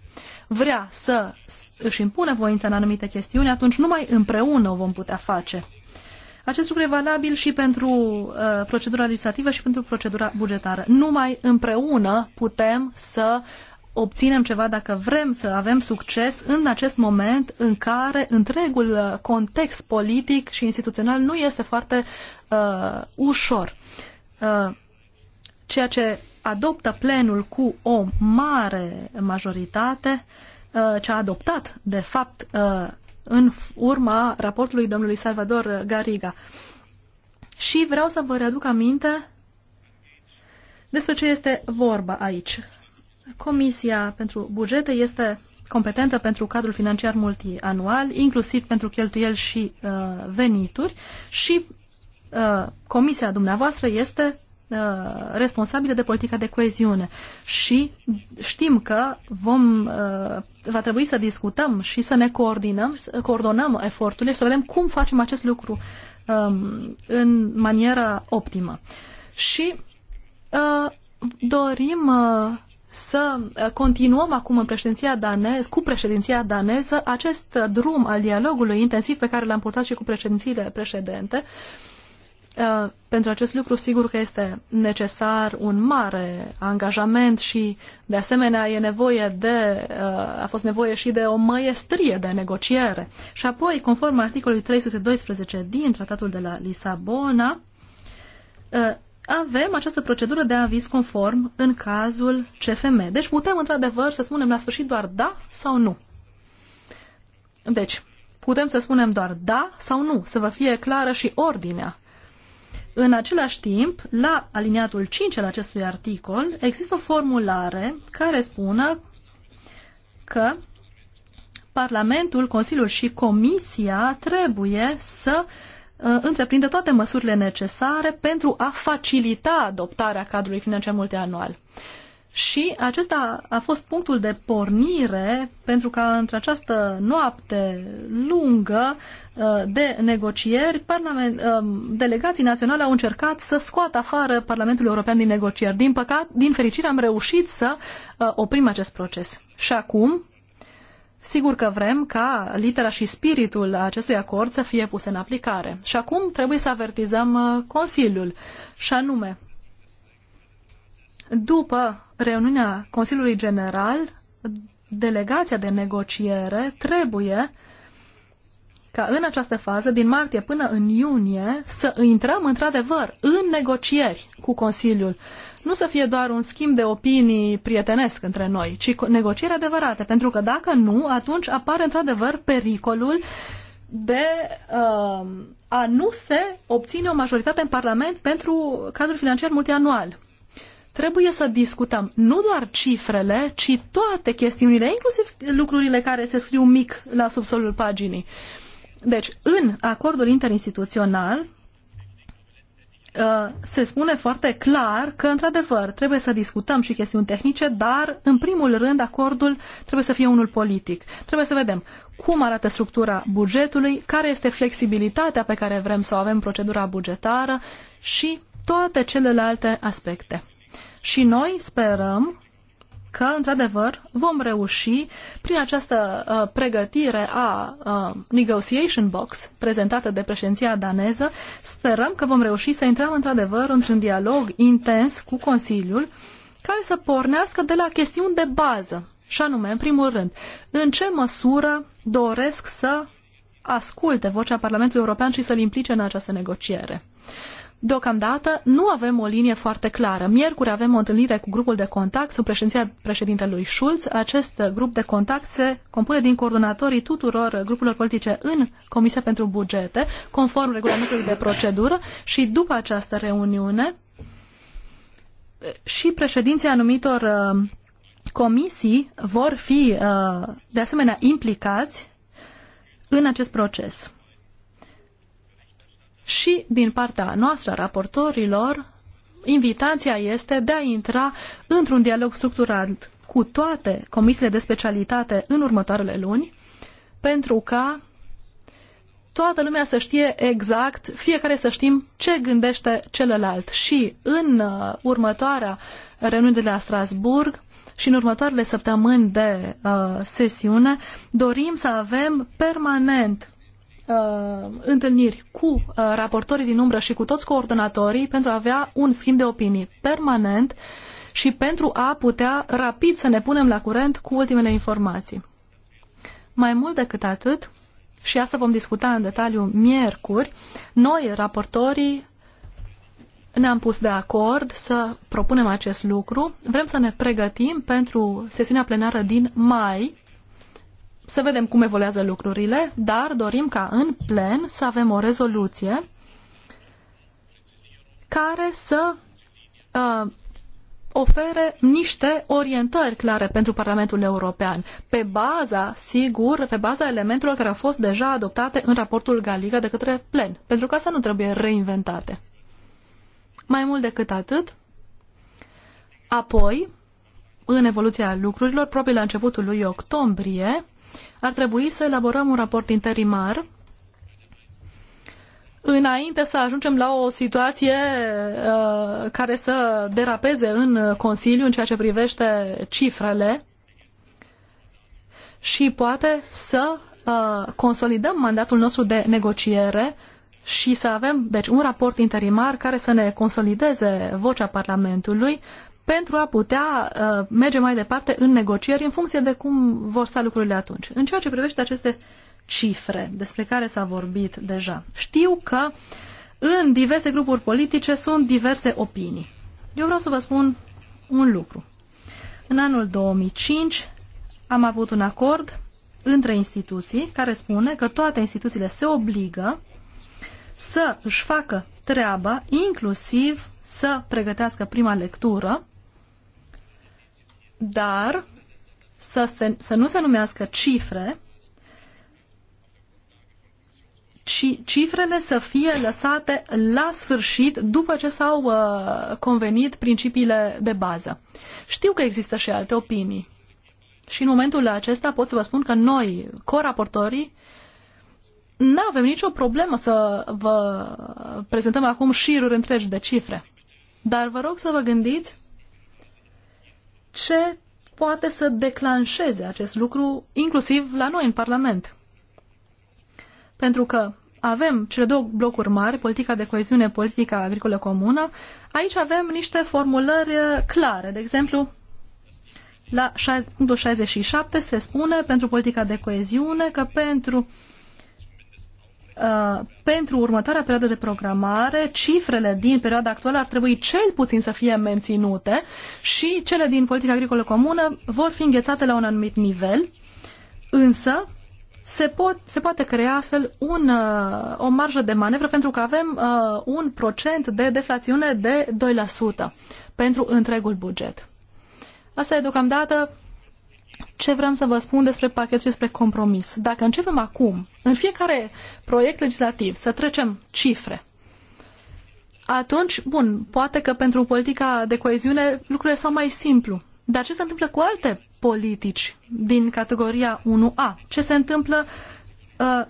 vrea să își impune voința în anumite chestiuni, atunci numai împreună o vom putea face. Acest lucru e valabil și pentru uh, procedura legislativă și pentru procedura bugetară. Numai împreună putem să obținem ceva, dacă vrem să avem succes în acest moment în care întregul uh, context politic și instituțional nu este foarte uh, ușor. Uh, ceea ce adoptă plenul cu o mare majoritate, uh, ce a adoptat, de fapt, uh, în urma raportului domnului Salvador Gariga. Și vreau să vă readuc aminte despre ce este vorba aici. Comisia pentru bugete este competentă pentru cadrul financiar multianual, inclusiv pentru cheltuieli și uh, venituri și uh, comisia dumneavoastră este uh, responsabilă de politica de coeziune și știm că vom, uh, va trebui să discutăm și să ne coordinăm, să coordonăm eforturile și să vedem cum facem acest lucru um, în maniera optimă. Și uh, dorim să uh, continuăm acum în președinția danez, cu președinția daneză acest drum al dialogului intensiv pe care l-am purtat și cu președințiile precedente. Uh, pentru acest lucru, sigur că este necesar un mare angajament și, de asemenea, e nevoie de, uh, a fost nevoie și de o măiestrie de negociere. Și apoi, conform articolului 312 din Tratatul de la Lisabona, avem această procedură de aviz conform în cazul CFM. Deci putem, într-adevăr, să spunem la sfârșit doar da sau nu. Deci, putem să spunem doar da sau nu, să vă fie clară și ordinea. În același timp, la aliniatul 5 al acestui articol, există o formulare care spune că Parlamentul, Consiliul și Comisia trebuie să uh, Uh, întreprinde toate măsurile necesare pentru a facilita adoptarea cadrului financiar multianual. Și acesta a fost punctul de pornire pentru ca într această noapte lungă uh, de negocieri, parlament, uh, delegații naționale au încercat să scoată afară Parlamentul European din negocieri. Din păcate, din fericire, am reușit să oprim acest proces. Și acum, Sigur că vrem ca litera și spiritul acestui acord să fie puse în aplicare. Și acum trebuie să avertizăm uh, Consiliul, și anume, după reuniunea Consiliului General, delegația de negociere trebuie ca în această fază, din martie până în iunie, să intrăm într-adevăr în negocieri cu Consiliul. Nu să fie doar un schimb de opinii prietenesc între noi, ci negocieri adevărate, pentru că dacă nu, atunci apare într-adevăr pericolul de uh, a nu se obține o majoritate în Parlament pentru cadrul financiar multianual trebuie să discutăm nu doar cifrele, ci toate chestiunile, inclusiv lucrurile care se scriu mic la subsolul paginii. Deci, în acordul interinstituțional uh, se spune foarte clar că, într-adevăr, trebuie să discutăm și chestiuni tehnice, dar, în primul rând, acordul trebuie să fie unul politic. Trebuie să vedem cum arată structura bugetului, care este flexibilitatea pe care vrem să o avem procedura bugetară și toate celelalte aspecte. Și noi sperăm că, într-adevăr, vom reuși, prin această uh, pregătire a uh, negotiation box prezentată de președinția daneză, sperăm că vom reuși să intrăm, într-adevăr, într-un dialog intens cu Consiliul, care să pornească de la chestiuni de bază, și anume, în primul rând, în ce măsură doresc să asculte vocea Parlamentului European și să-l implice în această negociere. Deocamdată nu avem o linie foarte clară. Miercuri avem o întâlnire cu grupul de contact sub președinția președintelui Schulz. Acest grup de contact se compune din coordonatorii tuturor grupurilor politice în Comisia pentru Bugete, conform regulamentului de procedură și după această reuniune și președinții anumitor uh, comisii vor fi uh, de asemenea implicați în acest proces și din partea noastră, raportorilor, invitația este de a intra într-un dialog structurat cu toate comisiile de specialitate în următoarele luni, pentru ca toată lumea să știe exact, fiecare să știm ce gândește celălalt. Și în uh, următoarea reuniune de la Strasburg și în următoarele săptămâni de uh, sesiune, dorim să avem permanent uh, întâlniri cu uh, raportorii din umbră și cu toți coordonatorii pentru a avea un schimb de opinii permanent și pentru a putea rapid să ne punem la curent cu ultimele informații. Mai mult decât atât, și asta vom discuta în detaliu miercuri, noi, raportorii, ne-am pus de acord să propunem acest lucru. Vrem să ne pregătim pentru sesiunea plenară din mai, să vedem cum evoluează lucrurile, dar dorim ca în plen să avem o rezoluție care să uh, ofere niște orientări clare pentru Parlamentul European, pe baza, sigur, pe baza elementelor care au fost deja adoptate în raportul Galiga de către plen, pentru că asta nu trebuie reinventate. Mai mult decât atât, apoi, în evoluția lucrurilor, probabil la începutul lui octombrie, ar trebui să elaborăm un raport interimar înainte să ajungem la o situație uh, care să derapeze în Consiliu în ceea ce privește cifrele și poate să uh, consolidăm mandatul nostru de negociere și să avem deci, un raport interimar care să ne consolideze vocea Parlamentului pentru a putea uh, merge mai departe în negocieri în funcție de cum vor sta lucrurile atunci. În ceea ce privește aceste cifre despre care s-a vorbit deja, știu că în diverse grupuri politice sunt diverse opinii. Eu vreau să vă spun un lucru. În anul 2005 am avut un acord între instituții care spune că toate instituțiile se obligă să își facă treaba, inclusiv să pregătească prima lectură dar să, se, să nu se numească cifre, ci cifrele să fie lăsate la sfârșit după ce s-au uh, convenit principiile de bază. Știu că există și alte opinii. Și în momentul acesta pot să vă spun că noi, coraportorii, nu avem nicio problemă să vă prezentăm acum șiruri întregi de cifre. Dar vă rog să vă gândiți ce poate să declanșeze acest lucru, inclusiv la noi în Parlament. Pentru că avem cele două blocuri mari, politica de coeziune, politica agricolă comună, aici avem niște formulări uh, clare. De exemplu, la punctul 67 se spune pentru politica de coeziune că pentru uh, Uh, pentru următoarea perioadă de programare, cifrele din perioada actuală ar trebui cel puțin să fie menținute și cele din politica agricolă comună vor fi înghețate la un anumit nivel, însă se, pot, se poate crea astfel un, uh, o marjă de manevră pentru că avem uh, un procent de deflațiune de 2% pentru întregul buget. Asta e deocamdată ce vrem să vă spun despre pachet și despre compromis. Dacă începem acum, în fiecare proiect legislativ, să trecem cifre, atunci, bun, poate că pentru politica de coeziune lucrurile sunt mai simplu. Dar ce se întâmplă cu alte politici din categoria 1A? Ce se întâmplă uh,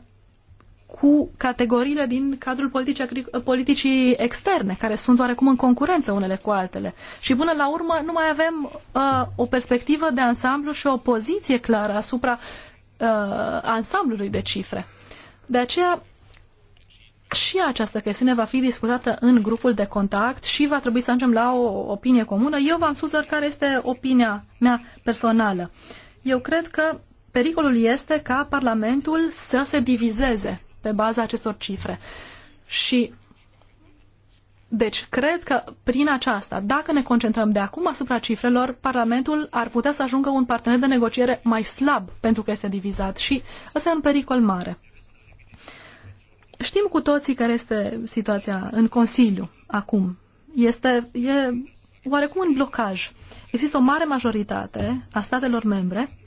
cu categoriile din cadrul politicii, politicii externe, care sunt oarecum în concurență unele cu altele. Și până la urmă nu mai avem uh, o perspectivă de ansamblu și o poziție clară asupra uh, ansamblului de cifre. De aceea, și această chestiune va fi discutată în grupul de contact și va trebui să ajungem la o opinie comună. Eu v-am spus doar care este opinia mea personală. Eu cred că pericolul este ca Parlamentul să se divizeze pe baza acestor cifre. Și deci, cred că prin aceasta, dacă ne concentrăm de acum asupra cifrelor, Parlamentul ar putea să ajungă un partener de negociere mai slab pentru că este divizat și ăsta e un pericol mare. Știm cu toții care este situația în Consiliu acum. Este e oarecum un blocaj. Există o mare majoritate a statelor membre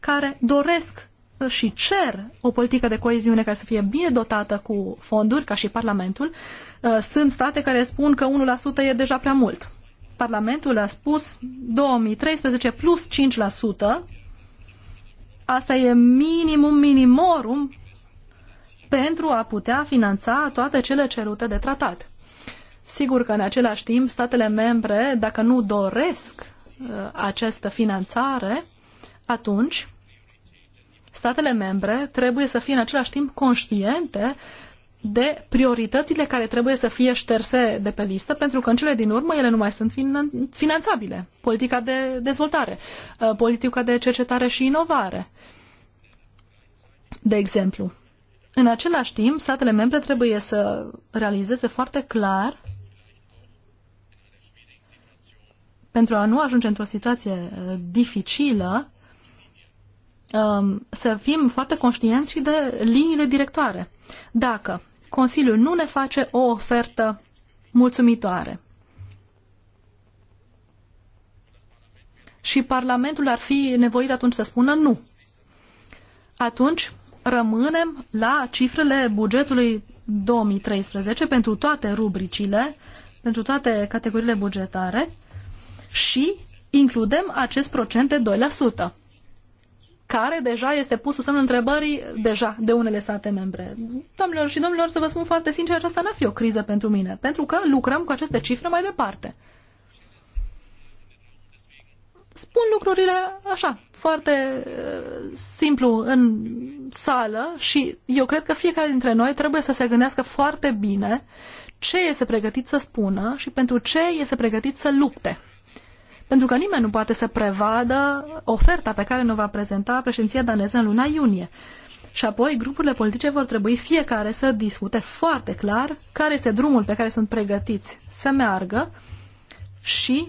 care doresc și cer o politică de coeziune care să fie bine dotată cu fonduri, ca și Parlamentul. Uh, sunt state care spun că 1% e deja prea mult. Parlamentul a spus 2013 plus 5%. Asta e minimum minimorum pentru a putea finanța toate cele cerute de tratat. Sigur că în același timp statele membre, dacă nu doresc uh, această finanțare, atunci statele membre trebuie să fie în același timp conștiente de prioritățile care trebuie să fie șterse de pe listă, pentru că în cele din urmă ele nu mai sunt finanțabile. Politica de dezvoltare, uh, politica de cercetare și inovare, de exemplu. În același timp, statele membre trebuie să realizeze foarte clar pentru a nu ajunge într-o situație uh, dificilă Um, să fim foarte conștienți și de liniile directoare. Dacă Consiliul nu ne face o ofertă mulțumitoare și Parlamentul ar fi nevoit atunci să spună nu, atunci rămânem la cifrele bugetului 2013 pentru toate rubricile, pentru toate categoriile bugetare și includem acest procent de 2% care deja este pus sub semnul întrebării deja de unele state membre. Domnilor și domnilor, să vă spun foarte sincer, aceasta n-a fi o criză pentru mine, pentru că lucrăm cu aceste cifre mai departe. Spun lucrurile așa, foarte uh, simplu în sală și eu cred că fiecare dintre noi trebuie să se gândească foarte bine ce este pregătit să spună și pentru ce este pregătit să lupte pentru că nimeni nu poate să prevadă oferta pe care ne va prezenta președinția daneză în luna iunie. Și apoi grupurile politice vor trebui fiecare să discute foarte clar care este drumul pe care sunt pregătiți să meargă și,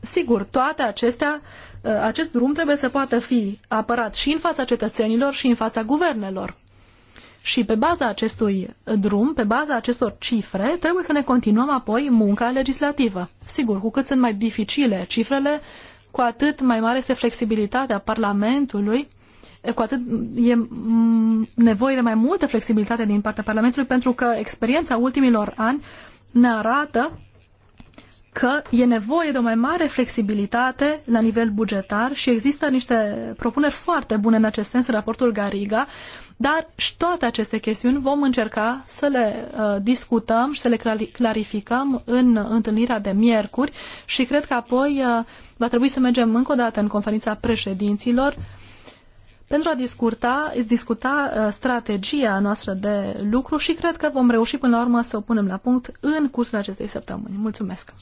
sigur, toate acestea, uh, acest drum trebuie să poată fi apărat și în fața cetățenilor și în fața guvernelor. Și pe baza acestui drum, pe baza acestor cifre, trebuie să ne continuăm apoi munca legislativă. Sigur, cu cât sunt mai dificile cifrele, cu atât mai mare este flexibilitatea Parlamentului, cu atât e nevoie de mai multă flexibilitate din partea Parlamentului, pentru că experiența ultimilor ani ne arată că e nevoie de o mai mare flexibilitate la nivel bugetar și există niște propuneri foarte bune în acest sens în raportul Gariga, dar și toate aceste chestiuni vom încerca să le uh, discutăm și să le clarificăm în întâlnirea de miercuri și cred că apoi uh, va trebui să mergem încă o dată în conferința președinților pentru a discuta, discuta uh, strategia noastră de lucru și cred că vom reuși până la urmă să o punem la punct în cursul acestei săptămâni. Mulțumesc!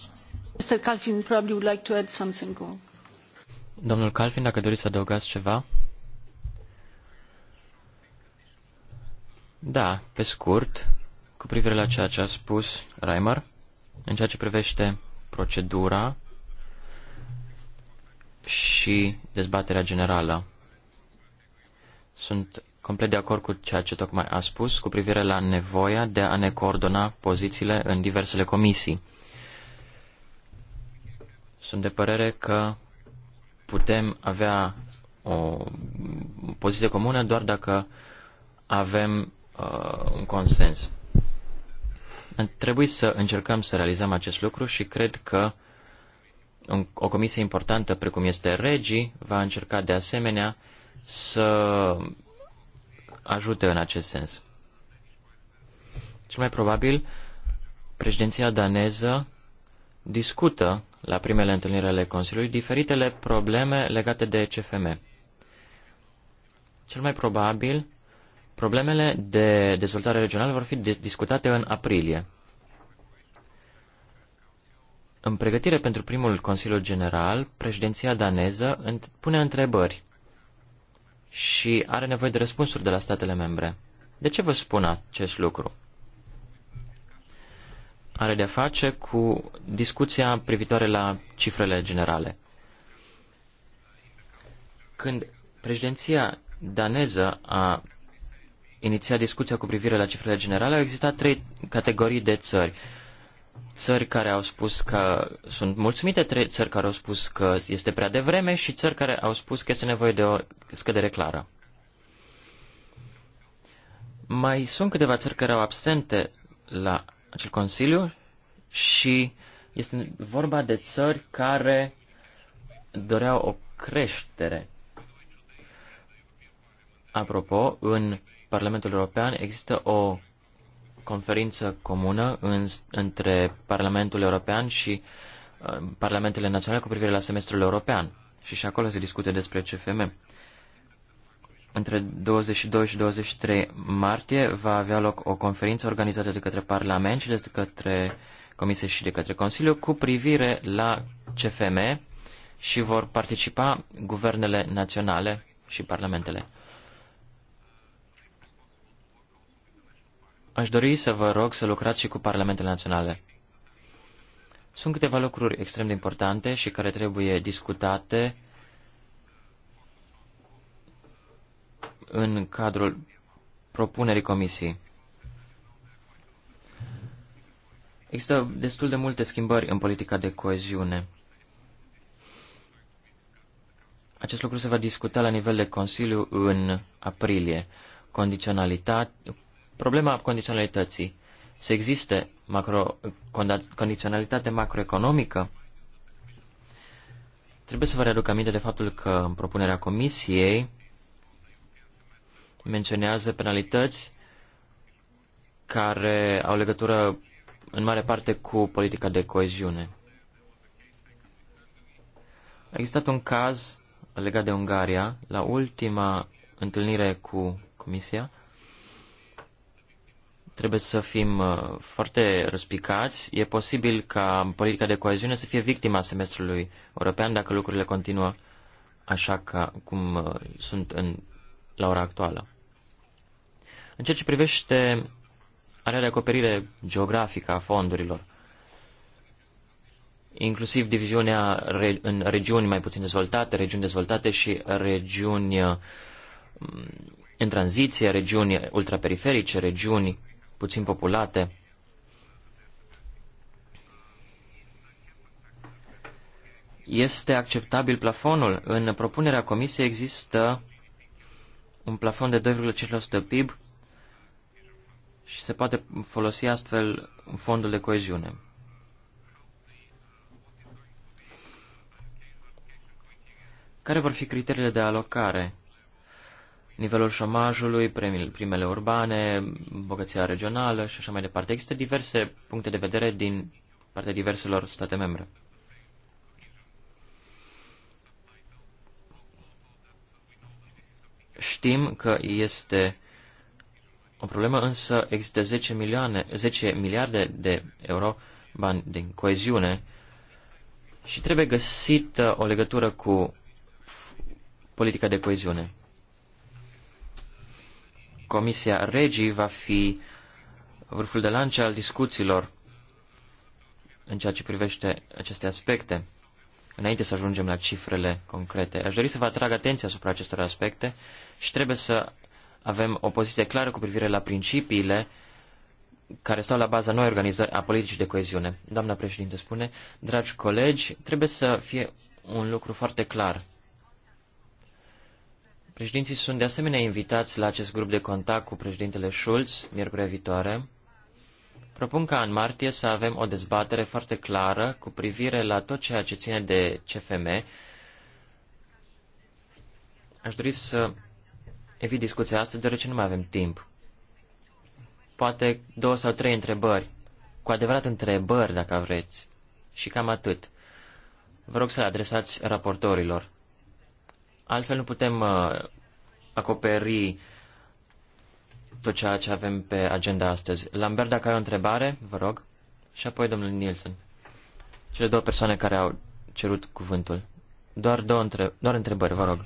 Mr. Calvin, probably would like to add something. Domnul Calvin, dacă doriți să adăugați ceva. Da, pe scurt, cu privire la ceea ce a spus Reimer, în ceea ce privește procedura și dezbaterea generală. Sunt complet de acord cu ceea ce tocmai a spus cu privire la nevoia de a ne coordona pozițiile în diversele comisii. Sunt de părere că putem avea o poziție comună doar dacă avem uh, un consens. Trebuie să încercăm să realizăm acest lucru și cred că o comisie importantă, precum este Regii, va încerca de asemenea să ajute în acest sens. Cel mai probabil, președinția daneză discută la primele întâlniri ale Consiliului diferitele probleme legate de CFM. Cel mai probabil, Problemele de dezvoltare regională vor fi discutate în aprilie. În pregătire pentru primul Consiliu General, președinția daneză pune întrebări și are nevoie de răspunsuri de la statele membre. De ce vă spun acest lucru? Are de-a face cu discuția privitoare la cifrele generale. Când președinția daneză a inițiat discuția cu privire la cifrele generale, au existat trei categorii de țări. Țări care au spus că sunt mulțumite, trei țări care au spus că este prea devreme și țări care au spus că este nevoie de o scădere clară. Mai sunt câteva țări care au absente la acel Consiliu și este vorba de țări care doreau o creștere. Apropo, în Parlamentul European există o conferință comună în, între Parlamentul European și uh, Parlamentele Naționale cu privire la semestrul european. Și și acolo se discute despre CFM. Între 22 și 23 martie va avea loc o conferință organizată de către Parlament și de către Comisie și de către Consiliu cu privire la CFM și vor participa guvernele naționale și parlamentele. Aș dori să vă rog să lucrați și cu parlamentele naționale. Sunt câteva lucruri extrem de importante și care trebuie discutate în cadrul propunerii comisiei. Există destul de multe schimbări în politica de coeziune. Acest lucru se va discuta la nivel de Consiliu în aprilie. Condiționalitate, Problema condiționalității. Să existe macro, condiționalitate macroeconomică? Trebuie să vă readuc aminte de faptul că în propunerea Comisiei menționează penalități care au legătură în mare parte cu politica de coeziune. A existat un caz legat de Ungaria la ultima întâlnire cu Comisia trebuie să fim uh, foarte răspicați. E posibil ca politica de coeziune să fie victima semestrului european dacă lucrurile continuă așa ca cum uh, sunt în, la ora actuală. În ceea ce privește area de acoperire geografică a fondurilor, inclusiv diviziunea în regiuni mai puțin dezvoltate, regiuni dezvoltate și regiuni um, în tranziție, regiuni ultraperiferice, regiuni puțin populate. Este acceptabil plafonul. În propunerea comisiei există un plafon de 2,5% PIB și se poate folosi astfel fondul de coeziune. Care vor fi criteriile de alocare? nivelul șomajului, primele urbane, bogăția regională și așa mai departe. Există diverse puncte de vedere din partea diverselor state membre. Știm că este o problemă, însă există 10, milioane, 10 miliarde de euro bani din coeziune și trebuie găsită o legătură cu politica de coeziune. Comisia Regii va fi vârful de lance al discuțiilor în ceea ce privește aceste aspecte. Înainte să ajungem la cifrele concrete, aș dori să vă atrag atenția asupra acestor aspecte și trebuie să avem o poziție clară cu privire la principiile care stau la baza noi organizări a politicii de coeziune. Doamna președinte spune, dragi colegi, trebuie să fie un lucru foarte clar. Președinții sunt de asemenea invitați la acest grup de contact cu președintele Schulz, miercurea viitoare. Propun ca în martie să avem o dezbatere foarte clară cu privire la tot ceea ce ține de CFM. Aș dori să evit discuția asta, deoarece nu mai avem timp. Poate două sau trei întrebări, cu adevărat întrebări, dacă vreți. Și cam atât. Vă rog să le adresați raportorilor. Altfel nu putem uh, acoperi tot ceea ce avem pe agenda astăzi. Lambert, dacă ai o întrebare, vă rog. Și apoi domnul Nielsen. Cele două persoane care au cerut cuvântul. Doar, două între... Doar întrebări, vă rog.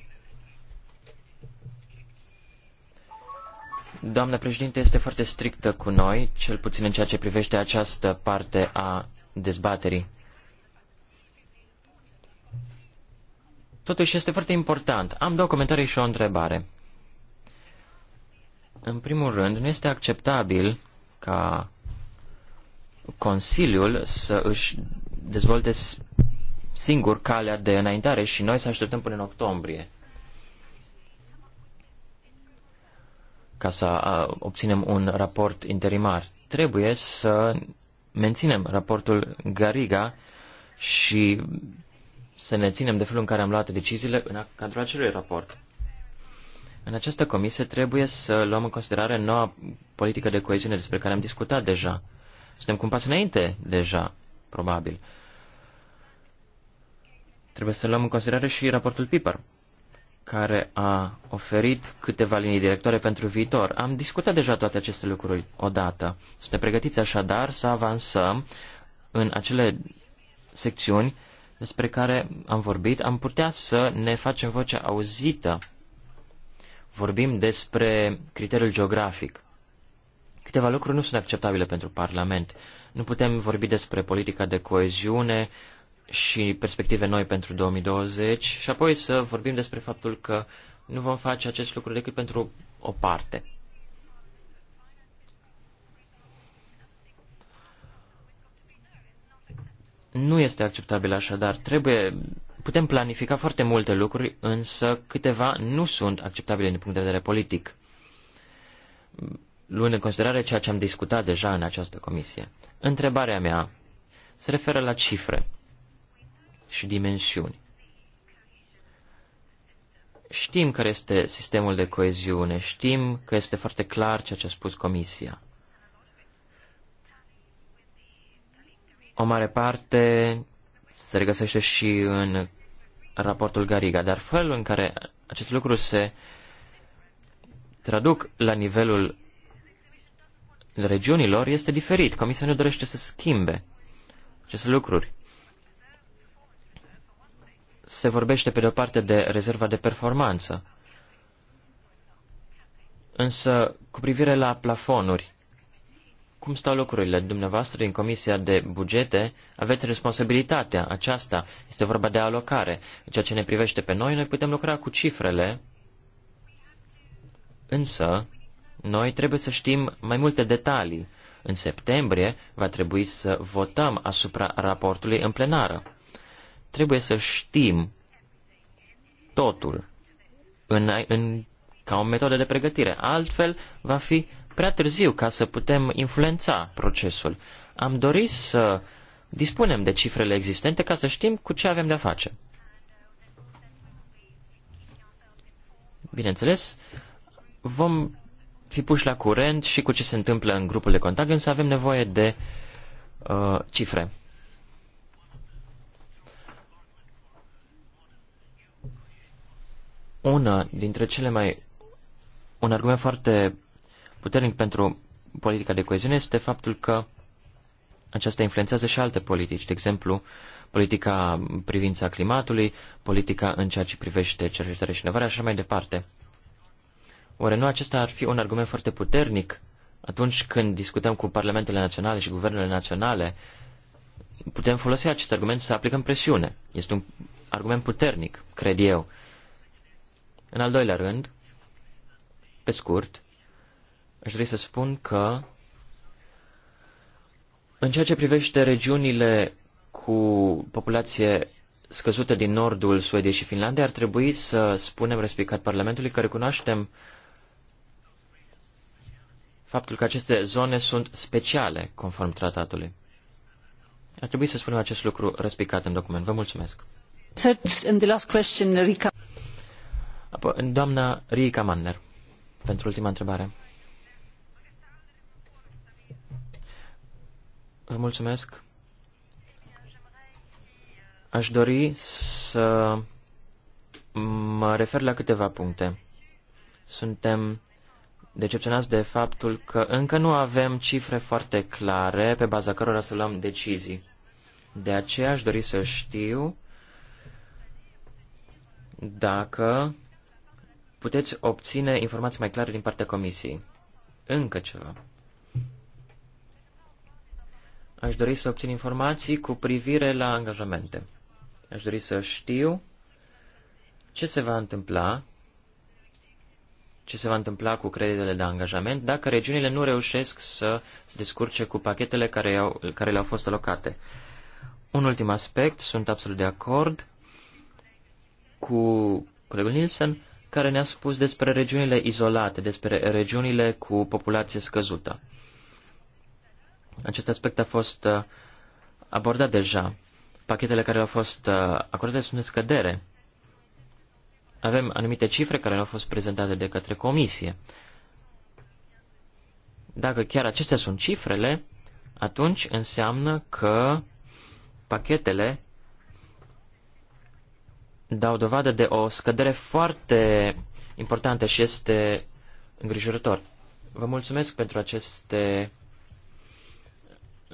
Doamna președinte este foarte strictă cu noi, cel puțin în ceea ce privește această parte a dezbaterii. Totuși este foarte important. Am două comentarii și o întrebare. În primul rând, nu este acceptabil ca Consiliul să își dezvolte singur calea de înaintare și noi să așteptăm până în octombrie ca să obținem un raport interimar. Trebuie să menținem raportul Gariga și să ne ținem de felul în care am luat deciziile în cadrul acelui raport. În această comisie trebuie să luăm în considerare noua politică de coeziune despre care am discutat deja. Suntem cu un pas înainte deja, probabil. Trebuie să luăm în considerare și raportul PIPER, care a oferit câteva linii directoare pentru viitor. Am discutat deja toate aceste lucruri odată. Suntem pregătiți așadar să avansăm în acele secțiuni despre care am vorbit, am putea să ne facem vocea auzită. Vorbim despre criteriul geografic. Câteva lucruri nu sunt acceptabile pentru Parlament. Nu putem vorbi despre politica de coeziune și perspective noi pentru 2020 și apoi să vorbim despre faptul că nu vom face acest lucru decât pentru o parte. Nu este acceptabil așadar. Trebuie, putem planifica foarte multe lucruri, însă câteva nu sunt acceptabile din punct de vedere politic. Luând în considerare ceea ce am discutat deja în această comisie. Întrebarea mea se referă la cifre și dimensiuni. Știm care este sistemul de coeziune, știm că este foarte clar ceea ce a spus Comisia. O mare parte se regăsește și în raportul Gariga, dar felul în care acest lucru se traduc la nivelul regiunilor este diferit. Comisia nu dorește să schimbe aceste lucruri. Se vorbește pe de o parte de rezerva de performanță, însă cu privire la plafonuri, cum stau lucrurile? Dumneavoastră, în Comisia de Bugete, aveți responsabilitatea aceasta. Este vorba de alocare. În ceea ce ne privește pe noi, noi putem lucra cu cifrele, însă noi trebuie să știm mai multe detalii. În septembrie va trebui să votăm asupra raportului în plenară. Trebuie să știm totul în, în, ca o metodă de pregătire. Altfel, va fi prea târziu ca să putem influența procesul. Am dorit să dispunem de cifrele existente ca să știm cu ce avem de-a face. Bineînțeles, vom fi puși la curent și cu ce se întâmplă în grupul de contact, însă avem nevoie de uh, cifre. Una dintre cele mai... Un argument foarte puternic pentru politica de coeziune este faptul că aceasta influențează și alte politici, de exemplu, politica privința climatului, politica în ceea ce privește cercetare și inovare, așa mai departe. Oare nu acesta ar fi un argument foarte puternic atunci când discutăm cu parlamentele naționale și guvernele naționale? Putem folosi acest argument să aplicăm presiune. Este un argument puternic, cred eu. În al doilea rând, pe scurt, aș dori să spun că în ceea ce privește regiunile cu populație scăzută din nordul Suediei și Finlandei, ar trebui să spunem respicat Parlamentului că recunoaștem faptul că aceste zone sunt speciale conform tratatului. Ar trebui să spunem acest lucru respicat în document. Vă mulțumesc. Doamna Rica Manner, pentru ultima întrebare. Vă mulțumesc. Aș dori să mă refer la câteva puncte. Suntem decepționați de faptul că încă nu avem cifre foarte clare pe baza cărora să luăm decizii. De aceea aș dori să știu dacă puteți obține informații mai clare din partea comisiei. Încă ceva. Aș dori să obțin informații cu privire la angajamente. Aș dori să știu ce se va întâmpla, ce se va întâmpla cu creditele de angajament dacă regiunile nu reușesc să se descurce cu pachetele care, au, care le-au fost alocate. Un ultim aspect, sunt absolut de acord cu colegul Nielsen, care ne-a spus despre regiunile izolate, despre regiunile cu populație scăzută. Acest aspect a fost uh, abordat deja. Pachetele care au fost uh, acordate sunt în scădere. Avem anumite cifre care au fost prezentate de către comisie. Dacă chiar acestea sunt cifrele, atunci înseamnă că pachetele dau dovadă de o scădere foarte importantă și este îngrijorător. Vă mulțumesc pentru aceste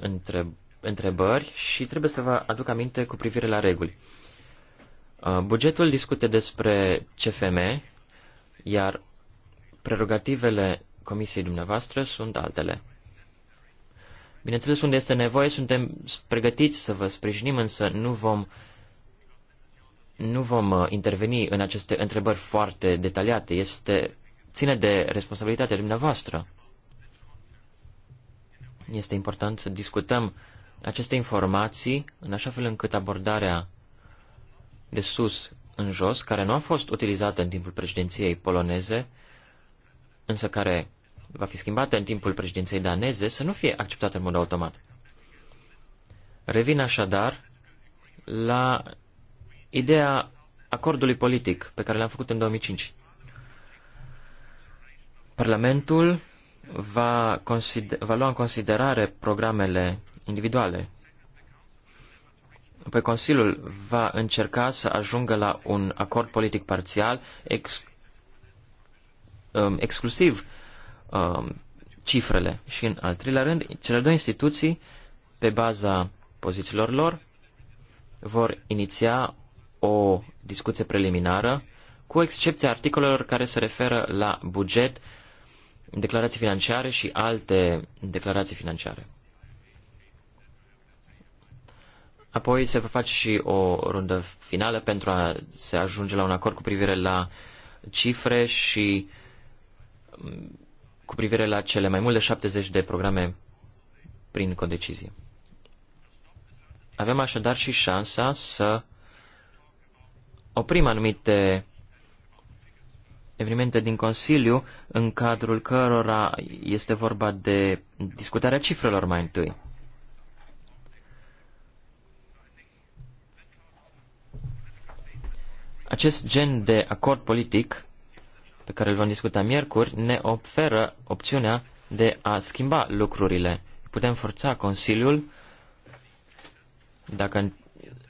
întreb, întrebări și trebuie să vă aduc aminte cu privire la reguli. Uh, bugetul discute despre CFM, iar prerogativele comisiei dumneavoastră sunt altele. Bineînțeles, unde este nevoie, suntem pregătiți să vă sprijinim, însă nu vom, nu vom uh, interveni în aceste întrebări foarte detaliate. Este ține de responsabilitatea dumneavoastră. Este important să discutăm aceste informații în așa fel încât abordarea de sus în jos, care nu a fost utilizată în timpul președinției poloneze, însă care va fi schimbată în timpul președinției daneze, să nu fie acceptată în mod automat. Revin așadar la ideea acordului politic pe care l-am făcut în 2005. Parlamentul va, consider, va lua în considerare programele individuale. Apoi Consiliul va încerca să ajungă la un acord politic parțial ex, um, exclusiv um, cifrele. Și în al treilea rând, cele două instituții, pe baza pozițiilor lor, vor iniția o discuție preliminară, cu excepția articolelor care se referă la buget declarații financiare și alte declarații financiare. Apoi se va face și o rundă finală pentru a se ajunge la un acord cu privire la cifre și mm, cu privire la cele mai multe 70 de programe prin codecizie. Avem așadar și șansa să oprim anumite evenimente din Consiliu, în cadrul cărora este vorba de discutarea cifrelor mai întâi. Acest gen de acord politic pe care îl vom discuta miercuri ne oferă opțiunea de a schimba lucrurile. Putem forța Consiliul, dacă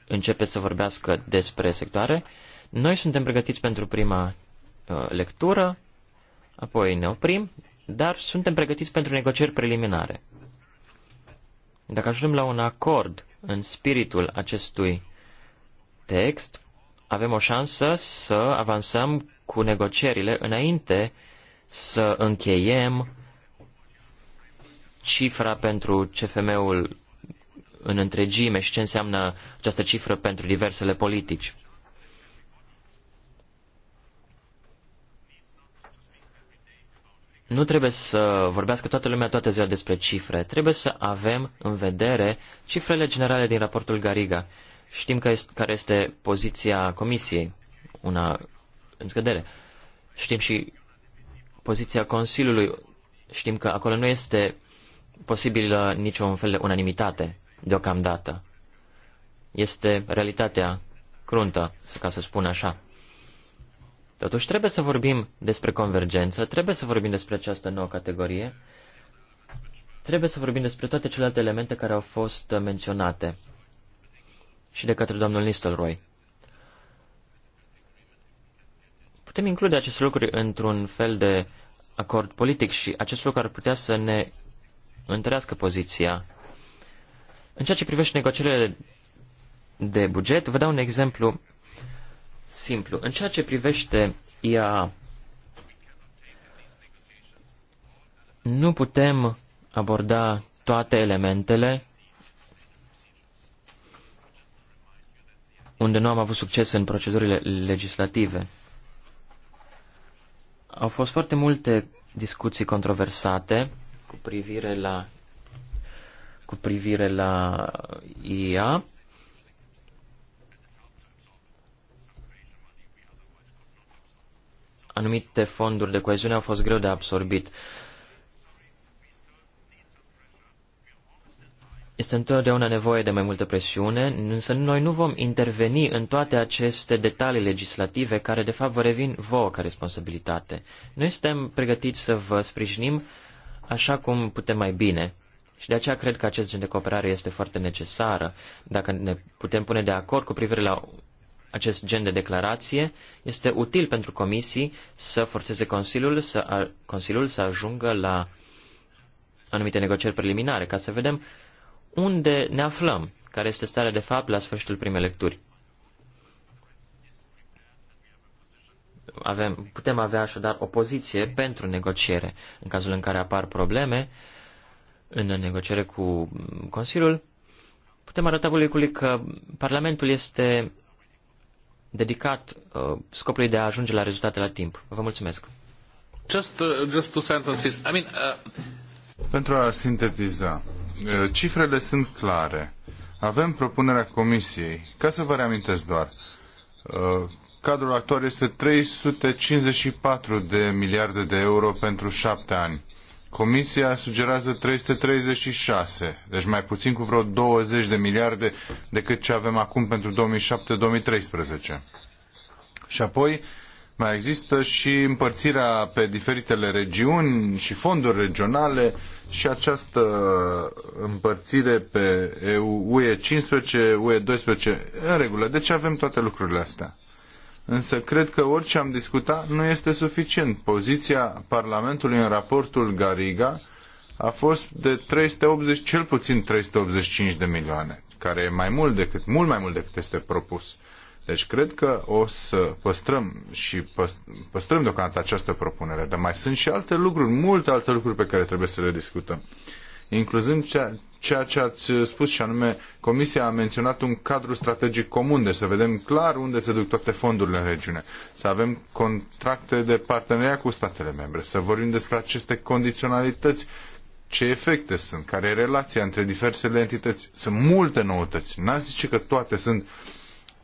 începe să vorbească despre sectoare, noi suntem pregătiți pentru prima Uh, lectură, apoi ne oprim, dar suntem pregătiți pentru negocieri preliminare. Dacă ajungem la un acord în spiritul acestui text, avem o șansă să avansăm cu negocierile înainte să încheiem cifra pentru CFM-ul în întregime și ce înseamnă această cifră pentru diversele politici. nu trebuie să vorbească toată lumea toată ziua despre cifre. Trebuie să avem în vedere cifrele generale din raportul Gariga. Știm că este, care este poziția Comisiei, una în scădere. Știm și poziția Consiliului. Știm că acolo nu este posibilă niciun fel de unanimitate deocamdată. Este realitatea cruntă, ca să spun așa. Totuși trebuie să vorbim despre convergență, trebuie să vorbim despre această nouă categorie, trebuie să vorbim despre toate celelalte elemente care au fost menționate și de către domnul Nistelrooy. Putem include aceste lucruri într-un fel de acord politic și acest lucru ar putea să ne întărească poziția. În ceea ce privește negocierile de buget, vă dau un exemplu simplu. În ceea ce privește IA, nu putem aborda toate elementele unde nu am avut succes în procedurile legislative. Au fost foarte multe discuții controversate cu privire la cu privire la IA anumite fonduri de coeziune au fost greu de absorbit. Este întotdeauna nevoie de mai multă presiune, însă noi nu vom interveni în toate aceste detalii legislative care de fapt vă revin vouă ca responsabilitate. Noi suntem pregătiți să vă sprijinim așa cum putem mai bine. Și de aceea cred că acest gen de cooperare este foarte necesară. Dacă ne putem pune de acord cu privire la acest gen de declarație, este util pentru comisii să forțeze Consiliul să, a, Consiliul să ajungă la anumite negocieri preliminare, ca să vedem unde ne aflăm, care este starea de fapt la sfârșitul primei lecturi. Avem, putem avea așadar o poziție pentru negociere. În cazul în care apar probleme în negociere cu Consiliul, putem arăta publicului că Parlamentul este dedicat uh, scopului de a ajunge la rezultate la timp. Vă mulțumesc. Just, uh, just two sentences. I mean, uh... Pentru a sintetiza, uh, cifrele sunt clare. Avem propunerea Comisiei. Ca să vă reamintesc doar, uh, cadrul actual este 354 de miliarde de euro pentru șapte ani. Comisia sugerează 336, deci mai puțin cu vreo 20 de miliarde decât ce avem acum pentru 2007-2013. Și apoi mai există și împărțirea pe diferitele regiuni și fonduri regionale și această împărțire pe UE 15, UE 12, în regulă. Deci avem toate lucrurile astea. Însă cred că orice am discutat nu este suficient. Poziția Parlamentului în raportul Gariga a fost de 380, cel puțin 385 de milioane, care e mai mult decât, mult mai mult decât este propus. Deci cred că o să păstrăm și păstrăm deocamdată această propunere, dar mai sunt și alte lucruri, multe alte lucruri pe care trebuie să le discutăm, incluzând ceea ce ați uh, spus și anume Comisia a menționat un cadru strategic comun, de să vedem clar unde se duc toate fondurile în regiune, să avem contracte de parteneriat cu statele membre, să vorbim despre aceste condiționalități, ce efecte sunt, care e relația între diversele entități. Sunt multe noutăți. n ați zice că toate sunt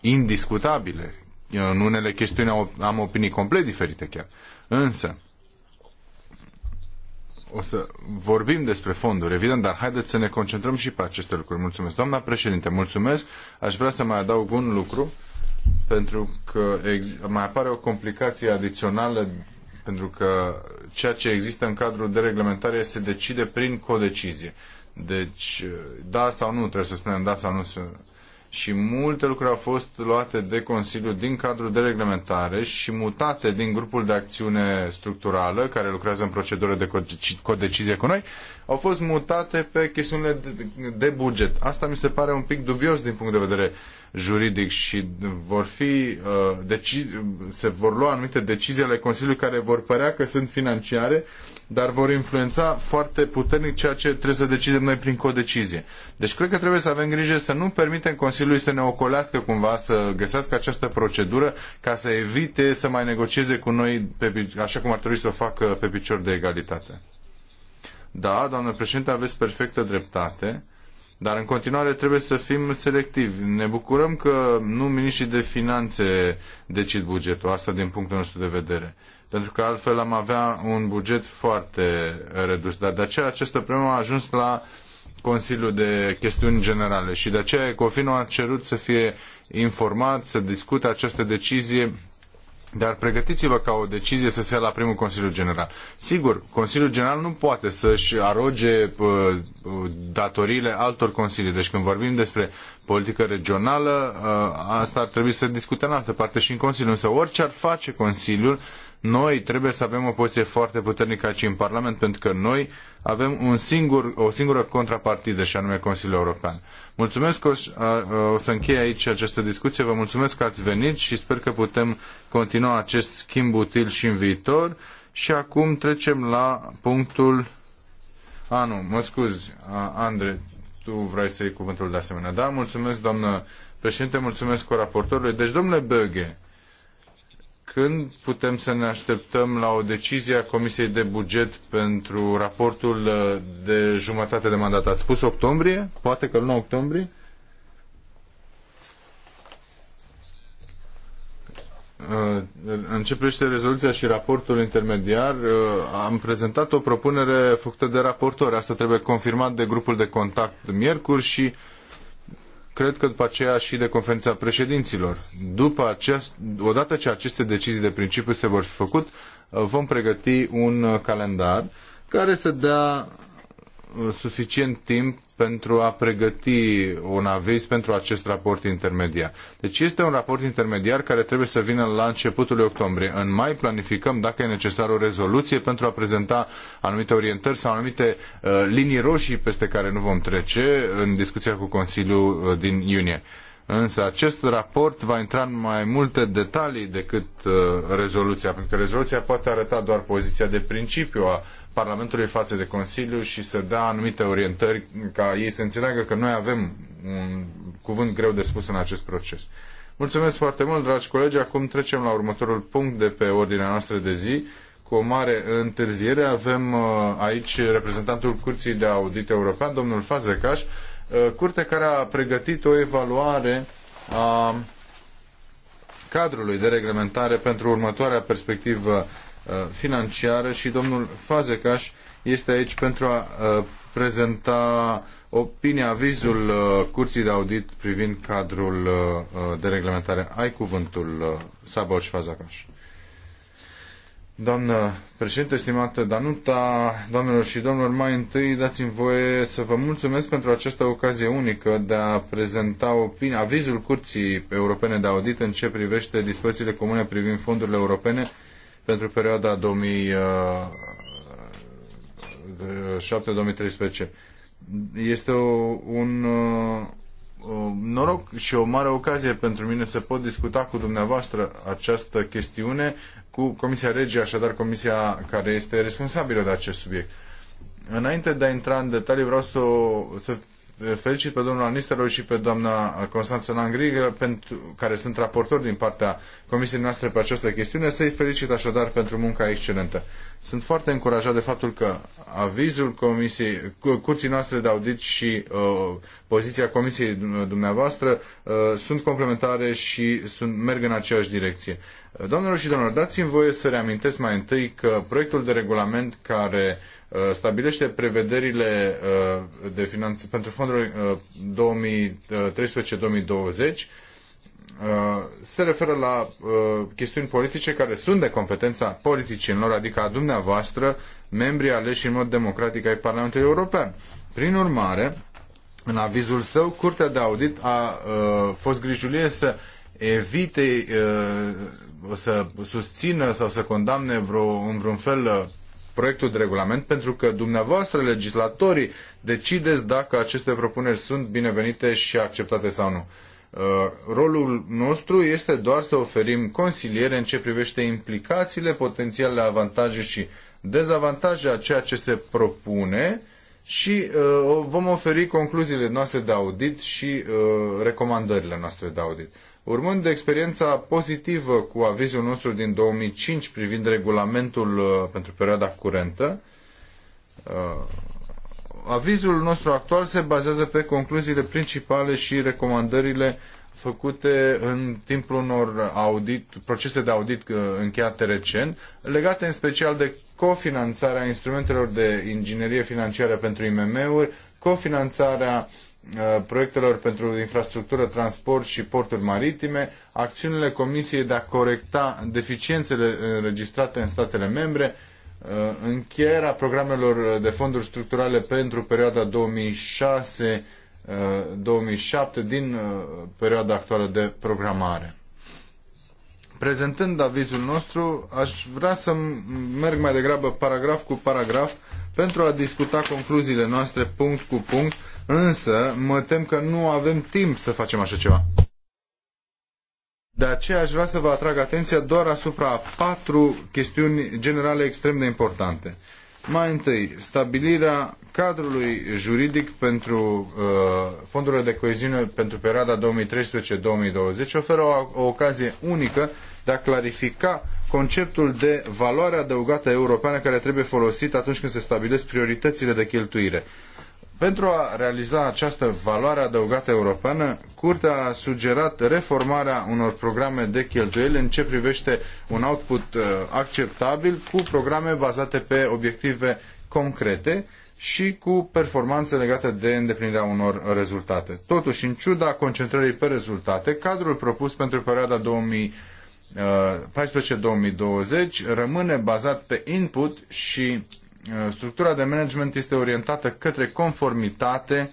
indiscutabile. Eu în unele chestiuni am opinii complet diferite chiar. Însă, o să vorbim despre fonduri, evident, dar haideți să ne concentrăm și pe aceste lucruri. Mulțumesc. Doamna președinte, mulțumesc. Aș vrea să mai adaug un lucru, pentru că mai apare o complicație adițională, pentru că ceea ce există în cadrul de reglementare se decide prin codecizie. Deci, da sau nu, trebuie să spunem da sau nu și multe lucruri au fost luate de Consiliu din cadrul de reglementare și mutate din grupul de acțiune structurală care lucrează în procedură de codecizie cu noi, au fost mutate pe chestiunile de buget. Asta mi se pare un pic dubios din punct de vedere uh, juridic și vor fi, uh, deci, se vor lua anumite decizii ale Consiliului care vor părea că sunt financiare, dar vor influența foarte puternic ceea ce trebuie să decidem noi prin codecizie. Deci cred că trebuie să avem grijă să nu permitem Consiliului să ne ocolească cumva, să găsească această procedură ca să evite să mai negocieze cu noi pe, așa cum ar trebui să o facă pe picior de egalitate. Da, doamnă președinte, aveți perfectă dreptate. Dar în continuare trebuie să fim selectivi. Ne bucurăm că nu miniștrii de finanțe decid bugetul, asta din punctul nostru de vedere. Pentru că altfel am avea un buget foarte redus. Dar de aceea această problemă a ajuns la Consiliul de Chestiuni Generale și de aceea Ecofinul a cerut să fie informat, să discute această decizie dar pregătiți-vă ca o decizie să se ia la primul Consiliu General. Sigur, Consiliul General nu poate să-și aroge datoriile altor consilii. Deci când vorbim despre politică regională, ă, asta ar trebui să discutăm în altă parte și în Consiliu. Însă orice ar face Consiliul, noi trebuie să avem o poziție foarte puternică aici în Parlament, pentru că noi avem un singur, o singură contrapartidă, și anume Consiliul European. Mulțumesc o să închei aici această discuție. Vă mulțumesc că ați venit și sper că putem continua acest schimb util și în viitor. Și acum trecem la punctul... A, ah, nu, mă scuzi, Andre, tu vrei să iei cuvântul de asemenea. Da, mulțumesc, doamnă președinte, mulțumesc cu raportorului. Deci, domnule Böge, când putem să ne așteptăm la o decizie a Comisiei de Buget pentru raportul uh, de jumătate de mandat? Ați spus octombrie? Poate că luna octombrie? Uh, începește rezoluția și raportul intermediar, uh, am prezentat o propunere făcută de raportor. Asta trebuie confirmat de grupul de contact miercuri și cred că după aceea și de conferința președinților. După acest, odată ce aceste decizii de principiu se vor fi făcut, vom pregăti un calendar care să dea Uh, suficient timp pentru a pregăti un aviz pentru acest raport intermediar. Deci este un raport intermediar care trebuie să vină la începutul lui octombrie. În mai planificăm dacă e necesar o rezoluție pentru a prezenta anumite orientări sau anumite uh, linii roșii peste care nu vom trece în discuția cu Consiliul uh, din iunie. Însă acest raport va intra în mai multe detalii decât uh, rezoluția, pentru că rezoluția poate arăta doar poziția de principiu a Parlamentului față de Consiliu și să dea anumite orientări ca ei să înțeleagă că noi avem un cuvânt greu de spus în acest proces. Mulțumesc foarte mult, dragi colegi. Acum trecem la următorul punct de pe ordinea noastră de zi. Cu o mare întârziere avem uh, aici reprezentantul Curții de Audit European, domnul Fazecaș, uh, curte care a pregătit o evaluare a cadrului de reglementare pentru următoarea perspectivă Uh, financiară și domnul Fazecaș este aici pentru a uh, prezenta opinia, avizul uh, Curții de Audit privind cadrul de reglementare. Ai cuvântul, Sabau Fazecaș. Doamnă președinte, stimată Danuta, doamnelor și domnilor, mai întâi dați-mi voie să vă mulțumesc pentru această ocazie unică de a prezenta opinia, avizul Curții Europene de Audit în ce privește dispozițiile comune privind fondurile europene pentru perioada 2007-2013. Uh, este o, un uh, noroc și o mare ocazie pentru mine să pot discuta cu dumneavoastră această chestiune cu Comisia Regie, așadar Comisia care este responsabilă de acest subiect. Înainte de a intra în detalii, vreau să, să felicit pe domnul Anistelor și pe doamna Constanță Langrig, pentru, care sunt raportori din partea comisiei noastre pe această chestiune, să-i felicit așadar pentru munca excelentă. Sunt foarte încurajat de faptul că avizul comisiei, curții noastre de audit și uh, poziția comisiei dumneavoastră uh, sunt complementare și sunt, merg în aceeași direcție. Doamnelor și domnilor, dați-mi voie să reamintesc mai întâi că proiectul de regulament care Uh, stabilește prevederile uh, de finanț- pentru fondul 2013-2020 uh, se referă la chestiuni politice care sunt de competența politicienilor, adică a dumneavoastră, membrii aleși în mod democratic ai Parlamentului European. Prin urmare, în avizul său, Curtea de Audit a, a fost grijulie să evite, să susțină sau să condamne vreo, în vreun fel proiectul de regulament, pentru că dumneavoastră, legislatorii, decideți dacă aceste propuneri sunt binevenite și acceptate sau nu. Uh, rolul nostru este doar să oferim consiliere în ce privește implicațiile, potențialele avantaje și dezavantaje a ceea ce se propune și uh, vom oferi concluziile noastre de audit și uh, recomandările noastre de audit. Urmând experiența pozitivă cu avizul nostru din 2005 privind regulamentul uh, pentru perioada curentă, uh, avizul nostru actual se bazează pe concluziile principale și recomandările făcute în timpul unor audit, procese de audit uh, încheiate recent, legate în special de cofinanțarea instrumentelor de inginerie financiară pentru IMM-uri, cofinanțarea Uh, proiectelor pentru infrastructură, transport și porturi maritime, acțiunile Comisiei de a corecta deficiențele înregistrate în statele membre, uh, încheierea programelor de fonduri structurale pentru perioada 2006 2007 uh, din perioada actuală de programare. Prezentând avizul nostru, aș vrea să merg mai degrabă paragraf cu paragraf pentru a discuta concluziile noastre punct cu punct Însă, mă tem că nu avem timp să facem așa ceva. De aceea aș vrea să vă atrag atenția doar asupra patru chestiuni generale extrem de importante. Mai întâi, stabilirea cadrului juridic pentru uh, fondurile de coeziune pentru perioada 2013-2020 oferă o, o ocazie unică de a clarifica conceptul de valoare adăugată europeană care trebuie folosit atunci când se stabilesc prioritățile de cheltuire. Pentru a realiza această valoare adăugată europeană, Curtea a sugerat reformarea unor programe de cheltuieli în ce privește un output uh, acceptabil cu programe bazate pe obiective concrete și cu performanțe legate de îndeplinirea unor rezultate. Totuși, în ciuda concentrării pe rezultate, cadrul propus pentru perioada 2014-2020 uh, rămâne bazat pe input și Uh, structura de management este orientată către conformitate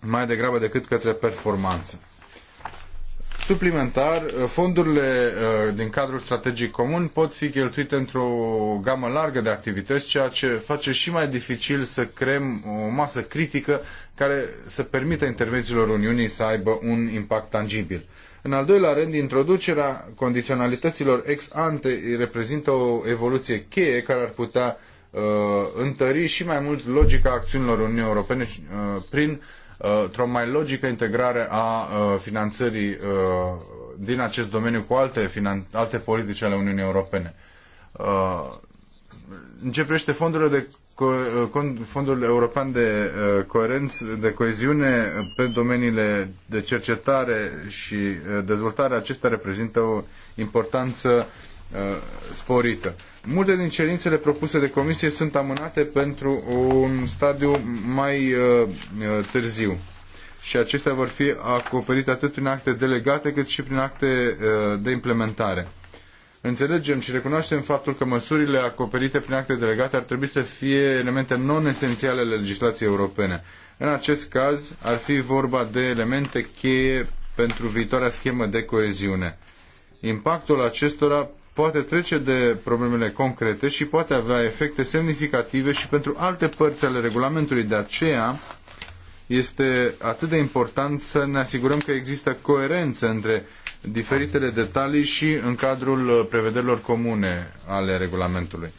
mai degrabă decât către performanță. Suplimentar, uh, fondurile uh, din cadrul strategic comun pot fi cheltuite într-o gamă largă de activități, ceea ce face și mai dificil să creăm o masă critică care să permită intervențiilor Uniunii să aibă un impact tangibil. În al doilea rând, introducerea condiționalităților ex ante reprezintă o evoluție cheie care ar putea uh, întări și mai mult logica acțiunilor Uniunii Europene uh, prin uh, o mai logică integrare a uh, finanțării uh, din acest domeniu cu alte, alte politici ale Uniunii Europene. Uh, în ce fondurile de Fondul European de, uh, coerență, de Coeziune pe domeniile de cercetare și uh, dezvoltare, acestea reprezintă o importanță uh, sporită. Multe din cerințele propuse de comisie sunt amânate pentru un stadiu mai târziu și acestea vor fi acoperite atât prin acte delegate cât și prin acte de implementare. Înțelegem și recunoaștem faptul că măsurile acoperite prin acte delegate ar trebui să fie elemente non-esențiale ale legislației europene. În acest caz ar fi vorba de elemente cheie pentru viitoarea schemă de coeziune. Impactul acestora poate trece de problemele concrete și poate avea efecte semnificative și pentru alte părți ale regulamentului. De aceea este atât de important să ne asigurăm că există coerență între diferitele detalii și în cadrul uh, prevederilor comune ale regulamentului.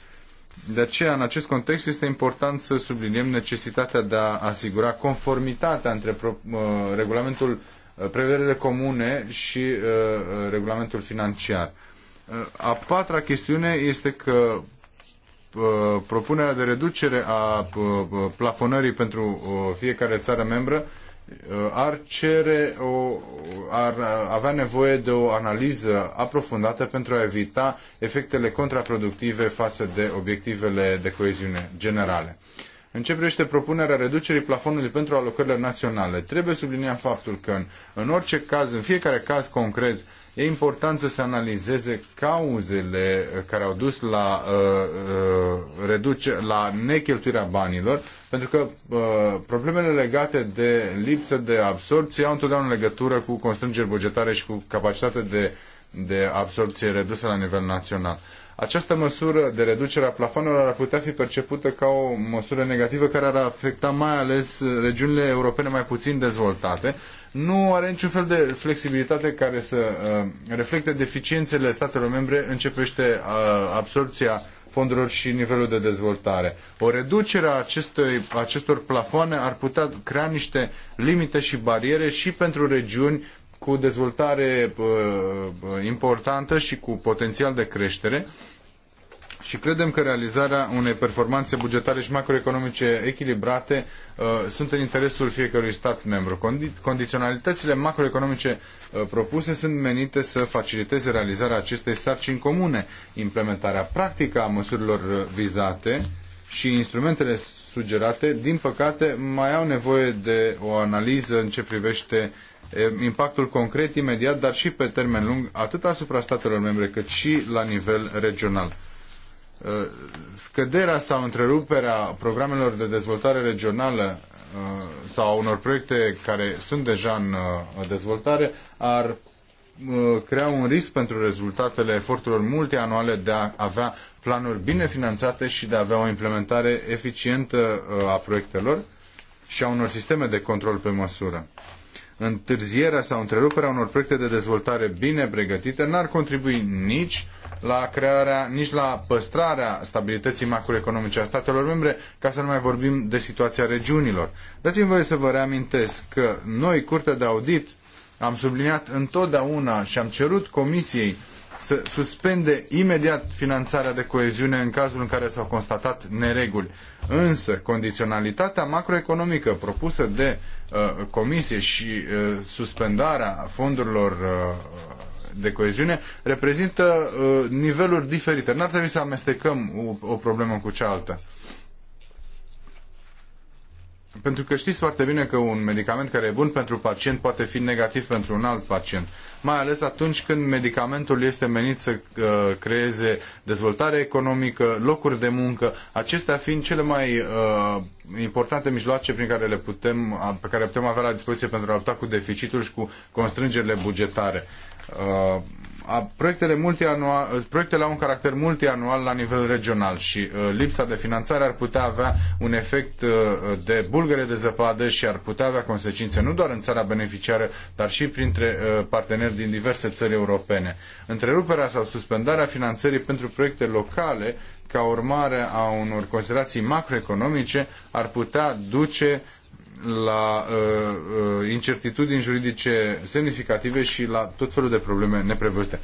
De aceea, în acest context, este important să subliniem necesitatea de a asigura conformitatea între uh, regulamentul uh, prevederile comune și regulamentul financiar. A patra chestiune este că propunerea de reducere a plafonării pentru fiecare țară membră Uh, ar cere o, ar avea nevoie de o analiză aprofundată pentru a evita efectele contraproductive față de obiectivele de coeziune generale. În ce privește propunerea reducerii plafonului pentru alocările naționale, trebuie subliniat faptul că în, în orice caz, în fiecare caz concret, e important să se analizeze cauzele care au dus la, uh, uh, reduce, la necheltuirea banilor, pentru că uh, problemele legate de lipsă de absorpție au întotdeauna legătură cu constrângeri bugetare și cu capacitatea de, de absorpție redusă la nivel național. Această măsură de reducere a plafonelor ar putea fi percepută ca o măsură negativă care ar afecta mai ales regiunile europene mai puțin dezvoltate. Nu are niciun fel de flexibilitate care să uh, reflecte deficiențele statelor membre în ce privește uh, absorpția fondurilor și nivelul de dezvoltare. O reducere a acestor plafoane ar putea crea niște limite și bariere și pentru regiuni cu dezvoltare uh, importantă și cu potențial de creștere și credem că realizarea unei performanțe bugetare și macroeconomice echilibrate uh, sunt în interesul fiecărui stat membru. Condi condiționalitățile macroeconomice uh, propuse sunt menite să faciliteze realizarea acestei sarcini comune, implementarea practică a măsurilor uh, vizate și instrumentele sugerate, din păcate, mai au nevoie de o analiză în ce privește impactul concret imediat, dar și pe termen lung, atât asupra statelor membre, cât și la nivel regional. Scăderea sau întreruperea programelor de dezvoltare regională sau a unor proiecte care sunt deja în dezvoltare ar crea un risc pentru rezultatele eforturilor multianuale de a avea planuri bine finanțate și de a avea o implementare eficientă a proiectelor și a unor sisteme de control pe măsură întârzierea sau întreruperea unor proiecte de dezvoltare bine pregătite n-ar contribui nici la crearea, nici la păstrarea stabilității macroeconomice a statelor membre, ca să nu mai vorbim de situația regiunilor. Dați-mi voie să vă reamintesc că noi, Curtea de Audit, am subliniat întotdeauna și am cerut Comisiei să suspende imediat finanțarea de coeziune în cazul în care s-au constatat nereguli. Însă, condiționalitatea macroeconomică propusă de Uh, comisie și uh, suspendarea fondurilor uh, de coeziune reprezintă niveluri diferite. N-ar trebui să amestecăm o problemă cu cealaltă. Pentru că știți foarte bine că un medicament care e bun pentru pacient poate fi negativ pentru un alt pacient. Mai ales atunci când medicamentul este menit să uh, creeze dezvoltare economică, locuri de muncă, acestea fiind cele mai uh, importante mijloace prin care le putem, pe care le putem avea la dispoziție pentru a lupta cu deficitul și cu constrângerile bugetare. Uh, a, proiectele, multianual, uh, proiectele au un caracter multianual la nivel regional și uh, lipsa de finanțare ar putea avea un efect uh, de bulgăre de zăpadă și ar putea avea consecințe nu doar în țara beneficiară, dar și printre uh, parteneri din diverse țări europene. Întreruperea sau suspendarea finanțării pentru proiecte locale ca urmare a unor considerații macroeconomice ar putea duce la uh, uh, incertitudini juridice semnificative și la tot felul de probleme neprevăzute.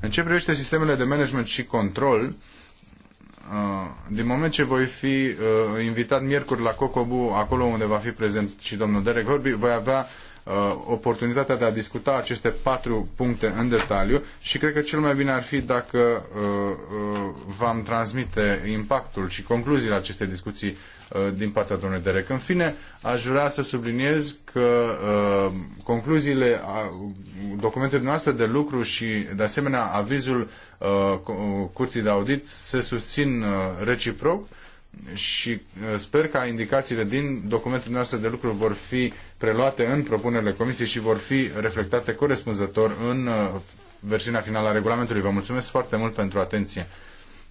În ce privește sistemele de management și control, uh, din moment ce voi fi uh, invitat miercuri la Cocobu, acolo unde va fi prezent și domnul Derek Horby, voi avea Uh, oportunitatea de a discuta aceste patru puncte în detaliu și cred că cel mai bine ar fi dacă uh, uh, v-am transmite impactul și concluziile acestei discuții din partea domnului Derec. În fine, aș vrea să subliniez că concluziile documentului noastre de lucru și, de asemenea, avizul Curții de Audit se susțin reciproc și sper că indicațiile din documentul noastre de lucru vor fi preluate în propunerile Comisiei și vor fi reflectate corespunzător în uh, versiunea finală a regulamentului. Vă mulțumesc foarte mult pentru atenție.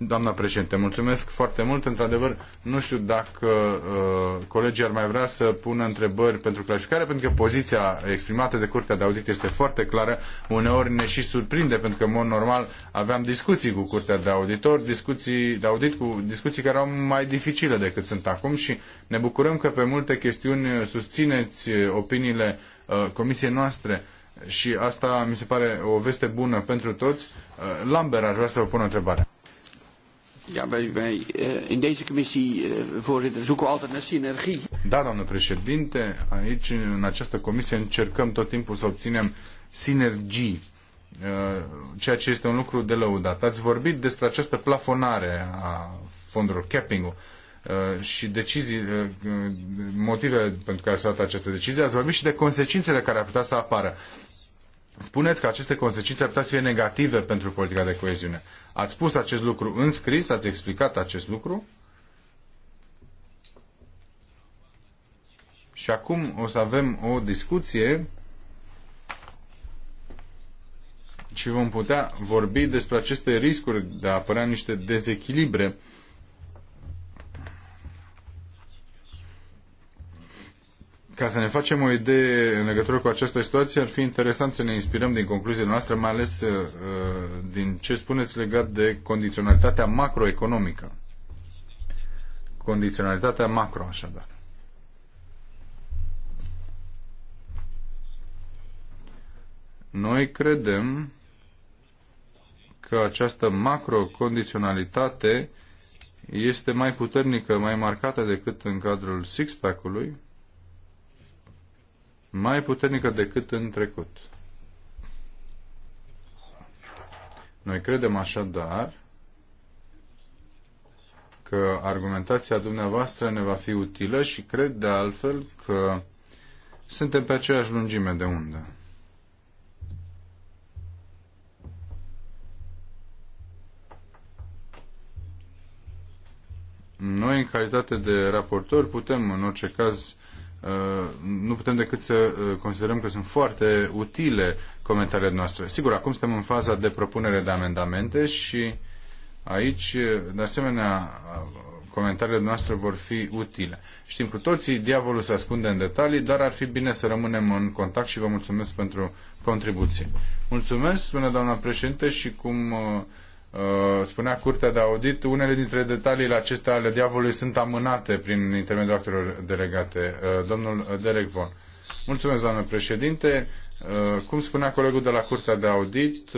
Doamna președinte, mulțumesc foarte mult. Într-adevăr, nu știu dacă uh, colegii ar mai vrea să pună întrebări pentru clarificare, pentru că poziția exprimată de Curtea de Audit este foarte clară. Uneori ne și surprinde, pentru că, în mod normal, aveam discuții cu Curtea de Auditor, discuții de audit cu discuții care erau mai dificile decât sunt acum și ne bucurăm că pe multe chestiuni susțineți opiniile uh, comisiei noastre și asta mi se pare o veste bună pentru toți. Uh, Lambert, ar vrea să vă pun o întrebare. Ja, wij, wij eh, in deze commissie, eh, voorzitter, zoeken altijd naar synergie. Da, președinte, aici, în această comisie, încercăm tot timpul să obținem sinergii, eh, ceea ce este un lucru de lăudat. Ați vorbit despre această plafonare a fondurilor, capping-ul și decizii, motivele pentru care s-a dat această decizie, ați vorbit și de consecințele care ar putea să apară. Spuneți că aceste consecințe ar putea să fie negative pentru politica de coeziune. Ați spus acest lucru în scris, ați explicat acest lucru. Și acum o să avem o discuție și vom putea vorbi despre aceste riscuri de a apărea niște dezechilibre Ca să ne facem o idee în legătură cu această situație, ar fi interesant să ne inspirăm din concluziile noastre, mai ales uh, din ce spuneți legat de condiționalitatea macroeconomică. Condiționalitatea macro, așadar. Noi credem că această macrocondiționalitate este mai puternică, mai marcată decât în cadrul six-pack-ului, mai puternică decât în trecut. Noi credem așadar că argumentația dumneavoastră ne va fi utilă și cred de altfel că suntem pe aceeași lungime de undă. Noi, în calitate de raportori, putem, în orice caz, Uh, nu putem decât să uh, considerăm că sunt foarte utile comentariile noastre. Sigur, acum suntem în faza de propunere de amendamente și aici, uh, de asemenea, comentariile noastre vor fi utile. Știm cu toții, diavolul se ascunde în detalii, dar ar fi bine să rămânem în contact și vă mulțumesc pentru contribuție. Mulțumesc, spune doamna președinte, și cum Uh, spunea Curtea de Audit, unele dintre detaliile acestea ale diavolului sunt amânate prin intermediul actelor delegate. Uh, domnul Derek Von. Mulțumesc, doamnă președinte. Uh, cum spunea colegul de la Curtea de Audit,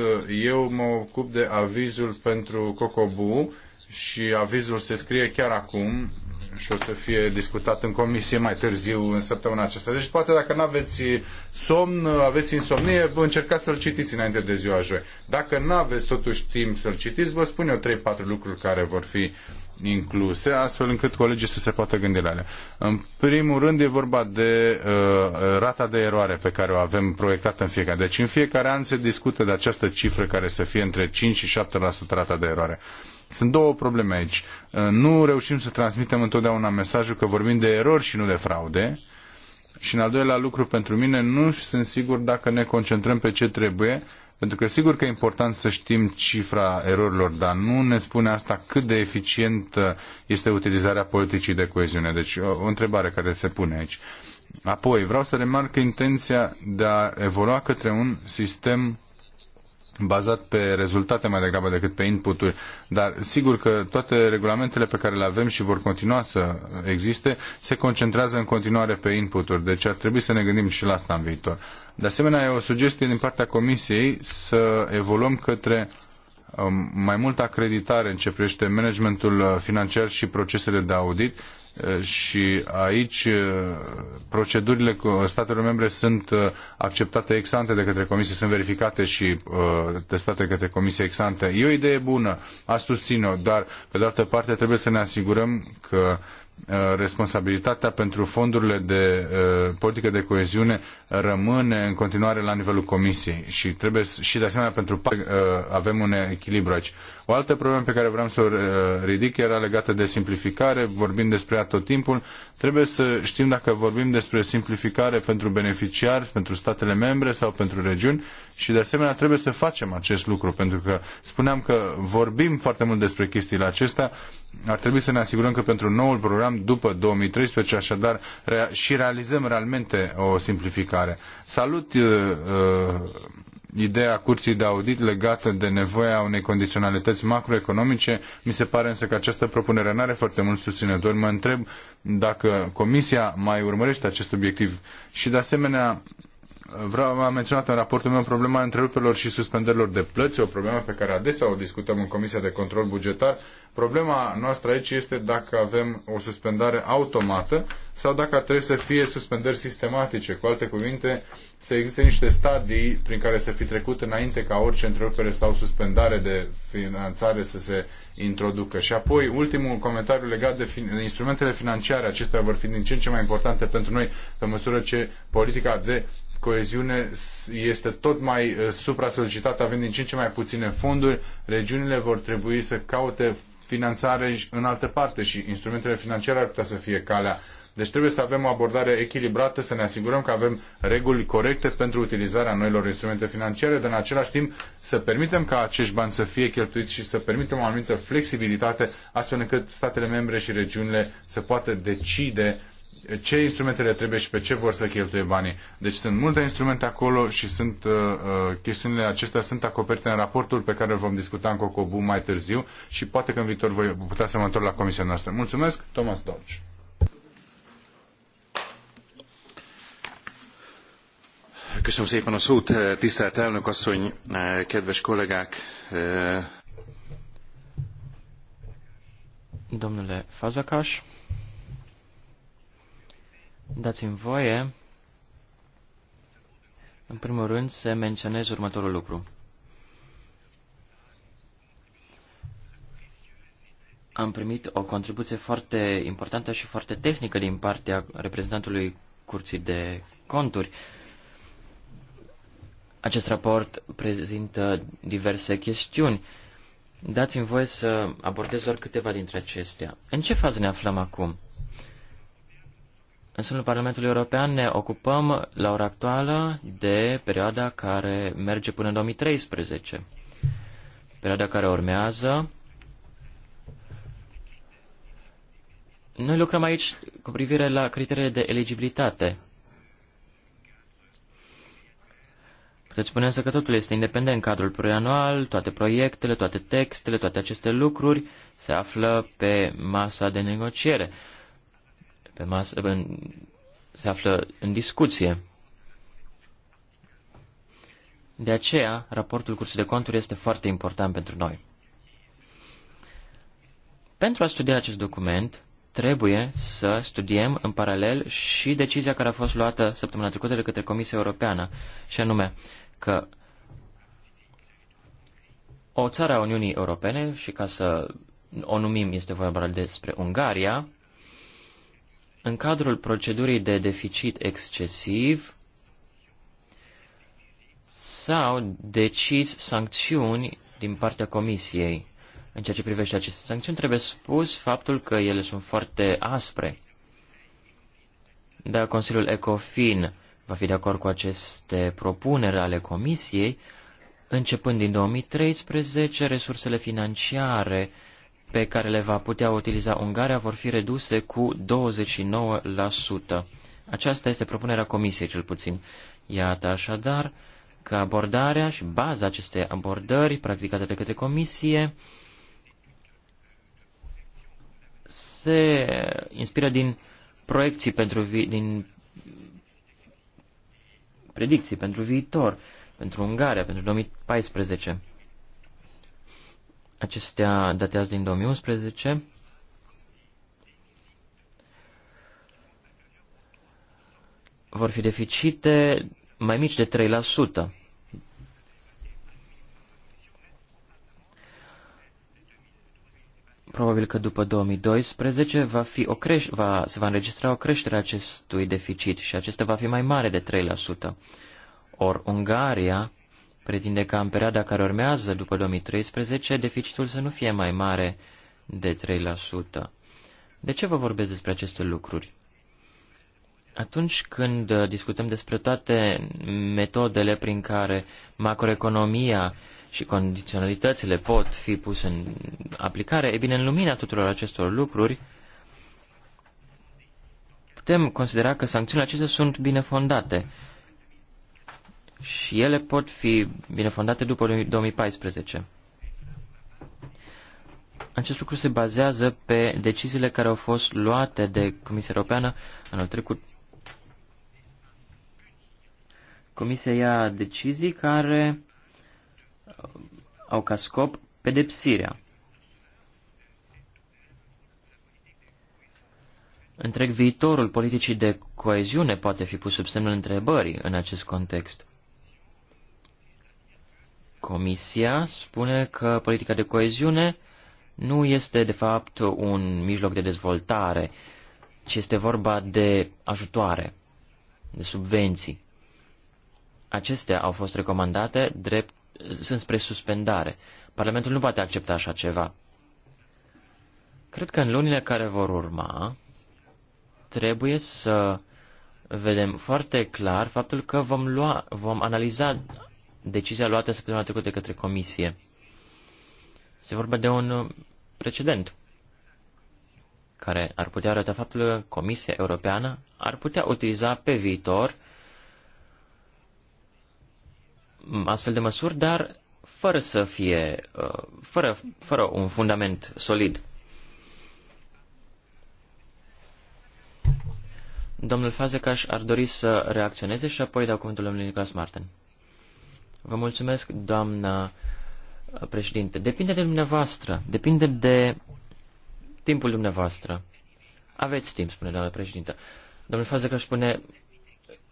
eu mă ocup de avizul pentru Cocobu și avizul se scrie chiar acum și o să fie discutat în comisie mai târziu în săptămâna aceasta. Deci poate dacă nu aveți somn, aveți insomnie, vă încercați să-l citiți înainte de ziua joi. Dacă nu aveți totuși timp să-l citiți, vă spun eu 3-4 lucruri care vor fi incluse, astfel încât colegii să se poată gândi la ele. În primul rând e vorba de uh, rata de eroare pe care o avem proiectată în fiecare. Deci în fiecare an se discută de această cifră care să fie între 5 și 7% rata de eroare. Uh, sunt două probleme aici. Uh, nu reușim să transmitem întotdeauna mesajul că vorbim de erori și nu de fraude. Și în al doilea lucru pentru mine, nu sunt sigur dacă ne concentrăm pe ce trebuie, pentru că sigur că e important să știm cifra erorilor, dar nu ne spune asta cât de eficient uh, este utilizarea politicii de coeziune. Deci o, o întrebare care se pune aici. Apoi, vreau să remarc intenția de a evolua către un sistem bazat pe rezultate mai degrabă decât pe inputuri, dar sigur că toate regulamentele pe care le avem și vor continua să existe se concentrează în continuare pe inputuri, deci ar trebui să ne gândim și la asta în viitor. De asemenea, e o sugestie din partea Comisiei să evoluăm către uh, Um, mai multă acreditare în ce privește managementul uh, financiar și procesele de audit uh, și aici uh, procedurile statelor membre sunt acceptate ex ante de către comisie, sunt verificate și testate de către comisie ex ante. E o idee bună, a susține-o, dar pe de altă parte trebuie să ne asigurăm că Uh, responsabilitatea pentru fondurile de uh, politică de coeziune rămâne în continuare la nivelul comisiei și trebuie și de asemenea pentru PAC uh, avem un echilibru aici. O altă problemă pe care vreau să o uh, ridic era legată de simplificare, vorbim despre ea tot timpul. Trebuie să știm dacă vorbim despre simplificare pentru beneficiari, pentru statele membre sau pentru regiuni și de asemenea trebuie să facem acest lucru, pentru că spuneam că vorbim foarte mult despre chestiile acestea, ar trebui să ne asigurăm că pentru noul program după 2013 așadar și realizăm realmente o simplificare. Salut uh, uh, ideea curții de audit legată de nevoia unei condiționalități macroeconomice. Mi se pare însă că această propunere nu are foarte mult susținători. Mă întreb dacă Comisia mai urmărește acest obiectiv și de asemenea Vreau, am menționat în raportul meu problema întreruperilor și suspendărilor de plăți, o problemă pe care adesea o discutăm în Comisia de Control Bugetar. Problema noastră aici este dacă avem o suspendare automată sau dacă ar trebui să fie suspendări sistematice. Cu alte cuvinte, să existe niște stadii prin care să fi trecut înainte ca orice întrerupere sau suspendare de finanțare să se introducă. Și apoi, ultimul comentariu legat de, fin instrumentele financiare. Acestea vor fi din ce în ce mai importante pentru noi pe măsură ce politica de coeziune este tot mai eh, supra-solicitată, avem din ce în ce mai puține fonduri, regiunile vor trebui să caute finanțare în altă parte și instrumentele financiare ar putea să fie calea. Deci trebuie să avem o abordare echilibrată, să ne asigurăm că avem reguli corecte pentru utilizarea noilor instrumente financiare, dar în același timp să permitem ca acești bani să fie cheltuiți și să permitem o anumită flexibilitate, astfel încât statele membre și regiunile să poată decide ce instrumentele trebuie și pe ce vor să cheltuie banii. Deci sunt multe instrumente acolo și sunt, uh, uh, chestiunile acestea sunt acoperite în raportul pe care îl vom discuta în Cocobu mai târziu și poate că în viitor voi putea să mă întorc la comisia noastră. Mulțumesc, Thomas Dodge. Köszönöm szépen a szót, eh, tisztelt elnök asszony, eh, kedves kollégák! Eh. Domnule Fazakas, Dați-mi voie, în primul rând, să menționez următorul lucru. Am primit o contribuție foarte importantă și foarte tehnică din partea reprezentantului Curții de Conturi. Acest raport prezintă diverse chestiuni. Dați-mi voie să abordez doar câteva dintre acestea. În ce fază ne aflăm acum? în sânul Parlamentului European ne ocupăm la ora actuală de perioada care merge până în 2013. Perioada care urmează. Noi lucrăm aici cu privire la criteriile de eligibilitate. Puteți spune însă că totul este independent. În cadrul plurianual, toate proiectele, toate textele, toate aceste lucruri se află pe masa de negociere pe masă, în, se află în discuție. De aceea, raportul cursului de Conturi este foarte important pentru noi. Pentru a studia acest document, trebuie să studiem în paralel și decizia care a fost luată săptămâna trecută de către Comisia Europeană, și anume că o țară a Uniunii Europene, și ca să o numim este vorba despre Ungaria, în cadrul procedurii de deficit excesiv, s-au decis sancțiuni din partea Comisiei. În ceea ce privește aceste sancțiuni, trebuie spus faptul că ele sunt foarte aspre. Dacă Consiliul ECOFIN va fi de acord cu aceste propuneri ale Comisiei, începând din 2013, resursele financiare pe care le va putea utiliza Ungaria vor fi reduse cu 29%. Aceasta este propunerea Comisiei, cel puțin. Iată așadar că abordarea și baza acestei abordări practicate de către Comisie se inspiră din proiecții pentru vi- din predicții pentru viitor, pentru Ungaria, pentru 2014. Acestea datează din 2011. Vor fi deficite mai mici de 3%. Probabil că după 2012 va fi o creș- va, se va înregistra o creștere a acestui deficit și acesta va fi mai mare de 3%. Or, Ungaria pretinde ca în perioada care urmează, după 2013, deficitul să nu fie mai mare de 3%. De ce vă vorbesc despre aceste lucruri? Atunci când discutăm despre toate metodele prin care macroeconomia și condiționalitățile pot fi puse în aplicare, e bine, în lumina tuturor acestor lucruri, putem considera că sancțiunile acestea sunt bine fondate și ele pot fi binefondate după 2014. Acest lucru se bazează pe deciziile care au fost luate de Comisia Europeană anul trecut. Comisia ia decizii care uh, au ca scop pedepsirea. Întreg viitorul politicii de coeziune poate fi pus sub semnul întrebării în acest context. Comisia spune că politica de coeziune nu este de fapt un mijloc de dezvoltare, ci este vorba de ajutoare, de subvenții. Acestea au fost recomandate drept, sunt spre suspendare. Parlamentul nu poate accepta așa ceva. Cred că în lunile care vor urma trebuie să vedem foarte clar faptul că vom lua, vom analiza decizia luată săptămâna trecută de către comisie. Se vorbe de un uh, precedent care ar putea arăta faptul că Comisia Europeană ar putea utiliza pe viitor astfel de măsuri, dar fără să fie, uh, fără, fără un fundament solid. Domnul Fazekas ar dori să reacționeze și apoi dau cuvântul domnului Nicolas Martin. Vă mulțumesc, doamna președinte. Depinde de dumneavoastră. Depinde de timpul dumneavoastră. Aveți timp, spune doamna președinte. Domnul Fazecă spune,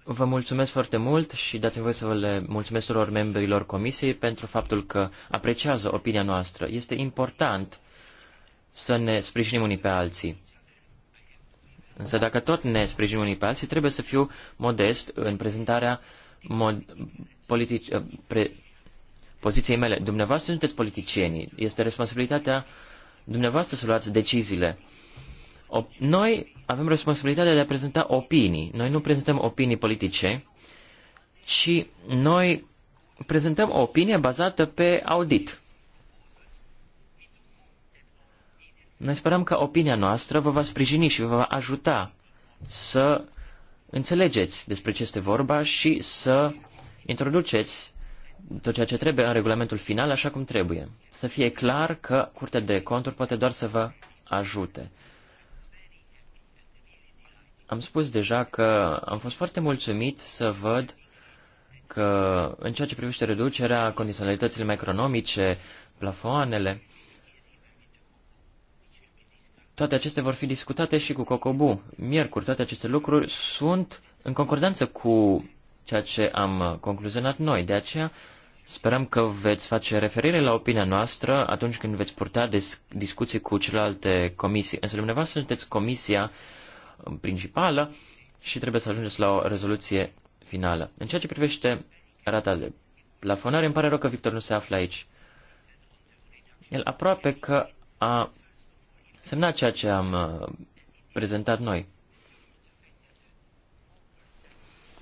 vă mulțumesc foarte mult și dați-mi voie să vă le mulțumesc tuturor membrilor comisiei pentru faptul că apreciază opinia noastră. Este important să ne sprijinim unii pe alții. Însă dacă tot ne sprijinim unii pe alții, trebuie să fiu modest în prezentarea mod- politici, uh, pre, poziției mele. Dumneavoastră sunteți politicienii. Este responsabilitatea dumneavoastră să luați deciziile. O, noi avem responsabilitatea de a prezenta opinii. Noi nu prezentăm opinii politice, ci noi prezentăm o opinie bazată pe audit. Noi sperăm că opinia noastră vă va sprijini și vă va ajuta să înțelegeți despre ce este vorba și să introduceți tot ceea ce trebuie în regulamentul final așa cum trebuie. Să fie clar că Curtea de Conturi poate doar să vă ajute. Am spus deja că am fost foarte mulțumit să văd că în ceea ce privește reducerea condiționalitățile macronomice, plafoanele, toate acestea vor fi discutate și cu Cocobu. Miercuri, toate aceste lucruri sunt în concordanță cu ceea ce am uh, concluzionat noi. De aceea sperăm că veți face referire la opinia noastră atunci când veți purta discuții cu celelalte comisii. Însă dumneavoastră sunteți comisia uh, principală și trebuie să ajungeți la o rezoluție finală. În ceea ce privește rata de plafonare, îmi pare rău că Victor nu se află aici. El aproape că a semnat ceea ce am uh, prezentat noi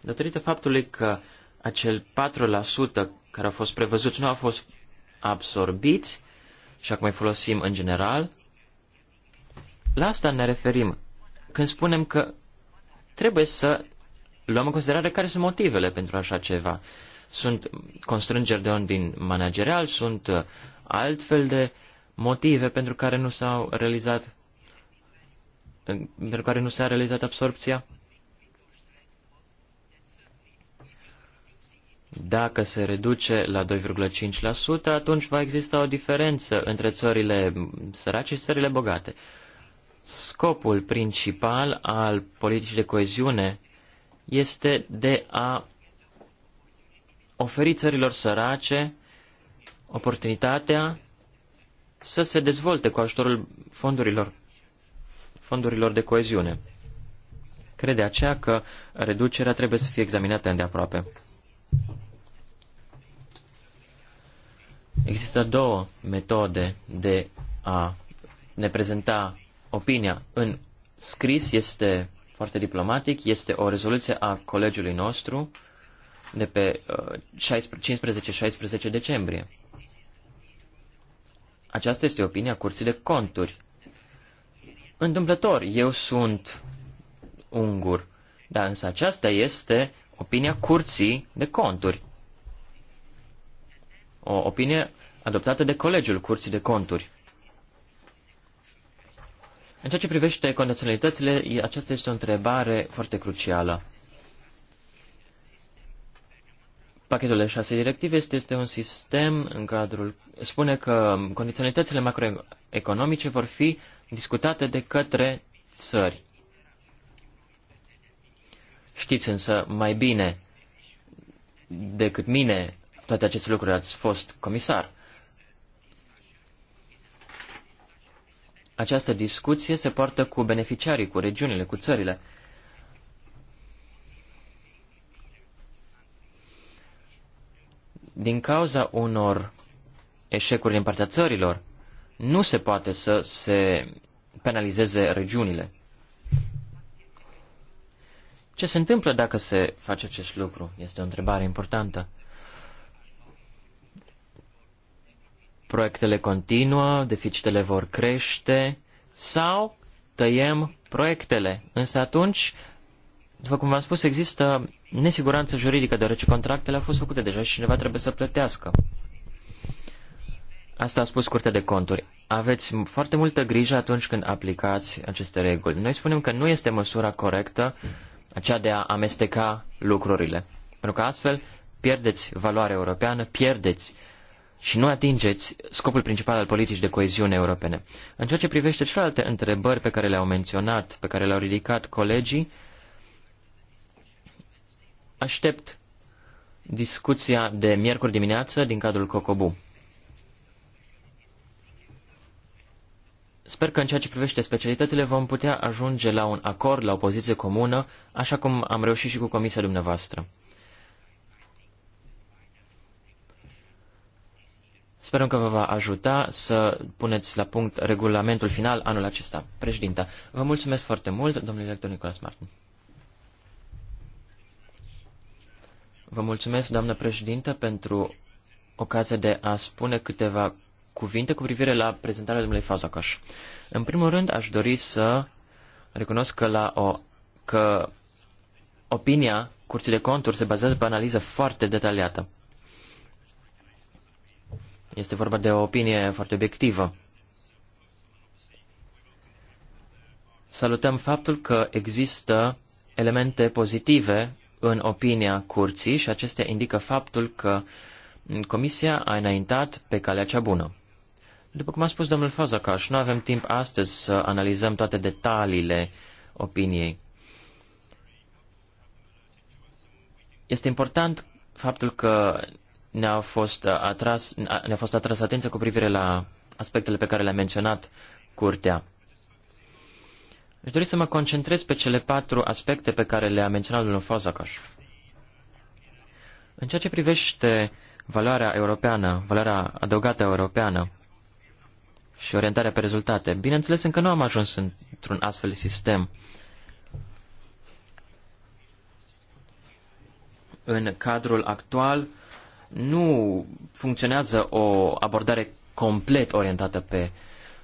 datorită faptului că acel 4% care au fost prevăzuți nu au fost absorbiți și acum îi folosim în general, la asta ne referim când spunem că trebuie să luăm în considerare care sunt motivele pentru așa ceva. Sunt constrângeri de ordin managerial, sunt uh, altfel de motive pentru care nu s-au realizat pentru care nu s-a realizat absorpția. Dacă se reduce la 2,5%, atunci va exista o diferență între țările sărace și țările bogate. Scopul principal al politicii de coeziune este de a oferi țărilor sărace oportunitatea să se dezvolte cu ajutorul fondurilor, fondurilor de coeziune. Crede aceea că reducerea trebuie să fie examinată îndeaproape. Există două metode de a ne prezenta opinia. În scris este foarte diplomatic, este o rezoluție a colegiului nostru de pe 15-16 uh, decembrie. Aceasta este opinia Curții de Conturi. Întâmplător, eu sunt ungur, dar însă aceasta este opinia Curții de Conturi. O opinie adoptată de Colegiul Curții de Conturi. În ceea ce privește condiționalitățile, aceasta este o întrebare foarte crucială. Pachetul de șase directive este, este un sistem în cadrul... Spune că condiționalitățile macroeconomice vor fi discutate de către țări. Știți însă mai bine decât mine toate aceste lucruri, ați fost comisar. Această discuție se poartă cu beneficiarii, cu regiunile, cu țările. Din cauza unor eșecuri din partea țărilor, nu se poate să se penalizeze regiunile. Ce se întâmplă dacă se face acest lucru? Este o întrebare importantă. Proiectele continuă, deficitele vor crește sau tăiem proiectele. Însă atunci, după cum v-am spus, există nesiguranță juridică, deoarece contractele au fost făcute deja și cineva trebuie să plătească. Asta a spus Curtea de Conturi. Aveți foarte multă grijă atunci când aplicați aceste reguli. Noi spunem că nu este măsura corectă uh, aceea de a amesteca lucrurile. Pentru că astfel pierdeți valoarea europeană, pierdeți și nu atingeți scopul principal al politicii de coeziune europene. În ceea ce privește celelalte întrebări pe care le-au menționat, pe care le-au ridicat colegii, aștept discuția de miercuri dimineață din cadrul COCOBU. Sper că în ceea ce privește specialitățile vom putea ajunge la un acord, la o poziție comună, așa cum am reușit și cu comisia dumneavoastră. Sperăm că vă va ajuta să puneți la punct regulamentul final anul acesta. Președinta, vă mulțumesc foarte mult, domnule director Nicolas Martin. Vă mulțumesc, doamnă președintă, pentru ocazia de a spune câteva cuvinte cu privire la prezentarea domnului Fazakas. În primul rând, aș dori să recunosc că, la o, că opinia Curții de Conturi se bazează pe analiză foarte detaliată. Este vorba de o opinie foarte obiectivă. Salutăm faptul că există elemente pozitive în opinia curții și acestea indică faptul că Comisia a înaintat pe calea cea bună. După cum a spus domnul Fazakaș, nu avem timp astăzi să analizăm toate detaliile opiniei. Este important faptul că ne-a fost, atras, ne-a fost atras atenția cu privire la aspectele pe care le-a menționat curtea. Aș dori să mă concentrez pe cele patru aspecte pe care le-a menționat domnul Fazakaș. În ceea ce privește valoarea europeană, valoarea adăugată europeană, și orientarea pe rezultate. Bineînțeles, încă nu am ajuns într-un astfel de sistem. În cadrul actual nu funcționează o abordare complet orientată pe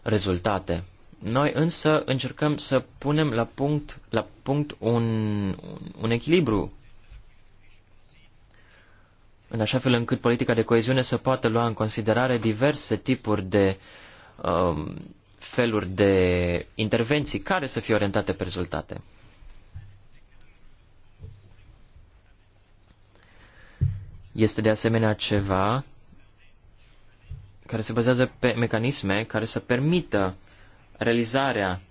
rezultate. Noi însă încercăm să punem la punct, la punct un, un echilibru în așa fel încât politica de coeziune să poată lua în considerare diverse tipuri de uh, Um, feluri de intervenții care să fie orientate pe rezultate. Este de asemenea ceva care se bazează pe mecanisme care să permită realizarea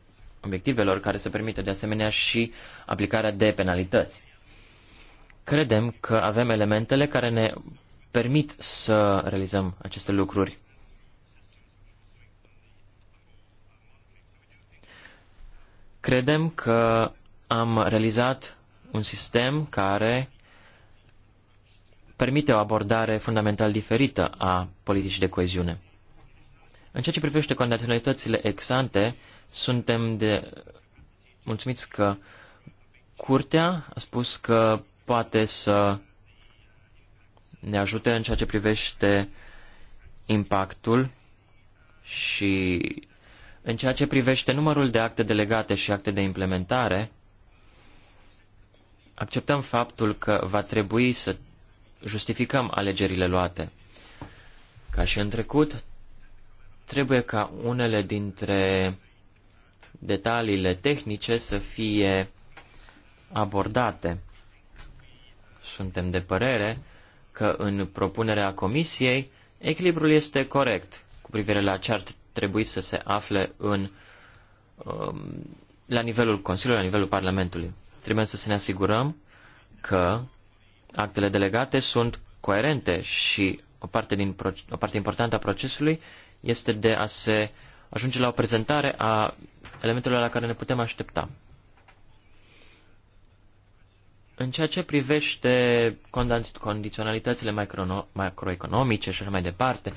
obiectivelor, care să permită de asemenea și aplicarea de penalități. Credem că avem elementele care ne permit să realizăm aceste lucruri Credem că am realizat un sistem care permite o abordare fundamental diferită a politicii de coeziune. În ceea ce privește condiționalitățile exante, suntem de mulțumiți că Curtea a spus că poate să ne ajute în ceea ce privește impactul și în ceea ce privește numărul de acte delegate și acte de implementare, acceptăm faptul că va trebui să justificăm alegerile luate. Ca și în trecut, trebuie ca unele dintre detaliile tehnice să fie abordate. Suntem de părere că în propunerea comisiei echilibrul este corect cu privire la ce ar trebui să se afle în, um, la nivelul Consiliului, la nivelul Parlamentului. Trebuie să ne asigurăm că actele delegate sunt coerente și o parte, din, o parte importantă a procesului este de a se ajunge la o prezentare a elementelor la care ne putem aștepta. În ceea ce privește condiționalitățile macro, macroeconomice și așa mai departe,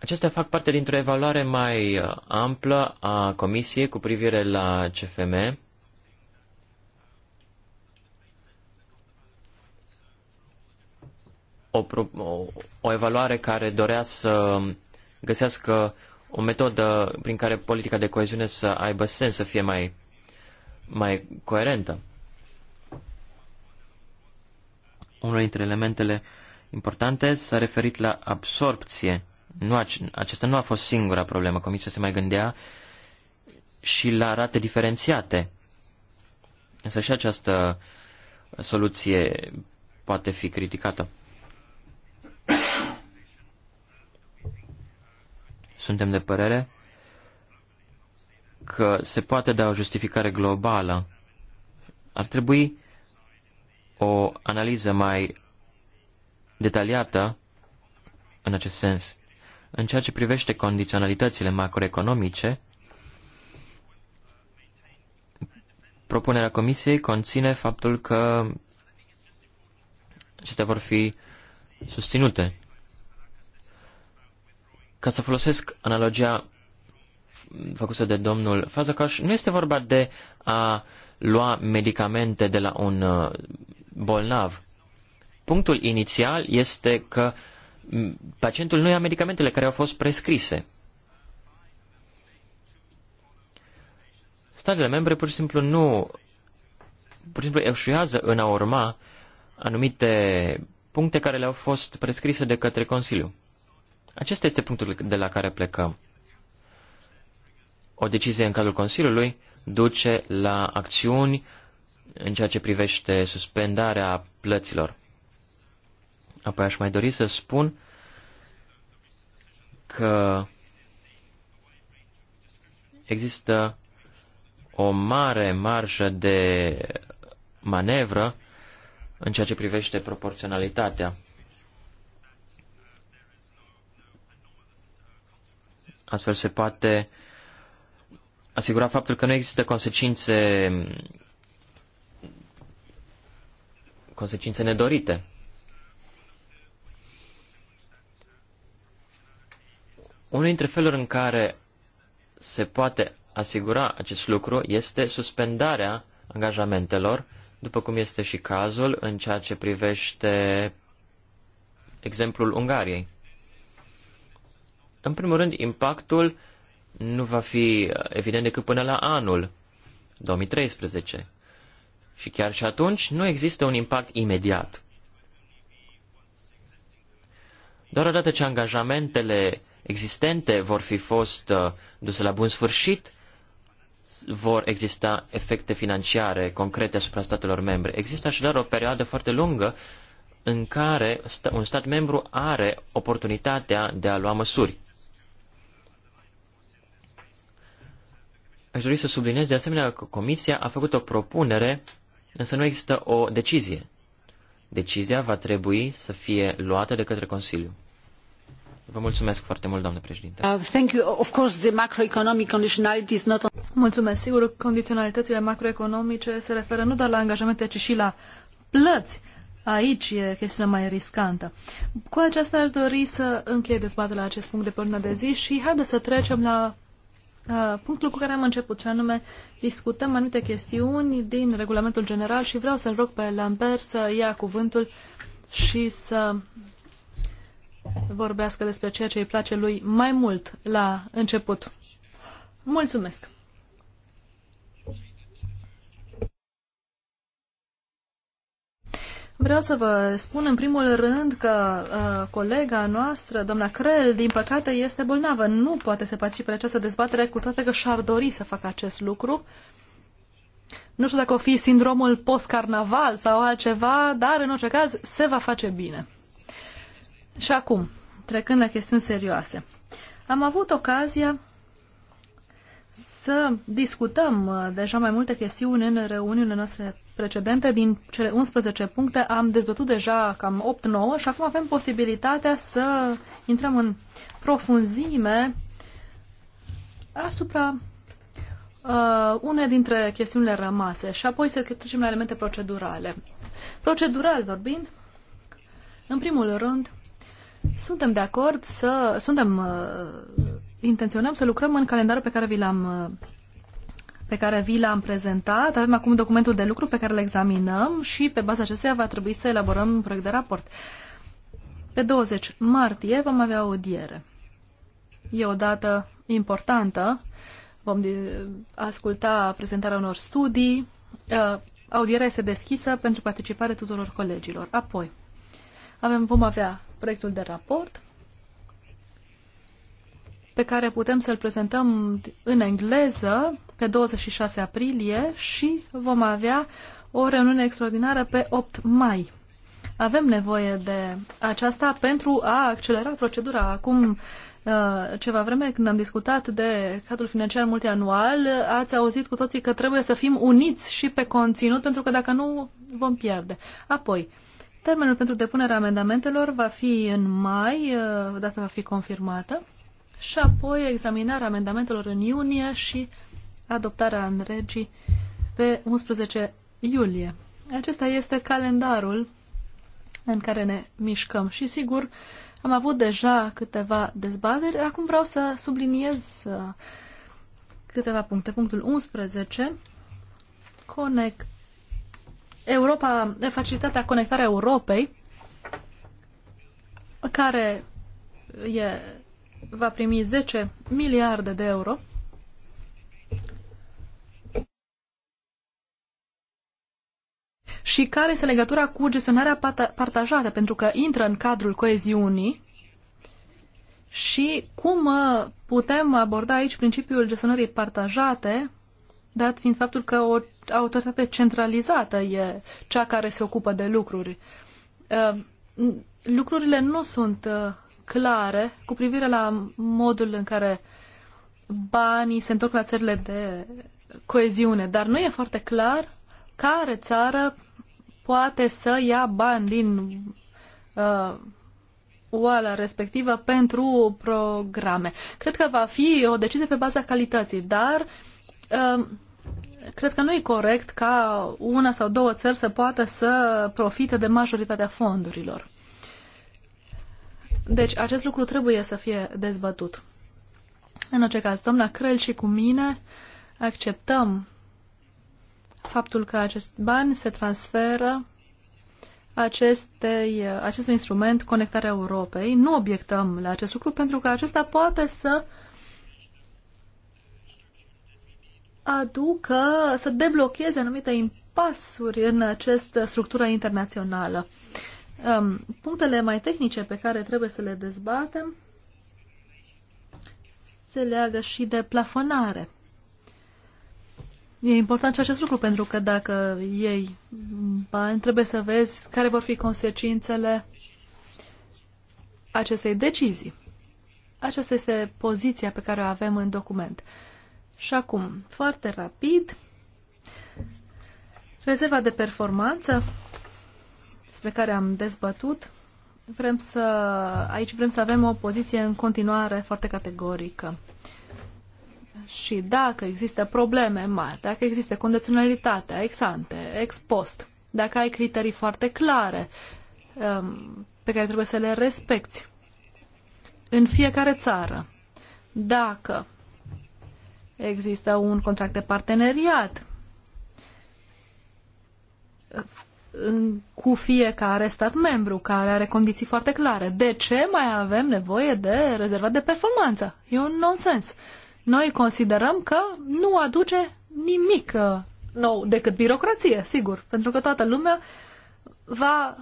Acestea fac parte dintr-o evaluare mai uh, amplă a Comisiei cu privire la CFM. O, o, o evaluare care dorea să găsească o metodă prin care politica de coeziune să aibă sens, să fie mai, mai coerentă. Unul dintre elementele importante s-a referit la absorpție nu, aceasta nu a fost singura problemă. Comisia se mai gândea și la rate diferențiate. Însă și această soluție poate fi criticată. Suntem de părere că se poate da o justificare globală. Ar trebui o analiză mai detaliată în acest sens. În ceea ce privește condiționalitățile macroeconomice, propunerea Comisiei conține faptul că acestea vor fi susținute. Ca să folosesc analogia făcută de domnul Fazakas, nu este vorba de a lua medicamente de la un uh, bolnav. Punctul inițial este că uh, pacientul nu ia medicamentele care au fost prescrise. Statele membre pur și simplu nu, pur și simplu eșuează în a urma anumite puncte care le-au fost prescrise de către Consiliu. Acesta este punctul de la care plecăm. O decizie în cadrul Consiliului duce la acțiuni în ceea ce privește suspendarea plăților. Apoi aș mai dori să spun că există o mare marjă de manevră în ceea ce privește proporționalitatea. Astfel se poate asigura faptul că nu există consecințe consecințe nedorite. Unul dintre feluri în care se poate asigura acest lucru este suspendarea angajamentelor, după cum este și cazul în ceea ce privește exemplul Ungariei. În primul rând, impactul nu va fi evident decât până la anul 2013. Și chiar și atunci nu există un impact imediat. Doar odată ce angajamentele existente vor fi fost uh, duse la bun sfârșit, vor exista efecte financiare concrete asupra statelor membre. Există așadar o perioadă foarte lungă în care un stat membru are oportunitatea de a lua măsuri. Aș dori să subliniez de asemenea că Comisia a făcut o propunere, însă nu există o decizie. Decizia va trebui să fie luată de către Consiliu. Vă mulțumesc foarte mult, doamnă președinte. Uh, thank you. Of course, the macroeconomic conditionality is not Mulțumesc. Sigur, condiționalitățile macroeconomice se referă nu doar la angajamente, ci și la plăți. Aici e chestiunea mai riscantă. Cu aceasta aș dori să închei dezbaterea acest punct de până de zi și haideți să trecem la punctul cu care am început, și anume discutăm anumite chestiuni din regulamentul general și vreau să-l rog pe Lambert să ia cuvântul și să vorbească despre ceea ce îi place lui mai mult la început. Mulțumesc! Vreau să vă spun în primul rând că uh, colega noastră, doamna Crel, din păcate este bolnavă. Nu poate să participe la această dezbatere, cu toate că și-ar dori să facă acest lucru. Nu știu dacă o fi sindromul post-carnaval sau altceva, dar în orice caz se va face bine. Și acum, trecând la chestiuni serioase, am avut ocazia să discutăm uh, deja mai multe chestiuni în reuniunile noastre precedente. Din cele 11 puncte am dezbătut deja cam 8-9 și acum avem posibilitatea să intrăm în profunzime asupra uh, une dintre chestiunile rămase și apoi să trecem la elemente procedurale. Procedural vorbind, în primul rând, suntem de acord să... Suntem... Uh, intenționăm să lucrăm în calendarul pe care vi l-am uh, pe care vi l-am prezentat. Avem acum documentul de lucru pe care îl examinăm și pe baza acesteia va trebui să elaborăm un proiect de raport. Pe 20 martie vom avea audiere. E o dată importantă. Vom asculta prezentarea unor studii. Uh, audierea este deschisă pentru participarea tuturor colegilor. Apoi, avem, vom avea proiectul de raport pe care putem să-l prezentăm în engleză pe 26 aprilie și vom avea o reuniune extraordinară pe 8 mai. Avem nevoie de aceasta pentru a accelera procedura. Acum uh, ceva vreme când am discutat de cadrul financiar multianual, ați auzit cu toții că trebuie să fim uniți și pe conținut, pentru că dacă nu vom pierde. Apoi, Termenul pentru depunerea amendamentelor va fi în mai, uh, data va fi confirmată, și apoi examinarea amendamentelor în iunie și adoptarea în regii pe 11 iulie. Acesta este calendarul în care ne mișcăm și sigur am avut deja câteva dezbateri. Acum vreau să subliniez uh, câteva puncte. Punctul 11, conect Europa, facilitatea conectarea Europei, care e, va primi 10 miliarde de euro. Și care este legătura cu gestionarea partajată, pentru că intră în cadrul coeziunii și cum uh, putem aborda aici principiul gestionării partajate dat fiind faptul că o autoritate centralizată e cea care se ocupă de lucruri. Uh, lucrurile nu sunt uh, clare cu privire la modul în care banii se întorc la țările de coeziune, dar nu e foarte clar care țară poate să ia bani din uh, oala respectivă pentru programe. Cred că va fi o decizie pe baza calității, dar Ehm, cred că nu e corect ca una sau două țări să poată să profite de majoritatea fondurilor. Deci acest lucru trebuie să fie dezbătut. În orice caz, doamna Crel și cu mine acceptăm faptul că acest bani se transferă acestei, acestui instrument Conectarea Europei. Nu obiectăm la acest lucru pentru că acesta poate să uh, aducă, să deblocheze anumite impasuri în această structură internațională. Um, punctele mai tehnice pe care trebuie să le dezbatem se leagă și de plafonare. E important și acest lucru pentru că dacă ei bani, trebuie să vezi care vor fi consecințele acestei decizii. Aceasta este poziția pe care o avem în document. Și acum, foarte rapid, rezerva de performanță despre care am dezbătut, vrem să, aici vrem să avem o poziție în continuare foarte categorică. Și dacă există probleme mari, dacă există condiționalitatea, ex ante, ex post, dacă ai criterii foarte clare um, pe care trebuie să le respecti în fiecare țară, dacă Există un contract de parteneriat cu fiecare stat membru care are condiții foarte clare. De ce mai avem nevoie de rezerva de performanță? E un nonsens. Noi considerăm că nu aduce nimic uh, nou decât birocrație, sigur, pentru că toată lumea va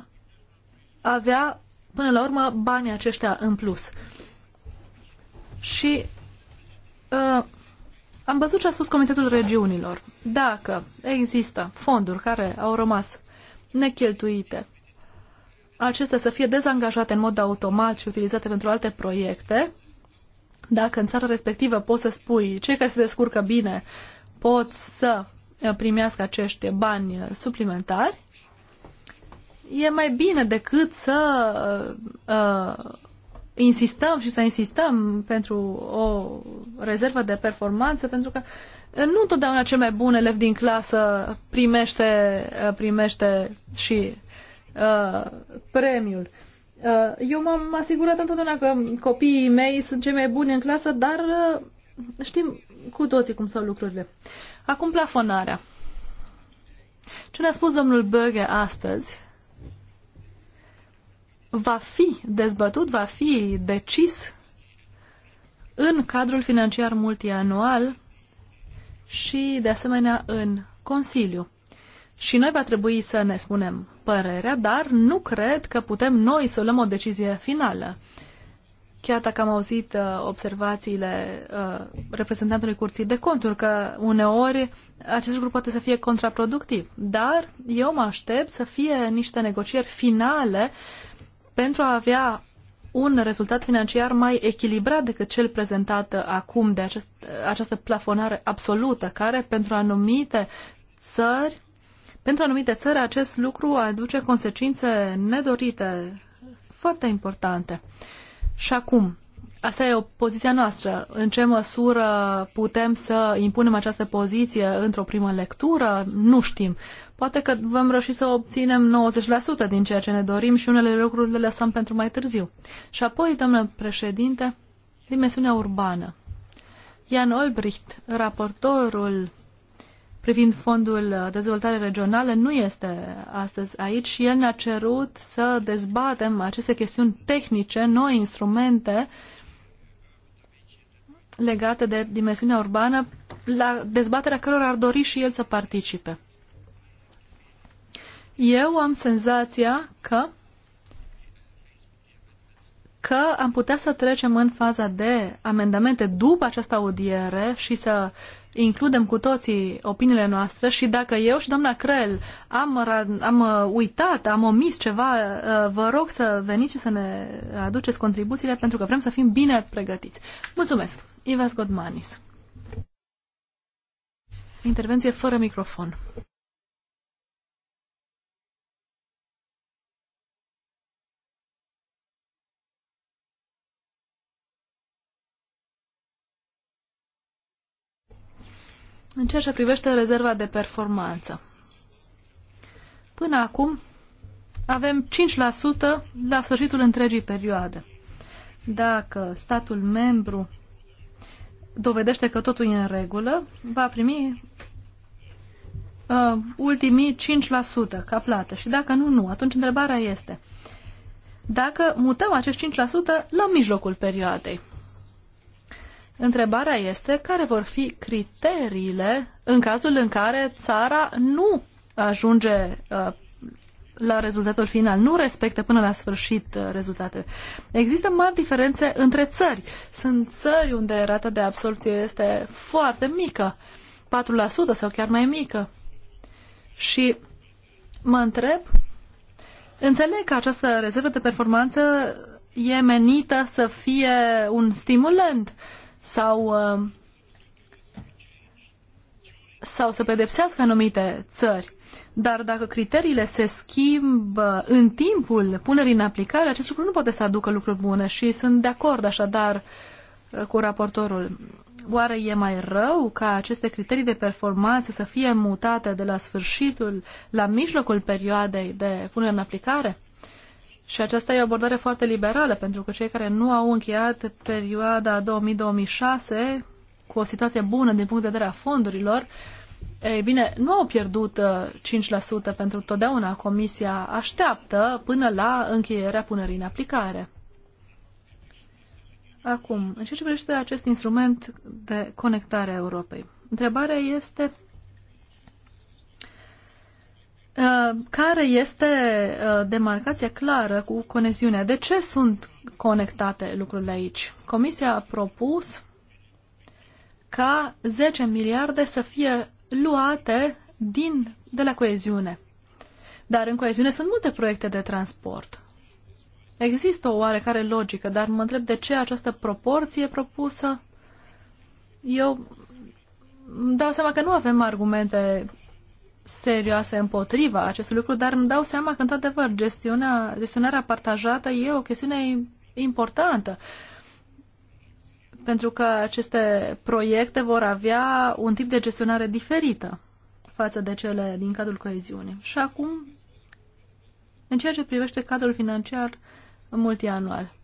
avea până la urmă banii aceștia în plus. Și uh, am văzut ce a spus Comitetul Regiunilor. Dacă există fonduri care au rămas necheltuite, acestea să fie dezangajate în mod automat și utilizate pentru alte proiecte, dacă în țara respectivă poți să spui cei care se descurcă bine pot să uh, primească acești bani suplimentari, e mai bine decât să uh, uh insistăm și să insistăm pentru o rezervă de performanță, pentru că nu întotdeauna cel mai bun elev din clasă primește, primește și uh, premiul. Uh, eu m-am asigurat întotdeauna că copiii mei sunt cei mai buni în clasă, dar uh, știm cu toții cum stau lucrurile. Acum plafonarea. Ce ne-a spus domnul Böge astăzi va fi dezbătut, va fi decis în cadrul financiar multianual și, de asemenea, în Consiliu. Și noi va trebui să ne spunem părerea, dar nu cred că putem noi să luăm o decizie finală. Chiar dacă am auzit uh, observațiile uh, reprezentantului Curții de Conturi că uneori acest lucru poate să fie contraproductiv, dar eu mă aștept să fie niște negocieri finale pentru a avea un rezultat financiar mai echilibrat decât cel prezentat acum de acest, această plafonare absolută, care pentru anumite țări, pentru anumite țări acest lucru aduce consecințe nedorite foarte importante. Și acum, asta e o poziția noastră. În ce măsură putem să impunem această poziție într-o primă lectură? Nu știm. Poate că vom reuși să obținem 90% din ceea ce ne dorim și unele lucruri le lăsăm pentru mai târziu. Și apoi, doamnă președinte, dimensiunea urbană. Jan Olbricht, raportorul privind fondul dezvoltare regională, nu este astăzi aici și el ne-a cerut să dezbatem aceste chestiuni tehnice, noi instrumente legate de dimensiunea urbană, la dezbaterea cărora ar dori și el să participe eu am senzația că că am putea să trecem în faza de amendamente după această audiere și să includem cu toții opiniile noastre și dacă eu și doamna Crel am, am uh, uitat, am omis ceva, uh, vă rog să veniți și să ne aduceți contribuțiile pentru că vrem să fim bine pregătiți. Mulțumesc! Ives Godmanis Intervenție fără microfon. În ceea ce privește rezerva de performanță. Până acum avem 5% la sfârșitul întregii perioade. Dacă statul membru dovedește că totul e în regulă, va primi uh, ultimii 5% ca plată. Și dacă nu, nu. Atunci întrebarea este dacă mutăm acești 5% la mijlocul perioadei. Întrebarea este care vor fi criteriile în cazul în care țara nu ajunge uh, la rezultatul final, nu respectă până la sfârșit uh, rezultatele. Există mari diferențe între țări. Sunt țări unde rata de absorpție este foarte mică, 4% sau chiar mai mică. Și mă întreb, înțeleg că această rezervă de performanță e menită să fie un stimulant sau uh, sau să pedepsească anumite țări. Dar dacă criteriile se schimbă în timpul punerii în aplicare, acest lucru nu poate să aducă lucruri bune și sunt de acord așadar uh, cu raportorul. Oare e mai rău ca aceste criterii de performanță să fie mutate de la sfârșitul la mijlocul perioadei de punere în aplicare? Și aceasta e o abordare foarte liberală, pentru că cei care nu au încheiat perioada 2000-2006 cu o situație bună din punct de vedere a fondurilor, ei bine, nu au pierdut 5% uh, pentru totdeauna. Comisia așteaptă până la încheierea punerii în aplicare. Acum, în ce ce privește acest instrument de conectare a Europei, întrebarea este Uh, care este uh, demarcația clară cu conexiunea? De ce sunt conectate lucrurile aici? Comisia a propus ca 10 miliarde să fie luate din, de la coeziune. Dar în coeziune sunt multe proiecte de transport. Există o oarecare logică, dar mă întreb de ce această proporție propusă. Eu îmi dau seama că nu avem argumente serioase împotriva acestui lucru, dar îmi dau seama că, într-adevăr, gestiunea, gestionarea partajată e o chestiune importantă. Pentru că aceste proiecte vor avea un tip de gestionare diferită față de cele din cadrul coeziunii. Și acum, în ceea ce privește cadrul financiar multianual.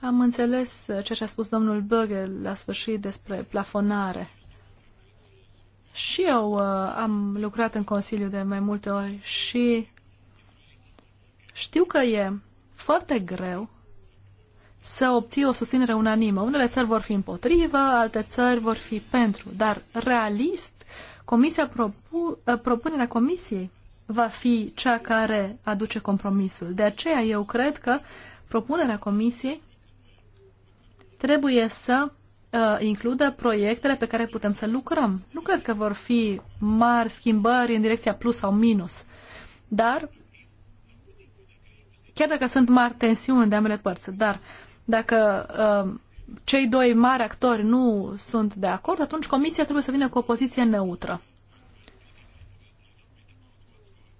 Am înțeles ceea ce a spus domnul Böge la sfârșit despre plafonare. Și eu uh, am lucrat în Consiliu de mai multe ori și știu că e foarte greu să obții o susținere unanimă. Unele țări vor fi împotrivă, alte țări vor fi pentru, dar realist, comisia propu- uh, propunerea comisiei va fi cea care aduce compromisul. De aceea eu cred că propunerea comisiei trebuie să uh, includă proiectele pe care putem să lucrăm. Nu cred că vor fi mari schimbări în direcția plus sau minus, dar chiar dacă sunt mari tensiuni de ambele părți, dar dacă uh, cei doi mari actori nu sunt de acord, atunci comisia trebuie să vină cu o poziție neutră.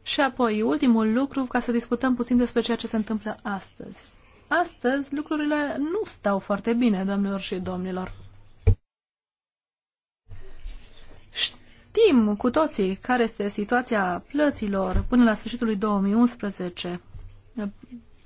Și apoi, ultimul lucru, ca să discutăm puțin despre ceea ce se întâmplă astăzi astăzi lucrurile nu stau foarte bine, doamnelor și domnilor. Știm cu toții care este situația plăților până la sfârșitul lui 2011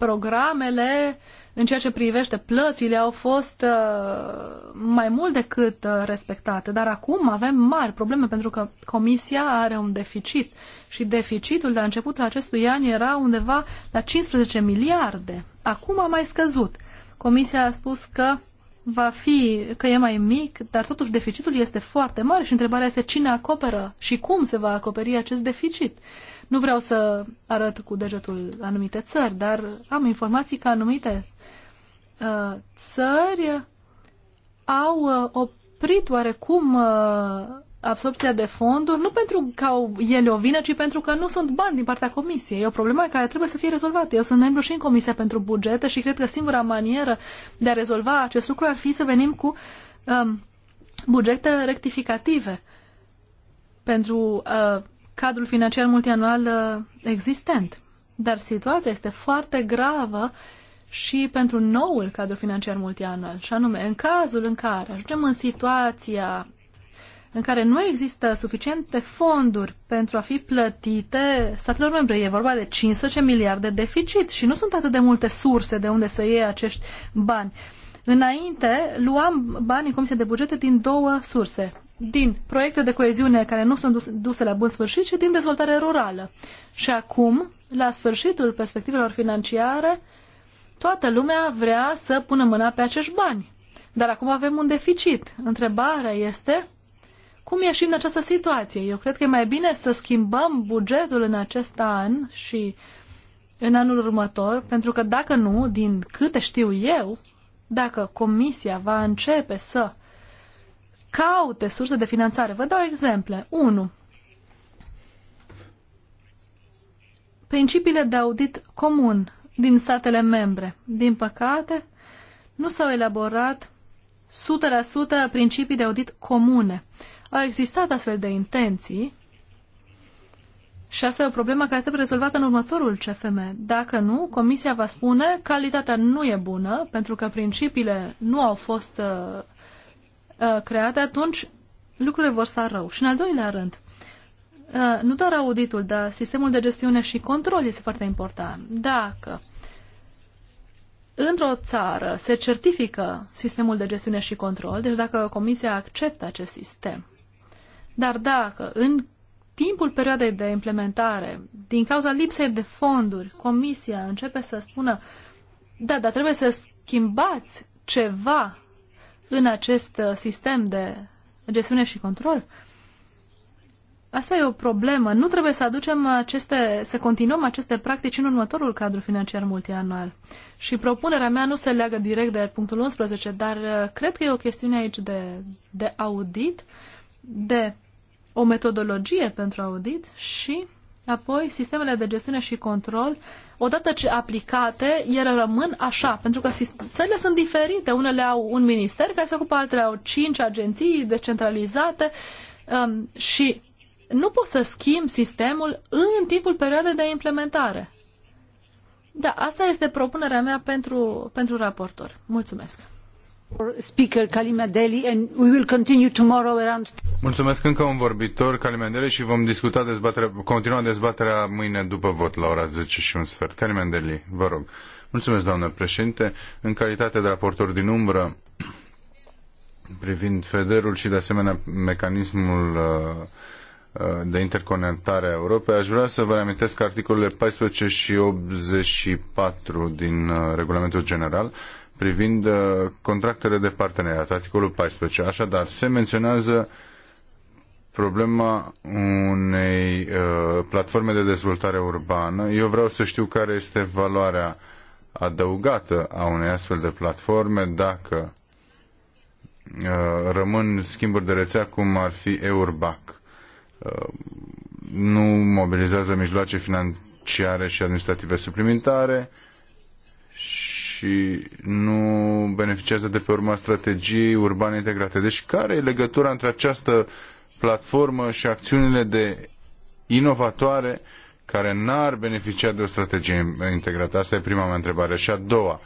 programele în ceea ce privește plățile au fost uh, mai mult decât uh, respectate, dar acum avem mari probleme pentru că Comisia are un deficit și deficitul de la începutul acestui an era undeva la 15 miliarde. Acum a mai scăzut. Comisia a spus că va fi, că e mai mic, dar totuși deficitul este foarte mare și întrebarea este cine acoperă și cum se va acoperi acest deficit. Uh, nu vreau să arăt cu degetul anumite țări, dar am informații că anumite uh, țări au uh, oprit oarecum uh, absorpția de fonduri, nu pentru că au ele o vină, ci pentru că nu sunt bani din partea comisiei. E o problemă care trebuie să fie rezolvată. Eu sunt membru și în Comisia pentru Bugete și cred că singura manieră de a rezolva acest lucru ar fi să venim cu um, bugete rectificative pentru uh, cadrul financiar multianual uh, existent. Dar situația este foarte gravă și pentru noul cadru financiar multianual. Și anume, în cazul în care ajungem în situația în care nu există suficiente fonduri pentru a fi plătite statelor membre. E vorba de 15 miliarde deficit și nu sunt atât de multe surse de unde să iei acești bani. Înainte luam banii Comisiei de Bugete din două surse din proiecte de coeziune care nu sunt duse la bun sfârșit, ci din dezvoltare rurală. Și acum, la sfârșitul perspectivelor financiare, toată lumea vrea să pună mâna pe acești bani. Dar acum avem un deficit. Întrebarea este cum ieșim de această situație. Eu cred că e mai bine să schimbăm bugetul în acest an și în anul următor, pentru că dacă nu, din câte știu eu, dacă Comisia va începe să caute surse de finanțare. Vă dau exemple. 1. Principiile de audit comun din statele membre. Din păcate, nu s-au elaborat 100% principii de audit comune. Au existat astfel de intenții și asta e o problemă care trebuie rezolvată în următorul CFM. Dacă nu, Comisia va spune calitatea nu e bună pentru că principiile nu au fost uh, Uh, create, atunci lucrurile vor sta rău. Și în al doilea rând, uh, nu doar auditul, dar sistemul de gestiune și control este foarte important. Dacă într-o țară se certifică sistemul de gestiune și control, deci dacă Comisia acceptă acest sistem, dar dacă în timpul perioadei de implementare, din cauza lipsei de fonduri, Comisia începe să spună, da, dar trebuie să schimbați ceva în acest uh, sistem de gestiune și control? Asta e o problemă. Nu trebuie să aducem aceste, să continuăm aceste practici în următorul cadru financiar multianual. Și propunerea mea nu se leagă direct de punctul 11, dar uh, cred că e o chestiune aici de, de audit, de o metodologie pentru audit și apoi sistemele de gestiune și control uh, odată ce aplicate, ele rămân așa, pentru că țările sunt diferite. Unele au un minister care se ocupă, altele au cinci agenții decentralizate um, și nu poți să schimbi sistemul în timpul perioadei de implementare. Da, asta este propunerea mea pentru, pentru raportor. Mulțumesc! Speaker Kalimandeli and we will continue tomorrow around... Mulțumesc încă un vorbitor, Kalimandeli, și vom discuta dezbaterea, continua dezbaterea mâine după vot la ora zece și un sfert. Kalimandeli, vă rog. Mulțumesc, doamnă președinte. În calitate de raportor din umbră, privind federul și de asemenea mecanismul uh, uh, de interconectare a Europei, aș vrea să vă reamintesc articolele 14 și 84 din uh, regulamentul general, privind uh, contractele de parteneriat, articolul 14. Așadar, se menționează problema unei uh, platforme de dezvoltare urbană. Eu vreau să știu care este valoarea adăugată a unei astfel de platforme dacă uh, rămân schimburi de rețea cum ar fi Eurbac. Uh, nu mobilizează mijloace financiare și administrative suplimentare și nu beneficiază de pe urma strategiei urbane integrate. Deci care e legătura între această platformă și acțiunile de inovatoare care n-ar beneficia de o strategie integrată? Asta e prima mea întrebare. Și a doua,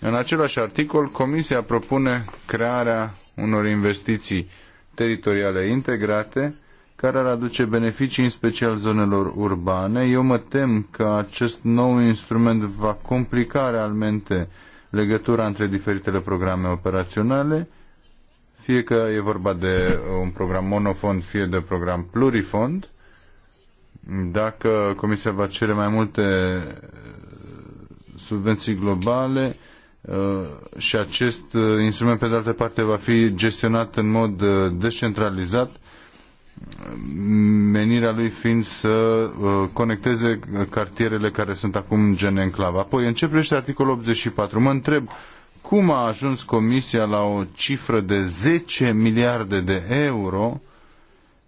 în același articol, Comisia propune crearea unor investiții teritoriale integrate care ar aduce beneficii în special zonelor urbane. Eu mă tem că acest nou instrument va complica realmente legătura între diferitele programe operaționale, fie că e vorba de un program monofond, fie de program plurifond. Dacă Comisia va cere mai multe uh, subvenții globale, uh, și acest uh, instrument, pe de altă parte, va fi gestionat în mod descentralizat, menirea lui fiind să uh, conecteze cartierele care sunt acum gen enclav. Apoi începește articolul 84. Mă întreb cum a ajuns Comisia la o cifră de 10 miliarde de euro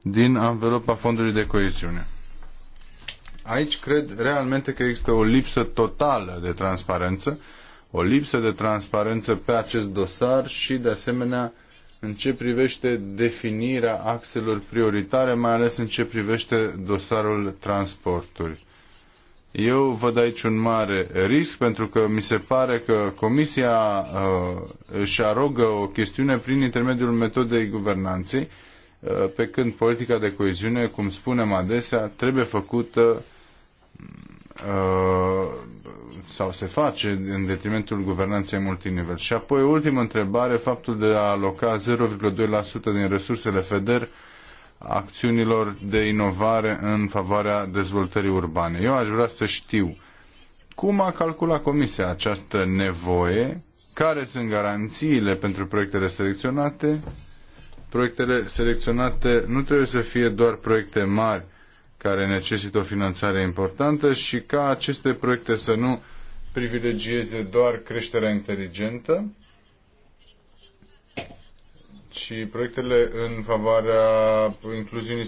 din anvelopa fondului de coeziune. Aici cred realmente că există o lipsă totală de transparență, o lipsă de transparență pe acest dosar și, de asemenea, în ce privește definirea axelor prioritare, mai ales în ce privește dosarul transportului. Eu văd aici un mare risc pentru că mi se pare că Comisia uh, își arogă o chestiune prin intermediul metodei guvernanței, uh, pe când politica de coeziune, cum spunem adesea, trebuie făcută Uh, sau se face în detrimentul guvernanței multinivel. Și apoi, ultimă întrebare, faptul de a aloca 0,2% din resursele FEDER acțiunilor de inovare în favoarea dezvoltării urbane. Eu aș vrea să știu cum a calculat Comisia această nevoie, care sunt garanțiile pentru proiectele selecționate. Proiectele selecționate nu trebuie să fie doar proiecte mari, care necesită o finanțare importantă și ca aceste proiecte să nu privilegieze doar creșterea inteligentă, ci proiectele în favoarea incluziunii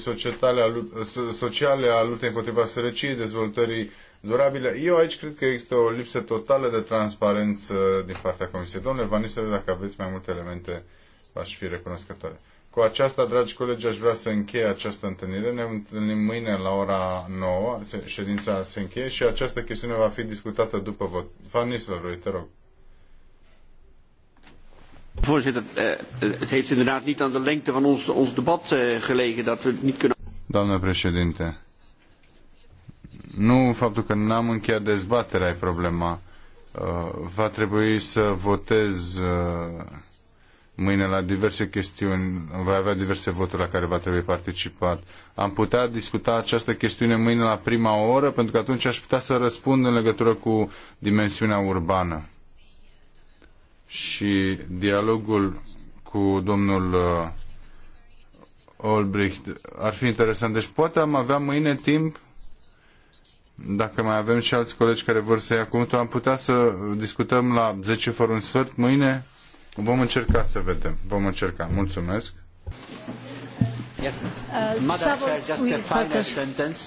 sociale, a luptei împotriva sărăciei, dezvoltării durabile. Eu aici cred că există o lipsă totală de transparență din partea Comisiei. Domnule Vanisele, dacă aveți mai multe elemente, aș fi recunoscătoare. Cu aceasta, dragi colegi, aș vrea să încheie această întâlnire. Ne întâlnim mâine la ora 9, ședința se încheie și această chestiune va fi discutată după vot. Van Nistelrooy, te rog. Voorzitter, eh, het heeft inderdaad niet aan de lengte van ons, ons debat eh, gelegen dat we het niet kunnen... Doamne președinte, nu în faptul că n-am încheiat dezbaterea e problema. Uh, va trebui să votez uh, mâine la diverse chestiuni, va avea diverse voturi la care va trebui participat. Am putea discuta această chestiune mâine la prima oră, pentru că atunci aș putea să răspund în legătură cu dimensiunea urbană. Și dialogul cu domnul uh, Olbricht ar fi interesant. Deci poate am avea mâine timp dacă mai avem și alți colegi care vor să ia cuvântul, am putea să discutăm la 10 fără un sfert mâine Vom încerca să vedem. Vom încerca. Mulțumesc. Yes. Uh, Mother Chair, just a final uh, sentence.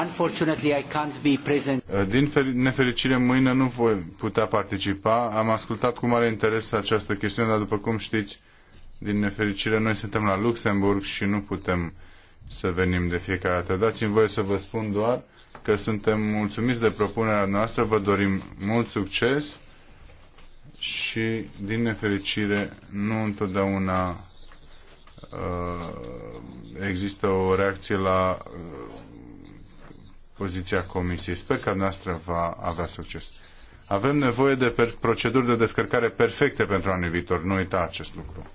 Unfortunately, I can't be present. Uh, din nefericire, mâine nu voi putea participa. Am ascultat cu mare interes această chestiune, dar după cum știți, din nefericire, noi suntem la Luxemburg și nu putem să venim de fiecare dată. Dați-mi voie să vă spun doar că suntem mulțumiți de propunerea noastră, vă dorim mult succes și, din nefericire, nu întotdeauna uh, există o reacție la uh, poziția Comisiei. Sper că noastră va avea succes. Avem nevoie de proceduri de descărcare perfecte pentru anul viitor. Nu uita acest lucru.